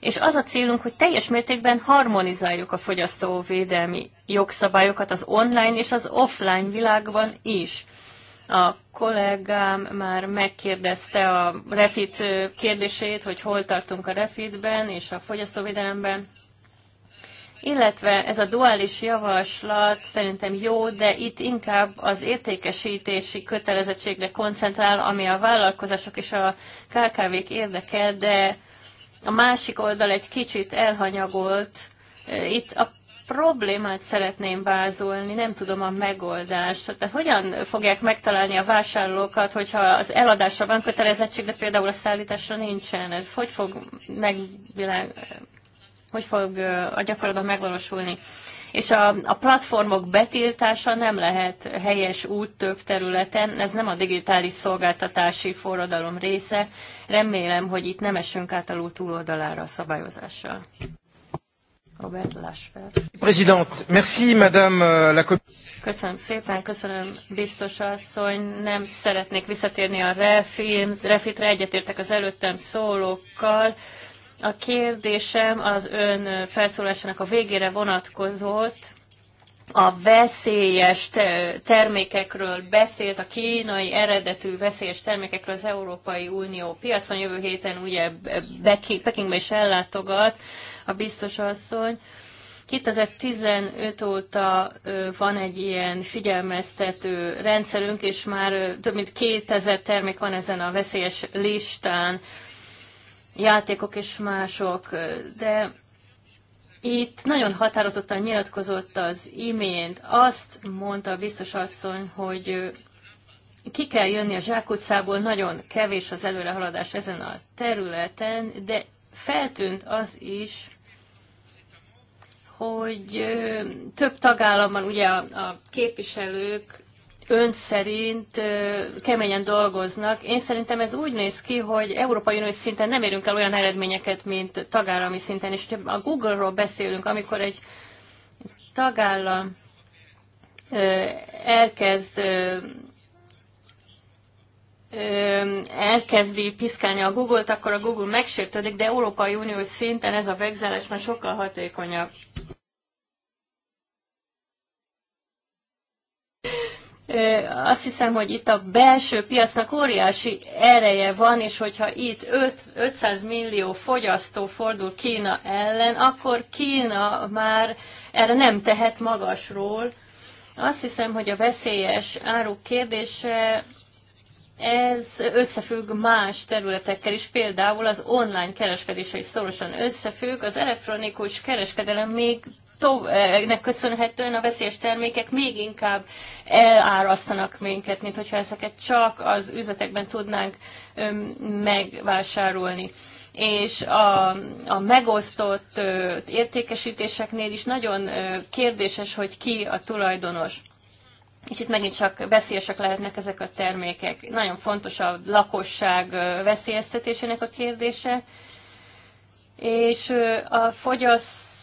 És az a célunk, hogy teljes mértékben harmonizáljuk a fogyasztóvédelmi jogszabályokat az online és az offline világban is. A kollégám már megkérdezte a refit kérdését, hogy hol tartunk a refitben és a fogyasztóvédelemben illetve ez a duális javaslat szerintem jó, de itt inkább az értékesítési kötelezettségre koncentrál, ami a vállalkozások és a KKV-k érdeke, de a másik oldal egy kicsit elhanyagolt. Itt a problémát szeretném vázolni, nem tudom a megoldást. Tehát hogyan fogják megtalálni a vásárlókat, hogyha az eladásra van kötelezettség, de például a szállításra nincsen? Ez hogy fog megvilágítani? hogy fog a gyakorlatban megvalósulni. És a, a platformok betiltása nem lehet helyes út több területen, ez nem a digitális szolgáltatási forradalom része. Remélem, hogy itt nem esünk át a túloldalára a szabályozással. Robert Lasfer. Présidente, merci madame euh, la Köszönöm szépen, köszönöm biztos asszony. Nem szeretnék visszatérni a refi, refitre, egyetértek az előttem szólókkal. A kérdésem az ön felszólásának a végére vonatkozott, a veszélyes termékekről beszélt, a kínai eredetű veszélyes termékekről az Európai Unió piacon. Jövő héten ugye Pekingbe is ellátogat a biztos asszony. 2015 óta van egy ilyen figyelmeztető rendszerünk, és már több mint 2000 termék van ezen a veszélyes listán játékok és mások, de itt nagyon határozottan nyilatkozott az imént. Azt mondta a biztos asszony, hogy ki kell jönni a zsákutcából, nagyon kevés az előrehaladás ezen a területen, de feltűnt az is, hogy több tagállamban ugye a, a képviselők ön szerint keményen dolgoznak. Én szerintem ez úgy néz ki, hogy Európai Uniós szinten nem érünk el olyan eredményeket, mint tagállami szinten. És ha a Google-ról beszélünk, amikor egy tagállam elkezd elkezdi piszkálni a Google-t, akkor a Google megsértődik, de Európai Unió szinten ez a vegzálás már sokkal hatékonyabb. azt hiszem, hogy itt a belső piacnak óriási ereje van, és hogyha itt 5, 500 millió fogyasztó fordul Kína ellen, akkor Kína már erre nem tehet magasról. Azt hiszem, hogy a veszélyes áruk kérdése ez összefügg más területekkel is, például az online kereskedése is szorosan összefügg, az elektronikus kereskedelem még E, nek köszönhetően a veszélyes termékek még inkább elárasztanak minket, mint hogyha ezeket csak az üzletekben tudnánk megvásárolni és a, a megosztott értékesítéseknél is nagyon kérdéses, hogy ki a tulajdonos. És itt megint csak veszélyesek lehetnek ezek a termékek. Nagyon fontos a lakosság veszélyeztetésének a kérdése, és a fogyaszt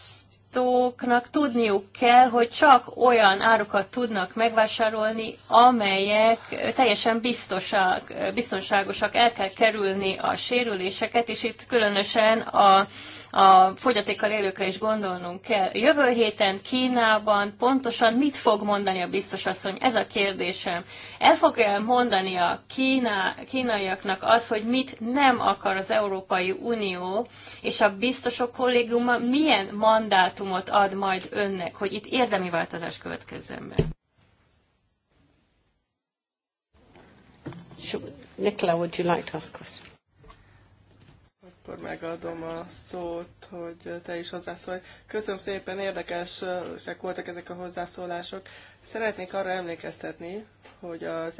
fogyasztóknak tudniuk kell, hogy csak olyan árukat tudnak megvásárolni, amelyek teljesen biztosak, biztonságosak, el kell kerülni a sérüléseket, és itt különösen a a fogyatékkal élőkre is gondolnunk kell. Jövő héten Kínában pontosan mit fog mondani a biztosasszony? Ez a kérdésem. El fogja mondani a Kína, kínaiaknak az, hogy mit nem akar az Európai Unió, és a biztosok kollégiuma milyen mandátumot ad majd önnek, hogy itt érdemi változás következzen be? Nicola, would you like to ask questions? akkor megadom a szót, hogy te is hozzászólj. Köszönöm szépen, érdekesek voltak ezek a hozzászólások. Szeretnék arra emlékeztetni, hogy az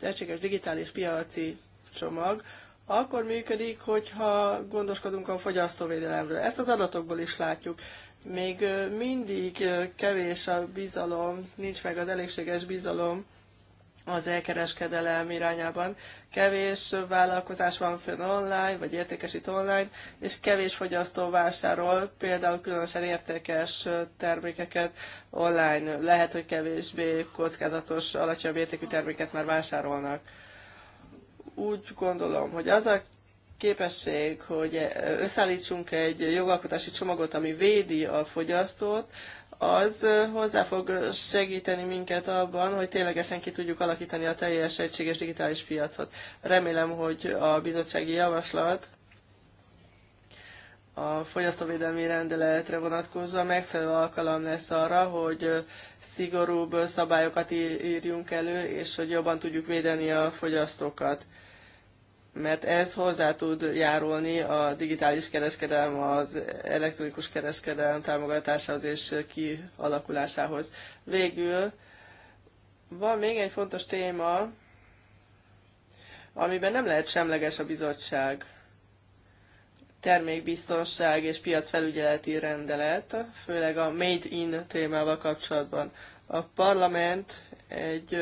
egységes digitális piaci csomag akkor működik, hogyha gondoskodunk a fogyasztóvédelemről. Ezt az adatokból is látjuk. Még mindig kevés a bizalom, nincs meg az elégséges bizalom az elkereskedelem irányában. Kevés vállalkozás van fönn online, vagy értékesít online, és kevés fogyasztó vásárol például különösen értékes termékeket online. Lehet, hogy kevésbé kockázatos, alacsonyabb értékű terméket már vásárolnak. Úgy gondolom, hogy az a képesség, hogy összeállítsunk egy jogalkotási csomagot, ami védi a fogyasztót, az hozzá fog segíteni minket abban, hogy ténylegesen ki tudjuk alakítani a teljes egységes digitális piacot. Remélem, hogy a bizottsági javaslat a fogyasztóvédelmi rendeletre vonatkozva megfelelő alkalom lesz arra, hogy szigorúbb szabályokat írjunk elő, és hogy jobban tudjuk védeni a fogyasztókat mert ez hozzá tud járulni a digitális kereskedelem, az elektronikus kereskedelem támogatásához és kialakulásához. Végül van még egy fontos téma, amiben nem lehet semleges a bizottság. Termékbiztonság és piacfelügyeleti rendelet, főleg a Made in témával kapcsolatban. A parlament egy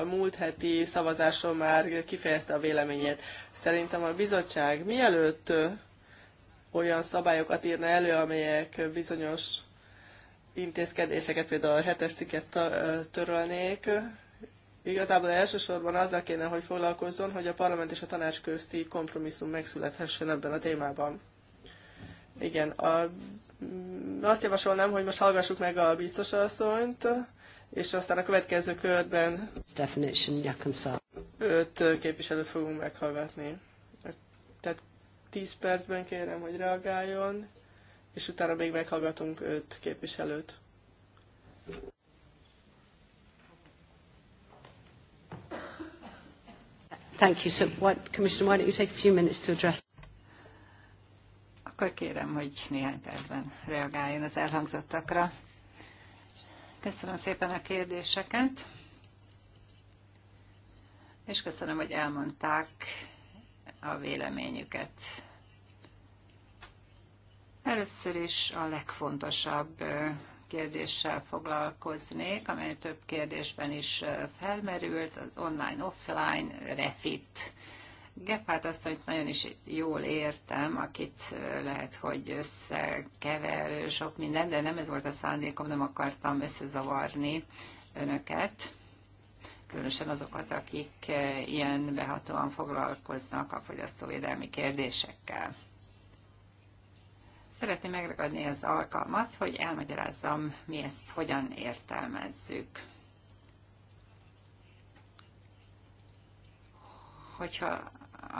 a múlt heti szavazáson már kifejezte a véleményét. Szerintem a bizottság mielőtt olyan szabályokat írna elő, amelyek bizonyos intézkedéseket, például a hetes sziket törölnék, igazából elsősorban azzal kéne, hogy foglalkozzon, hogy a parlament és a tanács közti kompromisszum megszülethessen ebben a témában. Igen, a, azt javasolnám, hogy most hallgassuk meg a biztosasszonyt, és aztán a következő körben öt képviselőt fogunk meghallgatni. Tehát 10 percben kérem, hogy reagáljon, és utána még meghallgatunk öt képviselőt. Thank you. So, what, Commissioner, why don't you take a few minutes to address? Akkor kérem, hogy néhány percben reagáljon az elhangzottakra. Köszönöm szépen a kérdéseket, és köszönöm, hogy elmondták a véleményüket. Először is a legfontosabb kérdéssel foglalkoznék, amely több kérdésben is felmerült, az online-offline refit Gephardt asszonyt nagyon is jól értem, akit lehet, hogy összekever sok minden, de nem ez volt a szándékom, nem akartam összezavarni önöket különösen azokat, akik ilyen behatóan foglalkoznak a fogyasztóvédelmi kérdésekkel. Szeretném megragadni az alkalmat, hogy elmagyarázzam, mi ezt hogyan értelmezzük. Hogyha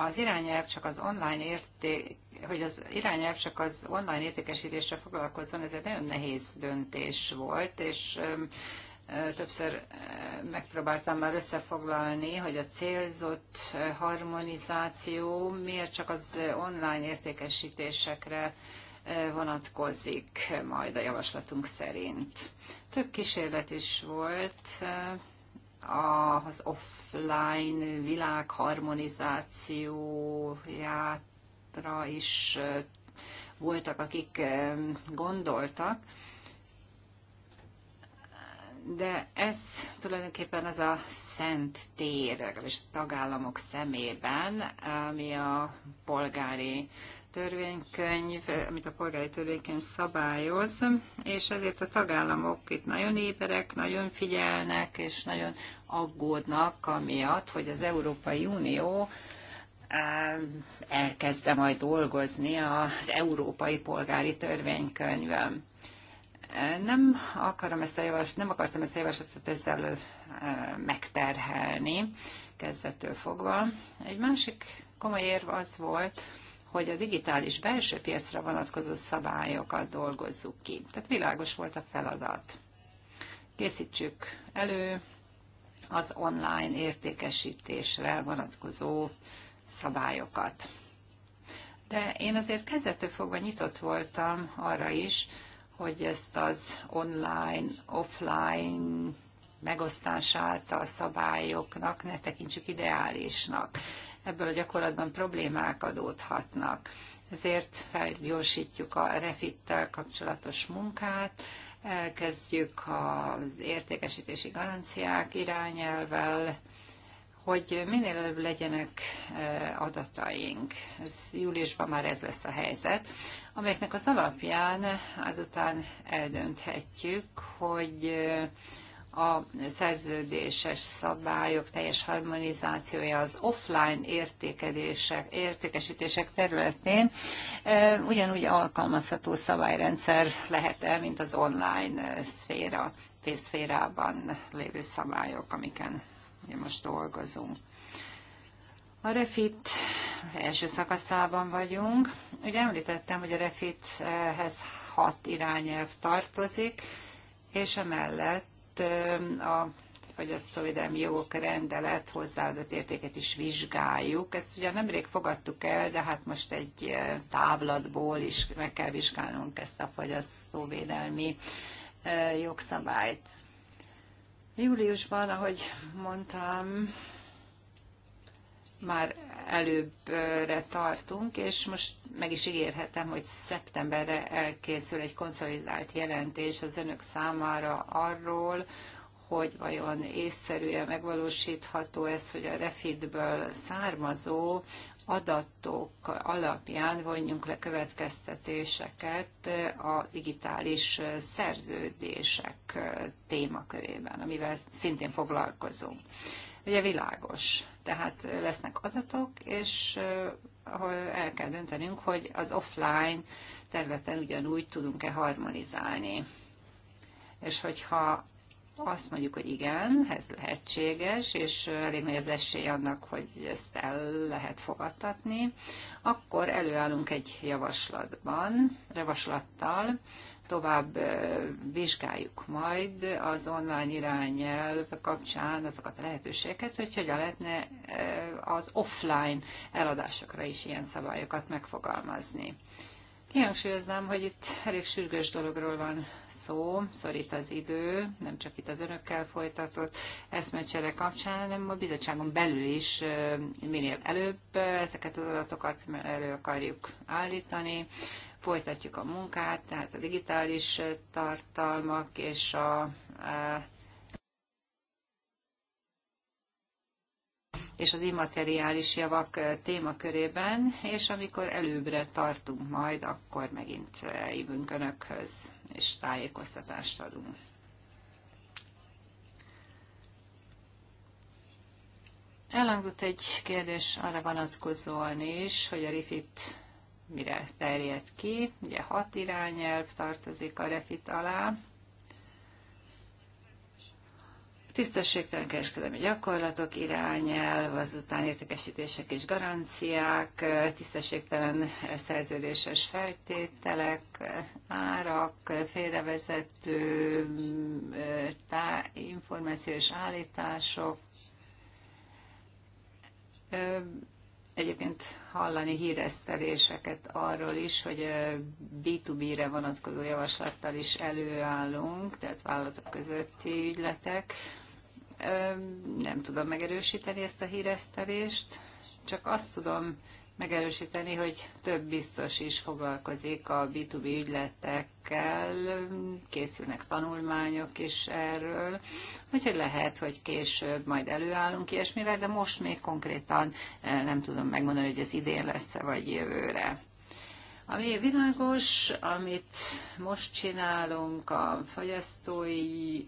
az irányelv csak az online érték, hogy az irányelv csak az online értékesítésre foglalkozzon, ez egy nagyon nehéz döntés volt, és többször megpróbáltam már összefoglalni, hogy a célzott harmonizáció miért csak az online értékesítésekre vonatkozik majd a javaslatunk szerint. Több kísérlet is volt az offline világ harmonizációjára is voltak, akik gondoltak, de ez tulajdonképpen az a szent tér, legalábbis tagállamok szemében, ami a polgári törvénykönyv, amit a polgári törvénykönyv szabályoz, és ezért a tagállamok itt nagyon éberek, nagyon figyelnek, és nagyon aggódnak amiatt, hogy az Európai Unió elkezdte majd dolgozni az európai polgári törvénykönyvvel. Nem akarom ezt a javaslat, nem akartam ezt a javaslatot ezzel megterhelni kezdettől fogva. Egy másik komoly érv az volt, hogy a digitális belső piacra vonatkozó szabályokat dolgozzuk ki. Tehát világos volt a feladat. Készítsük elő az online értékesítésre vonatkozó szabályokat. De én azért kezdettől fogva nyitott voltam arra is, hogy ezt az online, offline megosztását a szabályoknak ne tekintsük ideálisnak ebből a gyakorlatban problémák adódhatnak. Ezért felgyorsítjuk a refittel kapcsolatos munkát, elkezdjük az értékesítési garanciák irányelvel, hogy minél előbb legyenek eh, adataink. Ez júliusban már ez lesz a helyzet, amelyeknek az alapján azután eldönthetjük, hogy eh, a szerződéses szabályok teljes harmonizációja az offline értékelések, értékesítések területén e, ugyanúgy alkalmazható szabályrendszer lehet el, mint az online szféra, pénzszférában lévő szabályok, amiken most dolgozunk. A refit első szakaszában vagyunk. Ugye említettem, hogy a refithez hat irányelv tartozik, és emellett a szolidámi jogok rendelet hozzáadott értéket is vizsgáljuk. Ezt ugye nemrég fogadtuk el, de hát most egy távlatból is meg kell vizsgálnunk ezt a fogyasztóvédelmi jogszabályt. Júliusban, ahogy mondtam, már előbbre tartunk, és most meg is ígérhetem, hogy szeptemberre elkészül egy konszolidált jelentés az önök számára arról, hogy vajon észszerűen megvalósítható ez, hogy a refitből származó adatok alapján vonjunk le következtetéseket a digitális szerződések témakörében, amivel szintén foglalkozunk ugye világos. Tehát lesznek adatok, és el kell döntenünk, hogy az offline területen ugyanúgy tudunk-e harmonizálni. És hogyha azt mondjuk, hogy igen, ez lehetséges, és elég nagy az esély annak, hogy ezt el lehet fogadtatni, akkor előállunk egy javaslatban, javaslattal, tovább vizsgáljuk majd az online irányelv kapcsán azokat a lehetőségeket, hogy hogyan lehetne az offline eladásokra is ilyen szabályokat megfogalmazni. Kihangsúlyoznám, hogy itt elég sürgős dologról van szó, szorít az idő, nem csak itt az önökkel folytatott eszmecsere kapcsán, hanem a bizottságon belül is minél előbb ezeket az adatokat elő akarjuk állítani. Folytatjuk a munkát, tehát a digitális tartalmak és a e, és az immateriális javak témakörében, és amikor előbbre tartunk majd, akkor megint jövünk Önökhöz, és tájékoztatást adunk. Elhangzott egy kérdés arra vonatkozóan is, hogy a RIFIT mire terjed ki. Ugye hat irányelv tartozik a refit alá. Tisztességtelen kereskedelmi gyakorlatok irányelv, azután értékesítések és garanciák, tisztességtelen szerződéses feltételek, árak, félrevezető tá- információs állítások, egyébként hallani híreszteléseket arról is, hogy B2B-re vonatkozó javaslattal is előállunk, tehát vállalatok közötti ügyletek. Nem tudom megerősíteni ezt a híresztelést, csak azt tudom megerősíteni, hogy több biztos is foglalkozik a B2B ügyletekkel, készülnek tanulmányok is erről, úgyhogy lehet, hogy később majd előállunk ilyesmivel, de most még konkrétan eh, nem tudom megmondani, hogy ez idén lesz-e vagy jövőre. Ami világos, amit most csinálunk a fogyasztói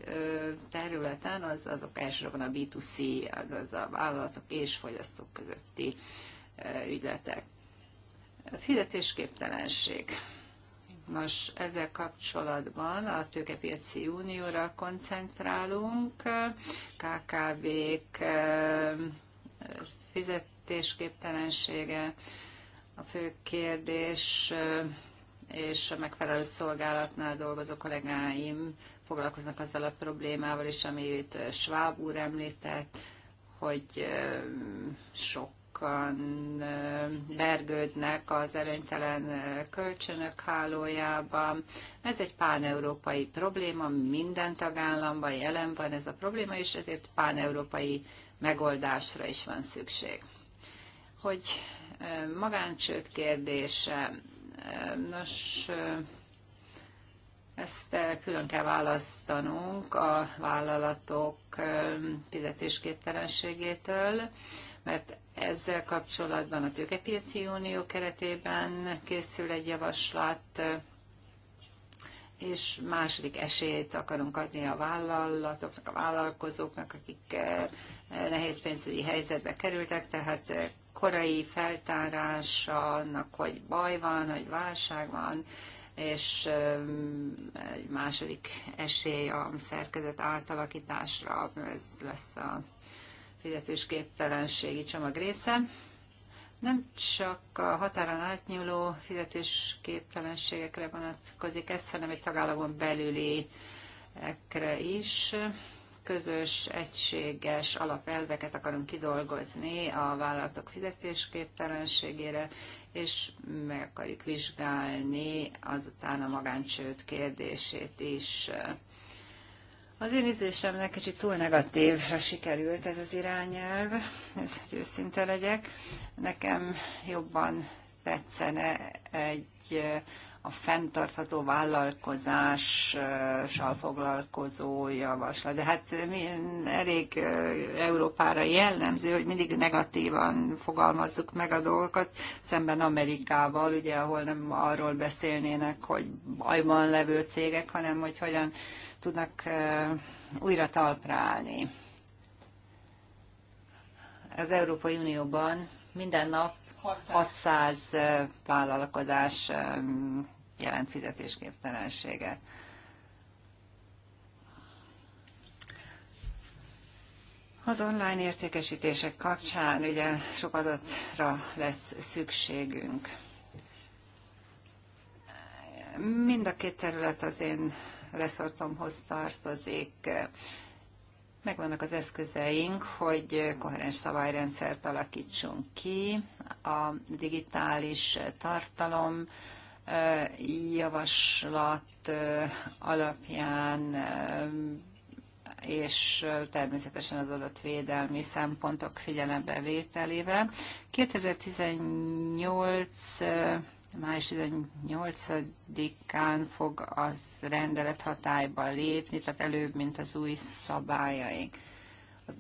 területen, az azok elsősorban a B2C, azaz a vállalatok és fogyasztók közötti ügyletek. Fizetésképtelenség. Most ezzel kapcsolatban a tőkepiaci unióra koncentrálunk, KKV-k fizetésképtelensége, a fő kérdés, és a megfelelő szolgálatnál dolgozó kollégáim foglalkoznak azzal a problémával is, amit Schwab úr említett, hogy sok sokan vergődnek az erőnytelen kölcsönök hálójában. Ez egy páneurópai probléma, minden tagállamban jelen van ez a probléma, és ezért páneurópai megoldásra is van szükség. Hogy magáncsőd kérdése, nos, ezt külön kell választanunk a vállalatok fizetésképtelenségétől, mert ezzel kapcsolatban a tőkepiaci unió keretében készül egy javaslat, és második esélyt akarunk adni a vállalatoknak, a vállalkozóknak, akik eh, nehéz pénzügyi helyzetbe kerültek, tehát eh, korai feltárása annak, hogy baj van, hogy válság van, és egy második esély a szerkezet átalakításra, ez lesz a fizetésképtelenségi csomag része. Nem csak a határon átnyúló fizetésképtelenségekre vonatkozik ez, hanem egy tagállamon belüli ekre is közös, egységes alapelveket akarunk kidolgozni a vállalatok fizetésképtelenségére, és meg akarjuk vizsgálni azután a magáncsőd kérdését is. Az én ízlésemnek kicsit túl negatívra sikerült ez az irányelv, ez hogy őszinte legyek. Nekem jobban tetszene egy a fenntartható vállalkozással foglalkozó javaslat. De hát elég Európára jellemző, hogy mindig negatívan fogalmazzuk meg a dolgokat, szemben Amerikával, ugye, ahol nem arról beszélnének, hogy bajban levő cégek, hanem hogy hogyan tudnak újra talpra állni. Az Európai Unióban minden nap 600 vállalkozás jelent fizetésképtelenséget. Az online értékesítések kapcsán ugye sok adatra lesz szükségünk. Mind a két terület az én reszortomhoz tartozik. Megvannak az eszközeink, hogy koherens szabályrendszert alakítsunk ki. A digitális tartalom javaslat alapján és természetesen az adatvédelmi szempontok figyelembevételével. 2018 május 18-án fog az rendelet hatályba lépni, tehát előbb, mint az új szabályaink.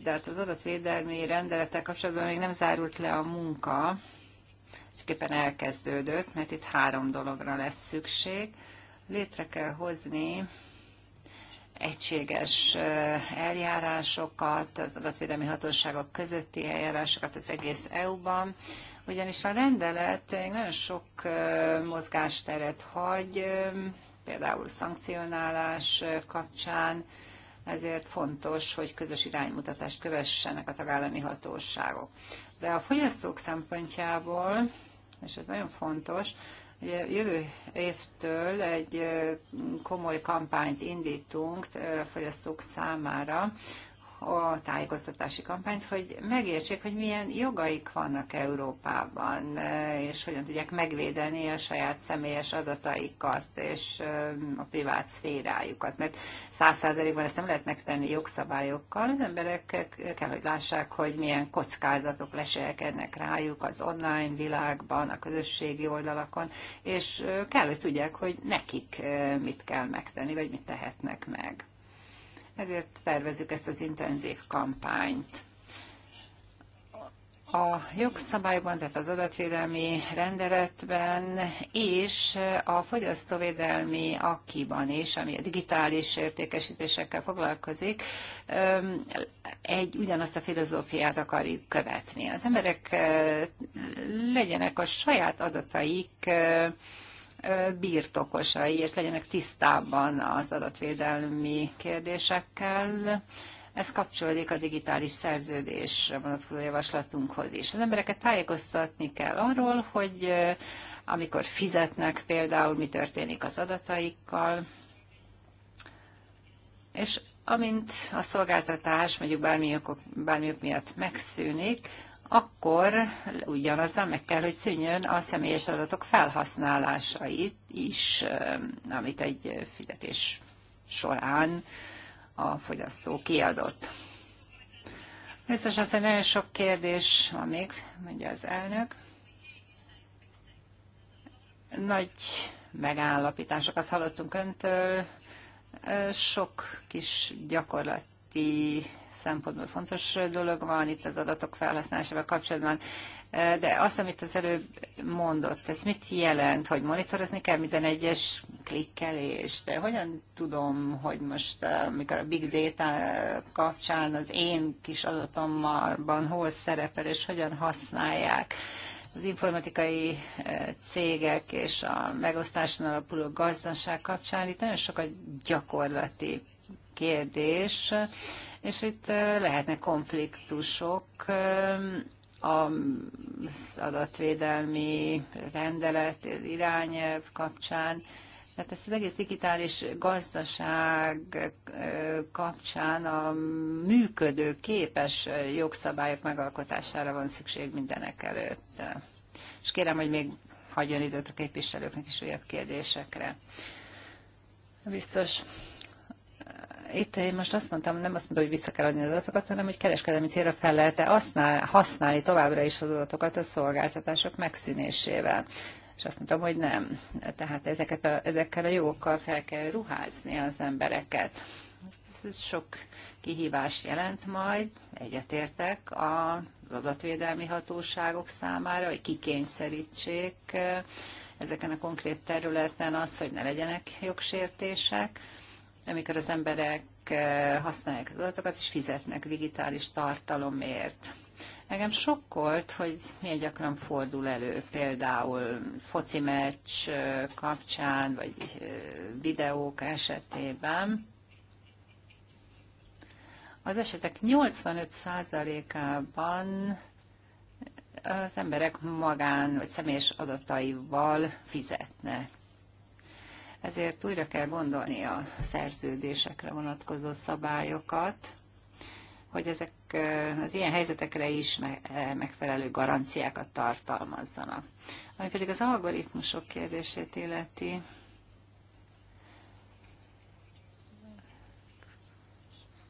De hát az adatvédelmi rendelettel kapcsolatban még nem zárult le a munka, csak éppen elkezdődött, mert itt három dologra lesz szükség. Létre kell hozni egységes eljárásokat, az adatvédelmi hatóságok közötti eljárásokat az egész EU-ban, ugyanis a rendelet nagyon sok mozgásteret hagy, például szankcionálás kapcsán, ezért fontos, hogy közös iránymutatást kövessenek a tagállami hatóságok. De a fogyasztók szempontjából, és ez nagyon fontos, hogy jövő évtől egy komoly kampányt indítunk a fogyasztók számára, a tájékoztatási kampányt, hogy megértsék, hogy milyen jogaik vannak Európában, és hogyan tudják megvédeni a saját személyes adataikat és a privát szférájukat. Mert száz ezt nem lehet megtenni jogszabályokkal. Az emberek kell, hogy lássák, hogy milyen kockázatok leselkednek rájuk az online világban, a közösségi oldalakon, és kell, hogy tudják, hogy nekik mit kell megtenni, vagy mit tehetnek meg ezért tervezük ezt az intenzív kampányt. A jogszabályban, tehát az adatvédelmi rendeletben és a fogyasztóvédelmi akiban is, ami a digitális értékesítésekkel foglalkozik, egy ugyanazt a filozófiát akarjuk követni. Az emberek legyenek a saját adataik birtokosai, és legyenek tisztában az adatvédelmi kérdésekkel. Ez kapcsolódik a digitális szerződésre vonatkozó javaslatunkhoz is. Az embereket tájékoztatni kell arról, hogy amikor fizetnek például, mi történik az adataikkal, és amint a szolgáltatás mondjuk bármi bármi miatt megszűnik, akkor ugyanazzal meg kell, hogy szűnjön a személyes adatok felhasználásait is, amit egy fizetés során a fogyasztó kiadott. Biztos azt, hogy nagyon sok kérdés van még, mondja az elnök. Nagy megállapításokat hallottunk öntől, sok kis gyakorlat nemzeti szempontból fontos dolog van itt az adatok felhasználásával kapcsolatban, de azt, amit az előbb mondott, ez mit jelent, hogy monitorozni kell minden egyes klikkelést? De hogyan tudom, hogy most, amikor a Big Data kapcsán az én kis adatommalban hol szerepel, és hogyan használják? az informatikai eh, cégek és a megosztáson alapuló gazdaság kapcsán itt nagyon sok a gyakorlati kérdés, és itt lehetnek konfliktusok az adatvédelmi rendelet, irányelv kapcsán. Tehát ezt az egész digitális gazdaság kapcsán a működő, képes jogszabályok megalkotására van szükség mindenek előtt. És kérem, hogy még hagyjon időt a képviselőknek is újabb kérdésekre. Biztos itt én most azt mondtam, nem azt mondom, hogy vissza kell adni az adatokat, hanem hogy kereskedelmi célra fel lehet -e használni továbbra is az adatokat a szolgáltatások megszűnésével. És azt mondtam, hogy nem. Tehát ezeket a, ezekkel a jogokkal fel kell ruházni az embereket. Ez sok kihívás jelent majd, egyetértek az adatvédelmi hatóságok számára, hogy kikényszerítsék eh, ezeken a konkrét területen az, hogy ne legyenek jogsértések amikor az emberek eh, használják az adatokat és fizetnek digitális tartalomért. Engem sokkolt, hogy milyen gyakran fordul elő például foci meccs eh, kapcsán, vagy eh, videók esetében. Az esetek 85%-ában az emberek magán vagy személyes adataival fizetnek ezért újra kell gondolni a szerződésekre vonatkozó szabályokat, hogy ezek eh, az ilyen helyzetekre is eh, megfelelő garanciákat tartalmazzanak. Ami pedig az algoritmusok kérdését illeti,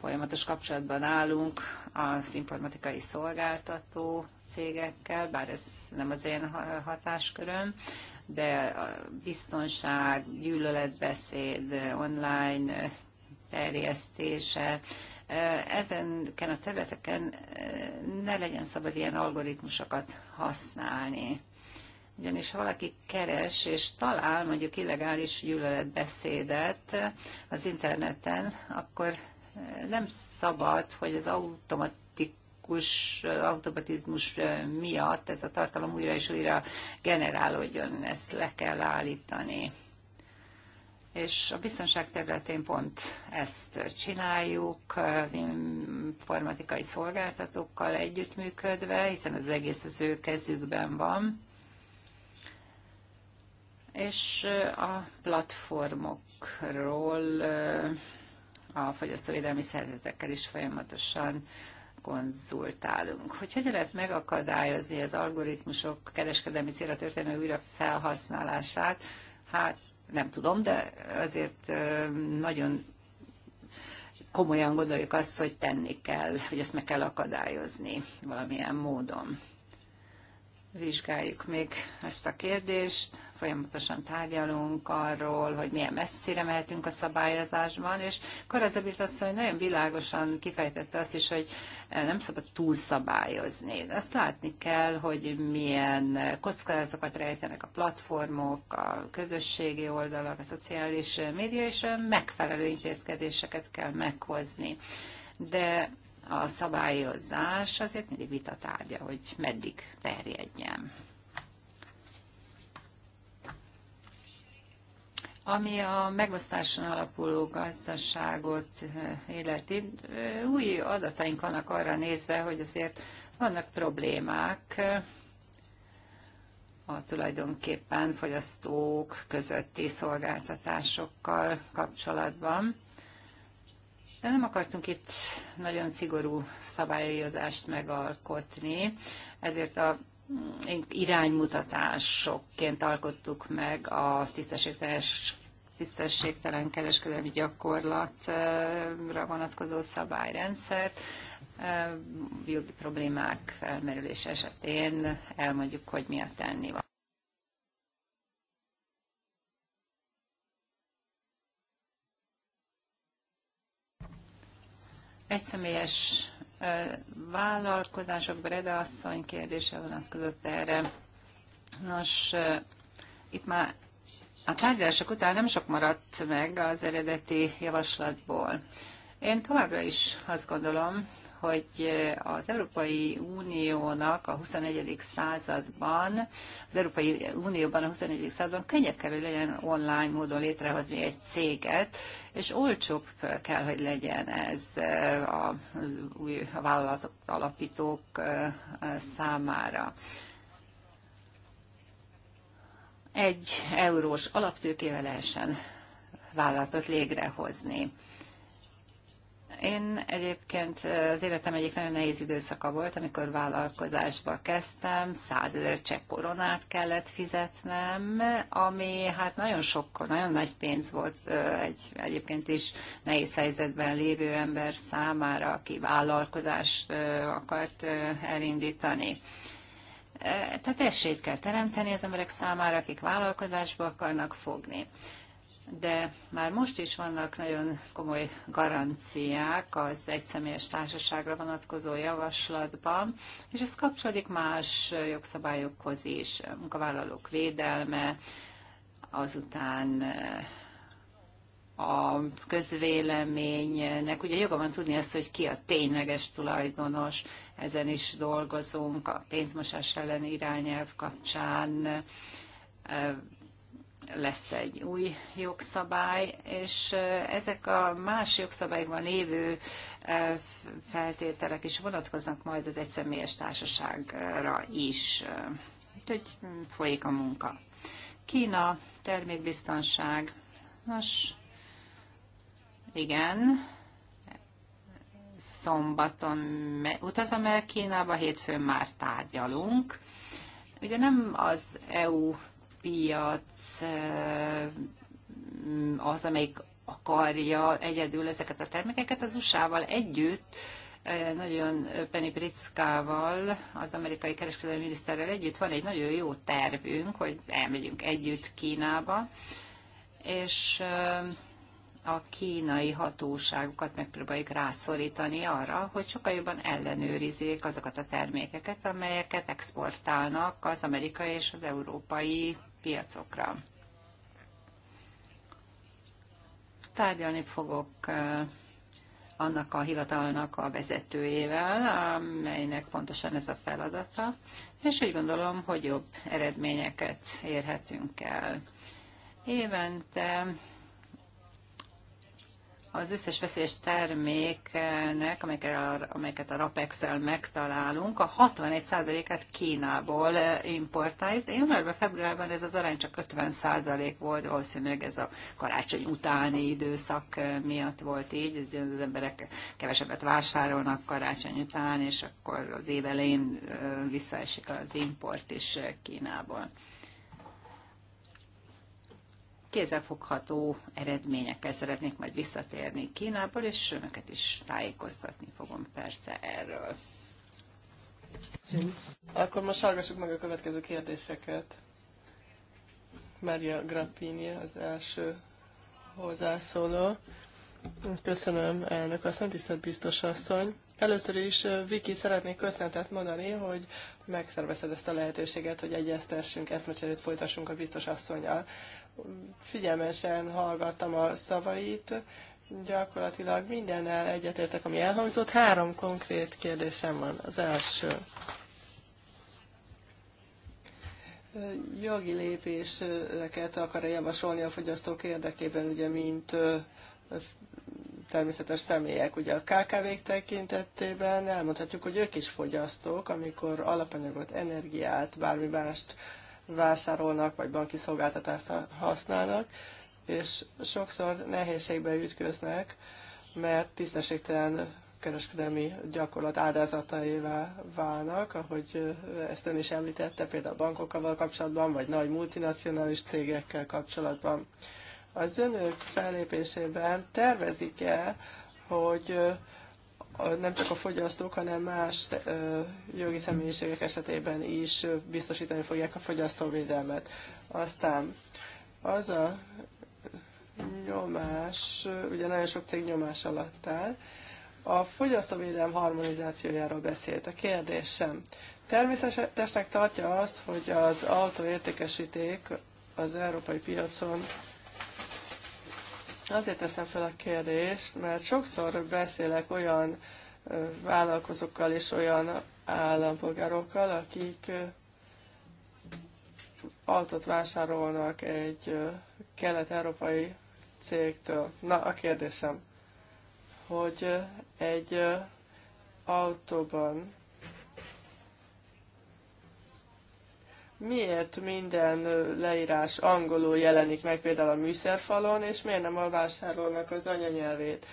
folyamatos kapcsolatban állunk az informatikai szolgáltató cégekkel, bár ez nem az én hatásköröm, de a biztonság, gyűlöletbeszéd, online terjesztése, ezen a területeken eh, ne legyen szabad ilyen algoritmusokat használni. Ugyanis ha valaki keres és talál mondjuk illegális gyűlöletbeszédet az interneten, akkor eh, nem szabad, hogy az automat automatikus, automatizmus miatt ez a tartalom újra és újra generálódjon, ezt le kell állítani. És a biztonság területén pont ezt csináljuk, az informatikai szolgáltatókkal együttműködve, hiszen az egész az ő kezükben van. És a platformokról a fogyasztóvédelmi szervezetekkel is folyamatosan konzultálunk. Hogy hogyan lehet megakadályozni az algoritmusok kereskedelmi célra történő újra felhasználását, hát nem tudom, de azért nagyon komolyan gondoljuk azt, hogy tenni kell, hogy ezt meg kell akadályozni valamilyen módon vizsgáljuk még ezt a kérdést, folyamatosan tárgyalunk arról, hogy milyen messzire mehetünk a szabályozásban, és Karazabirt hogy nagyon világosan kifejtette azt is, hogy nem szabad túlszabályozni. Azt látni kell, hogy milyen kockázatokat rejtenek a platformok, a közösségi oldalak, a szociális média, és megfelelő intézkedéseket kell meghozni. De a szabályozás azért mindig vitatárgya, hogy meddig terjedjen. Ami a megosztáson alapuló gazdaságot eh, illeti, eh, új adataink vannak arra nézve, hogy azért vannak problémák eh, a tulajdonképpen fogyasztók közötti szolgáltatásokkal kapcsolatban. De nem akartunk itt nagyon szigorú szabályozást megalkotni, ezért a iránymutatásokként alkottuk meg a tisztességteljes tisztességtelen kereskedelmi gyakorlatra vonatkozó szabályrendszert. Jogi problémák felmerülés esetén elmondjuk, hogy mi a tennivaló. Egyszemélyes vállalkozások, Breda asszony kérdése vonatkozott erre. Nos, itt már a tárgyalások után nem sok maradt meg az eredeti javaslatból. Én továbbra is azt gondolom, hogy az Európai Uniónak a 21. században, az Európai Unióban a 21. században könnyebb kell, hogy legyen online módon létrehozni egy céget, és olcsóbb kell, hogy legyen ez a, új vállalatok alapítók számára egy eurós alaptőkével lehessen vállalatot légrehozni. Én egyébként az életem egyik nagyon nehéz időszaka volt, amikor vállalkozásba kezdtem, százezer csepp koronát kellett fizetnem, ami hát nagyon sok, nagyon nagy pénz volt egy egyébként is nehéz helyzetben lévő ember számára, aki vállalkozást akart elindítani. Tehát esélyt kell teremteni az emberek számára, akik vállalkozásba akarnak fogni de már most is vannak nagyon komoly garanciák az egyszemélyes társaságra vonatkozó javaslatban, és ez kapcsolódik más jogszabályokhoz is, munkavállalók védelme, azután eh, a közvéleménynek ugye joga van tudni azt, hogy ki a tényleges tulajdonos, ezen is dolgozunk a pénzmosás elleni irányelv kapcsán, eh, lesz egy új jogszabály, és ezek a más jogszabályban lévő feltételek is vonatkoznak majd az egyszemélyes társaságra is. Úgyhogy folyik a munka. Kína, termékbiztonság. Nos, igen, szombaton utazom el Kínába, hétfőn már tárgyalunk. Ugye nem az EU piac eh, az, amelyik akarja egyedül ezeket a termékeket, az USA-val együtt, eh, nagyon Penny Pritzkával, az amerikai kereskedelmi miniszterrel együtt van egy nagyon jó tervünk, hogy elmegyünk együtt Kínába, és eh, a kínai hatóságokat megpróbáljuk rászorítani arra, hogy sokkal jobban ellenőrizzék azokat a termékeket, amelyeket exportálnak az amerikai és az európai piacokra. Tárgyalni fogok annak a hivatalnak a vezetőjével, amelynek pontosan ez a feladata, és úgy gondolom, hogy jobb eredményeket érhetünk el. Évente az összes veszélyes terméknek, amelyeket a Rapex-el megtalálunk, a 61%-át Kínából importáljuk. Januárban, februárban ez az arány csak 50% volt, valószínűleg ez a karácsony utáni időszak miatt volt így, ez az emberek kevesebbet vásárolnak karácsony után, és akkor az év elején visszaesik az import is Kínából kézzelfogható eredményekkel szeretnék majd visszatérni Kínából, és önöket is tájékoztatni fogom persze erről. Akkor most hallgassuk meg a következő kérdéseket. Maria Grappini az első hozzászóló. Köszönöm, elnök asszony, tisztelt biztos asszony. Először is, eh, Viki, szeretnék köszöntet mondani, hogy megszervezted ezt a lehetőséget, hogy egyeztessünk, eszmecserét folytassunk a biztos asszonyjal figyelmesen hallgattam a szavait, gyakorlatilag mindennel egyetértek, ami elhangzott. Három konkrét kérdésem van. Az első. Jogi lépéseket akar -e javasolni a fogyasztók érdekében, ugye, mint természetes személyek. Ugye a KKV-k tekintetében elmondhatjuk, hogy ők is fogyasztók, amikor alapanyagot, energiát, bármi mást vásárolnak, vagy banki szolgáltatást használnak, és sokszor nehézségbe ütköznek, mert tisztességtelen kereskedelmi gyakorlat áldozataivá válnak, ahogy ezt ön is említette, például bankokkal kapcsolatban, vagy nagy multinacionális cégekkel kapcsolatban. Az önök fellépésében tervezik-e, hogy nem csak a fogyasztók, hanem más jogi személyiségek esetében is biztosítani fogják a fogyasztóvédelmet. Aztán az a nyomás, ugye nagyon sok cég nyomás alatt áll, a fogyasztóvédelem harmonizációjáról beszélt a kérdésem. Természetesnek tartja azt, hogy az autóértékesíték az európai piacon Azért teszem fel a kérdést, mert sokszor beszélek olyan vállalkozókkal és olyan állampolgárokkal, akik autót vásárolnak egy kelet-európai cégtől. Na, a kérdésem, hogy egy autóban miért minden leírás angolul jelenik meg például a műszerfalon, és miért nem a vásárolnak az anyanyelvét.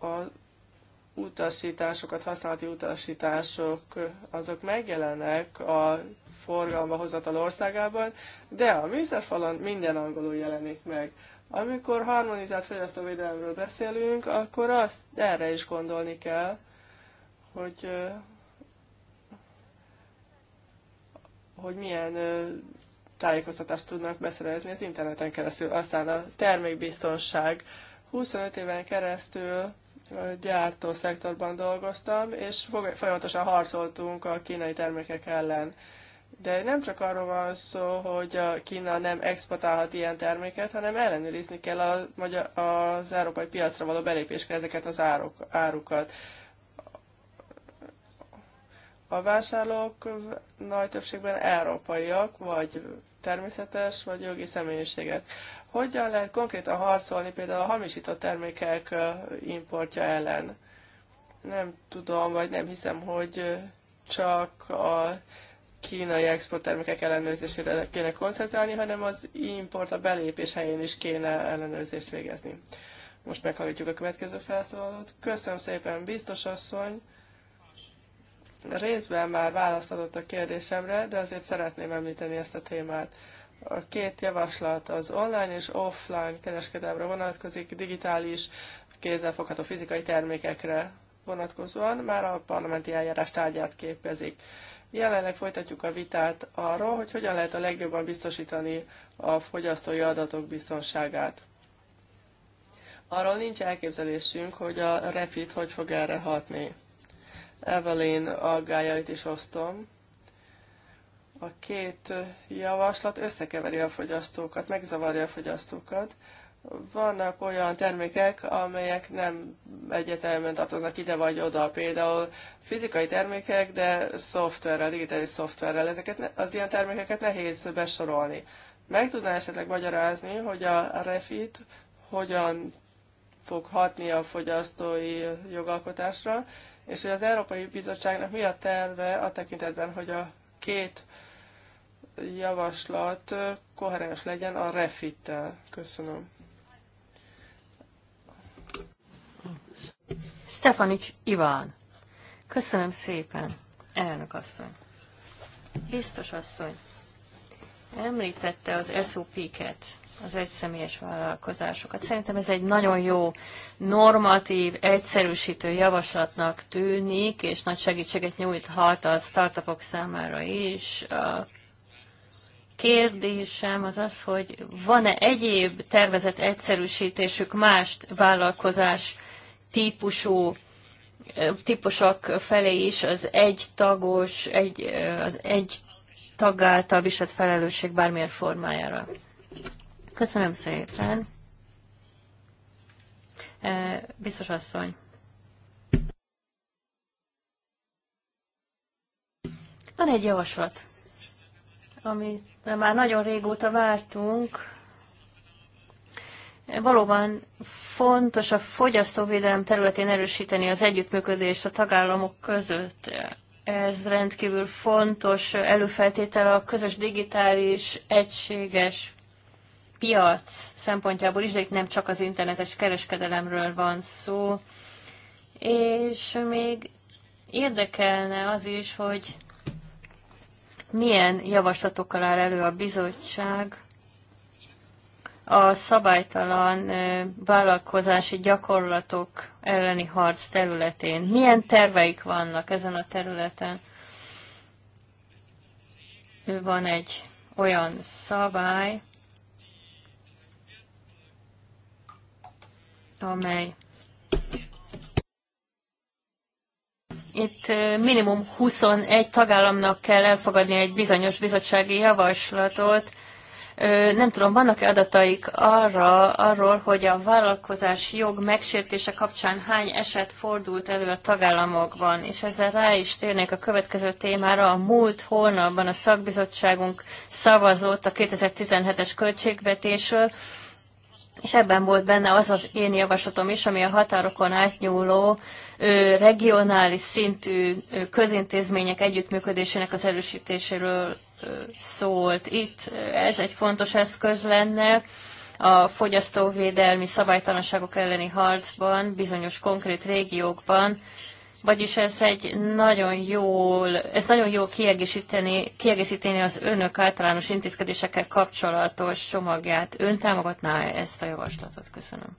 A utasításokat, használati utasítások, azok megjelennek a forgalomba hozatal országában, de a műszerfalon minden angolul jelenik meg. Amikor harmonizált fogyasztóvédelemről beszélünk, akkor azt erre is gondolni kell, hogy hogy milyen tájékoztatást tudnak beszerezni az interneten keresztül. Aztán a termékbiztonság. 25 éven keresztül gyártószektorban dolgoztam, és folyamatosan harcoltunk a kínai termékek ellen. De nem csak arról van szó, hogy a Kína nem exportálhat ilyen terméket, hanem ellenőrizni kell a, magyar, az európai piacra való belépéskor ezeket az áruk, árukat. A vásárlók nagy többségben európaiak, vagy természetes, vagy jogi személyiségek. Hogyan lehet konkrétan harcolni például a hamisított termékek importja ellen? Nem tudom, vagy nem hiszem, hogy csak a kínai exporttermékek ellenőrzésére kéne koncentrálni, hanem az import a belépés helyén is kéne ellenőrzést végezni. Most meghallgatjuk a következő felszólalót. Köszönöm szépen, biztos asszony! részben már válaszolott a kérdésemre, de azért szeretném említeni ezt a témát. A két javaslat az online és offline kereskedelmre vonatkozik, digitális, kézzelfogható fizikai termékekre vonatkozóan már a parlamenti eljárás tárgyát képezik. Jelenleg folytatjuk a vitát arról, hogy hogyan lehet a legjobban biztosítani a fogyasztói adatok biztonságát. Arról nincs elképzelésünk, hogy a refit hogy fog erre hatni. Evelyn aggájait is osztom. A két javaslat összekeveri a fogyasztókat, megzavarja a fogyasztókat. Vannak olyan termékek, amelyek nem egyetemen tartoznak ide vagy oda, például fizikai termékek, de szoftverrel, digitális szoftverrel. Ezeket az ilyen termékeket nehéz besorolni. Meg tudná esetleg magyarázni, hogy a refit hogyan fog hatni a fogyasztói jogalkotásra, és hogy az Európai Bizottságnak mi a terve a tekintetben, hogy a két javaslat koherens legyen a refittel. Köszönöm. Stefanics Iván. Köszönöm szépen, elnök asszony. Biztos asszony. Említette az SOP-ket az egyszemélyes vállalkozásokat. Szerintem ez egy nagyon jó, normatív, egyszerűsítő javaslatnak tűnik, és nagy segítséget nyújthat a startupok számára is. A kérdésem az az, hogy van-e egyéb tervezett egyszerűsítésük más vállalkozás típusú típusok felé is az egy tagos, egy, az egy tag viselt felelősség bármilyen formájára. Köszönöm szépen. E, biztos asszony. Van egy javaslat, amit már nagyon régóta vártunk. Valóban fontos a fogyasztóvédelem területén erősíteni az együttműködést a tagállamok között. Ez rendkívül fontos előfeltétel a közös digitális, egységes piac szempontjából is, de itt nem csak az internetes kereskedelemről van szó. És még érdekelne az is, hogy milyen javaslatokkal áll elő a bizottság a szabálytalan vállalkozási gyakorlatok elleni harc területén. Milyen terveik vannak ezen a területen? Van egy olyan szabály, amely itt minimum 21 tagállamnak kell elfogadni egy bizonyos bizottsági javaslatot. Nem tudom, vannak-e adataik arra, arról, hogy a vállalkozás jog megsértése kapcsán hány eset fordult elő a tagállamokban, és ezzel rá is térnék a következő témára. A múlt hónapban a szakbizottságunk szavazott a 2017-es költségvetésről, és ebben volt benne az az én javaslatom is, ami a határokon átnyúló regionális szintű közintézmények együttműködésének az erősítéséről szólt. Itt ez egy fontos eszköz lenne a fogyasztóvédelmi szabálytalanságok elleni harcban, bizonyos konkrét régiókban, vagyis ez egy nagyon jól, ez nagyon jól kiegészíteni, kiegészíteni az önök általános intézkedésekkel kapcsolatos csomagját. Ön támogatná -e ezt a javaslatot? Köszönöm.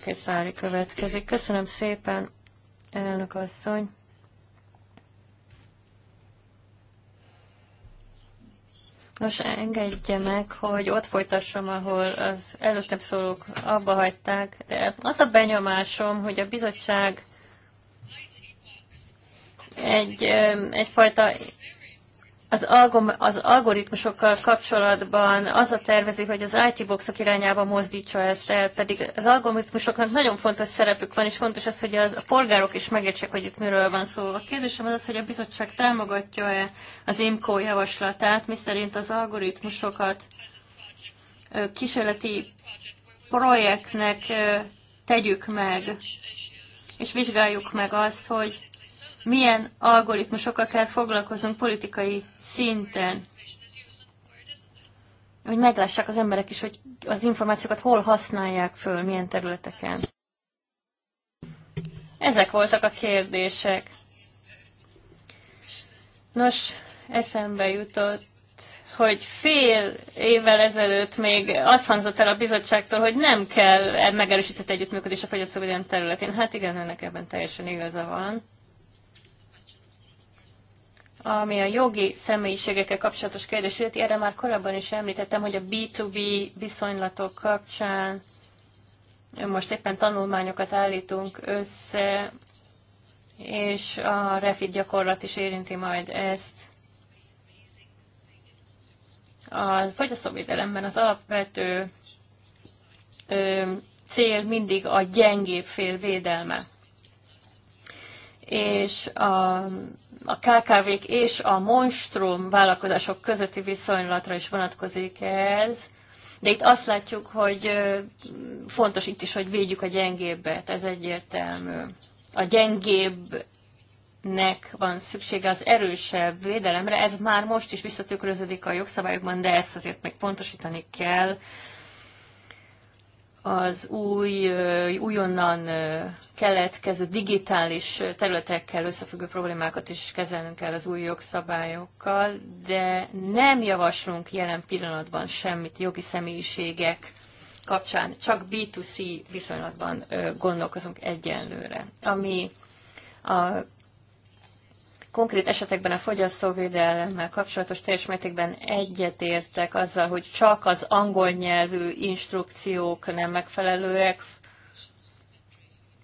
Krisztián következik. Köszönöm szépen, elnök asszony. Nos, engedje meg, hogy ott folytassam, ahol az előttem szólók abba hagyták, de az a benyomásom, hogy a bizottság egy, egyfajta az, algom, az algoritmusokkal kapcsolatban az a tervezi, hogy az IT boxok irányába mozdítsa ezt el, pedig az algoritmusoknak nagyon fontos szerepük van, és fontos az, hogy a polgárok is megértsék, hogy itt miről van szó. A kérdésem az az, hogy a bizottság támogatja-e az IMCO javaslatát, miszerint az algoritmusokat kísérleti projektnek tegyük meg, és vizsgáljuk meg azt, hogy milyen algoritmusokkal kell foglalkozunk politikai szinten, hogy meglássák az emberek is, hogy az információkat hol használják föl, milyen területeken. Ezek voltak a kérdések. Nos, eszembe jutott, hogy fél évvel ezelőtt még azt hangzott el a bizottságtól, hogy nem kell megerősített együttműködés a fogyasztóvédelem területén. Hát igen, ennek ebben teljesen igaza van. Ami a jogi személyiségekkel kapcsolatos kérdés, illeti erre már korábban is említettem, hogy a B2B viszonylatok kapcsán most éppen tanulmányokat állítunk össze, és a refit gyakorlat is érinti majd ezt. A fogyasztóvédelemben az alapvető ö, cél mindig a gyengébb fél védelme. És a a KKV-k és a monstrum vállalkozások közötti viszonylatra is vonatkozik ez, de itt azt látjuk, hogy fontos itt is, hogy védjük a gyengébbet, ez egyértelmű. A gyengébbnek van szüksége az erősebb védelemre, ez már most is visszatükröződik a jogszabályokban, de ezt azért még pontosítani kell, az új, újonnan keletkező digitális területekkel összefüggő problémákat is kezelnünk kell az új jogszabályokkal, de nem javaslunk jelen pillanatban semmit jogi személyiségek kapcsán, csak B2C viszonylatban gondolkozunk egyenlőre. Ami a konkrét esetekben a fogyasztóvédelemmel kapcsolatos teljes mértékben egyetértek azzal, hogy csak az angol nyelvű instrukciók nem megfelelőek,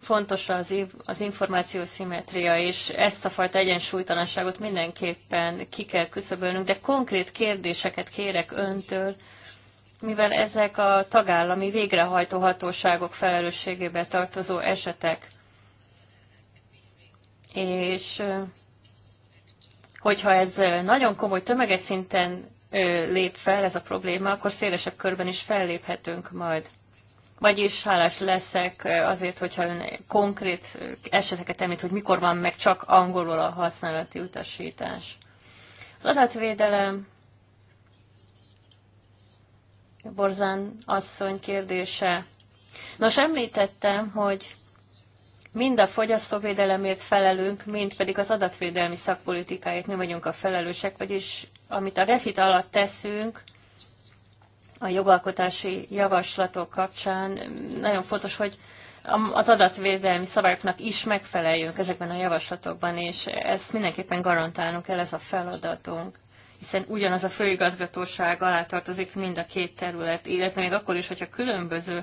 fontos az, az információ szimetria, és ezt a fajta egyensúlytalanságot mindenképpen ki kell küszöbölnünk, de konkrét kérdéseket kérek öntől, mivel ezek a tagállami végrehajtó hatóságok felelősségébe tartozó esetek. És hogyha ez nagyon komoly tömeges szinten lép fel ez a probléma, akkor szélesebb körben is felléphetünk majd. Vagyis hálás leszek azért, hogyha ön konkrét eseteket említ, hogy mikor van meg csak angolul a használati utasítás. Az adatvédelem Borzán asszony kérdése. Nos, említettem, hogy mind a fogyasztóvédelemért felelünk, mind pedig az adatvédelmi szakpolitikáért mi vagyunk a felelősek, vagyis amit a refit alatt teszünk, a jogalkotási javaslatok kapcsán nagyon fontos, hogy az adatvédelmi szabályoknak is megfeleljünk ezekben a javaslatokban, és ezt mindenképpen garantálnunk kell, ez a feladatunk hiszen ugyanaz a főigazgatóság alá tartozik mind a két terület, illetve még akkor is, hogyha különböző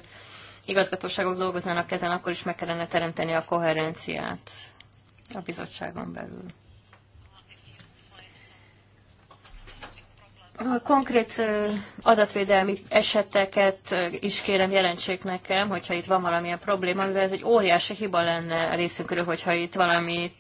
igazgatóságok dolgoznának ezen, akkor is meg kellene teremteni a koherenciát a bizottságon belül. A konkrét adatvédelmi eseteket is kérem jelentsék nekem, hogyha itt van valamilyen probléma, mivel ez egy óriási hiba lenne részünkről, hogyha itt valami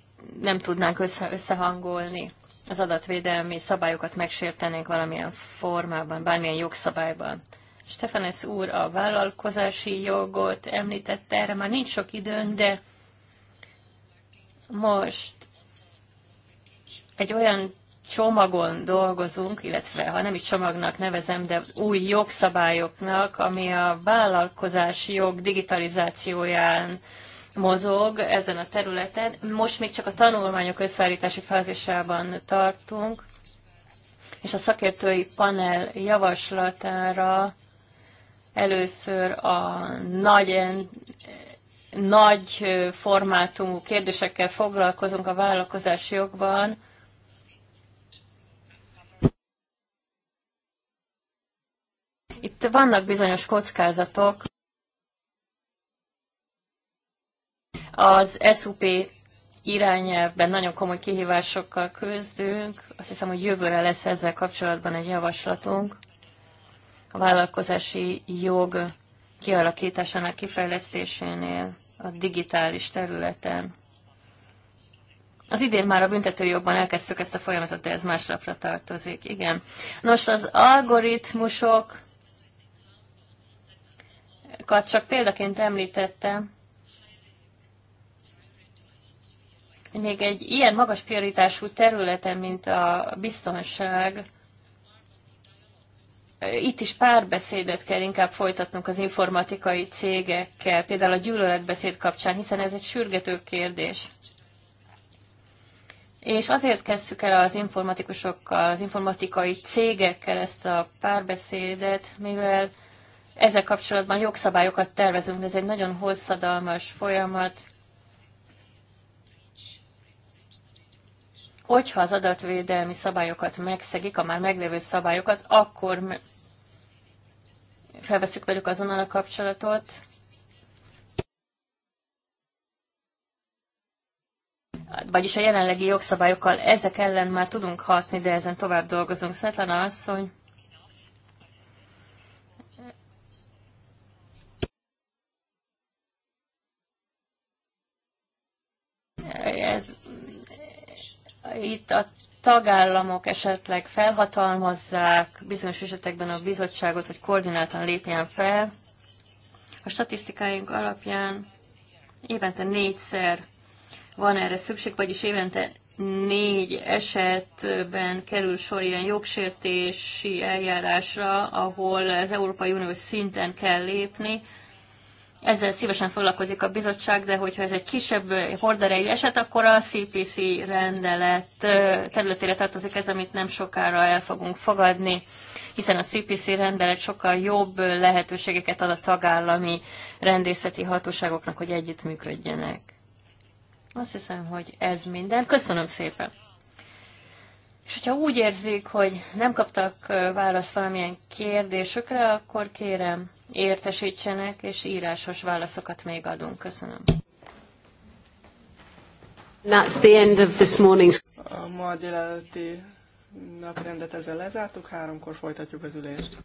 nem tudnánk összehangolni. Az adatvédelmi szabályokat megsértenénk valamilyen formában, bármilyen jogszabályban. Stefanes úr a vállalkozási jogot említette, erre már nincs sok időn, de most egy olyan csomagon dolgozunk, illetve ha nem is csomagnak nevezem, de új jogszabályoknak, ami a vállalkozási jog digitalizációján mozog ezen a területen. Most még csak a tanulmányok összeállítási fázisában tartunk, és a szakértői panel javaslatára Először a nagy, nagy formátumú kérdésekkel foglalkozunk a vállalkozási jogban, itt vannak bizonyos kockázatok az SUP irányelvben nagyon komoly kihívásokkal küzdünk. Azt hiszem, hogy jövőre lesz ezzel kapcsolatban egy javaslatunk a vállalkozási jog kialakításának kifejlesztésénél a digitális területen. Az idén már a büntetőjogban elkezdtük ezt a folyamatot, de ez más lapra tartozik. Igen. Nos, az algoritmusok csak példaként említettem. Még egy ilyen magas prioritású területen, mint a biztonság, itt is párbeszédet kell inkább folytatnunk az informatikai cégekkel, például a gyűlöletbeszéd kapcsán, hiszen ez egy sürgető kérdés. És azért kezdtük el az informatikusokkal, az informatikai cégekkel ezt a párbeszédet, mivel ezzel kapcsolatban jogszabályokat tervezünk, ez egy nagyon hosszadalmas folyamat. Hogyha az adatvédelmi szabályokat megszegik, a már meglévő szabályokat, akkor felveszük velük azonnal a kapcsolatot. Vagyis a jelenlegi jogszabályokkal ezek ellen már tudunk hatni, de ezen tovább dolgozunk. Svetlana asszony. Ez, itt a tagállamok esetleg felhatalmazzák bizonyos esetekben a bizottságot, hogy koordináltan lépjen fel. A statisztikáink alapján évente négyszer van erre szükség, vagyis évente négy esetben kerül sor ilyen jogsértési eljárásra, ahol az Európai Unió szinten kell lépni. Ezzel szívesen foglalkozik a bizottság, de hogyha ez egy kisebb horderejű eset, akkor a CPC rendelet területére tartozik ez, amit nem sokára el fogunk fogadni, hiszen a CPC rendelet sokkal jobb lehetőségeket ad a tagállami rendészeti hatóságoknak, hogy együttműködjenek. Azt hiszem, hogy ez minden. Köszönöm szépen! És hogyha úgy érzik, hogy nem kaptak választ valamilyen kérdésükre, akkor kérem, értesítsenek, és írásos válaszokat még adunk. Köszönöm. That's the end of this morning's... A ma délelőtti naprendet ezzel lezártuk, háromkor folytatjuk az ülést.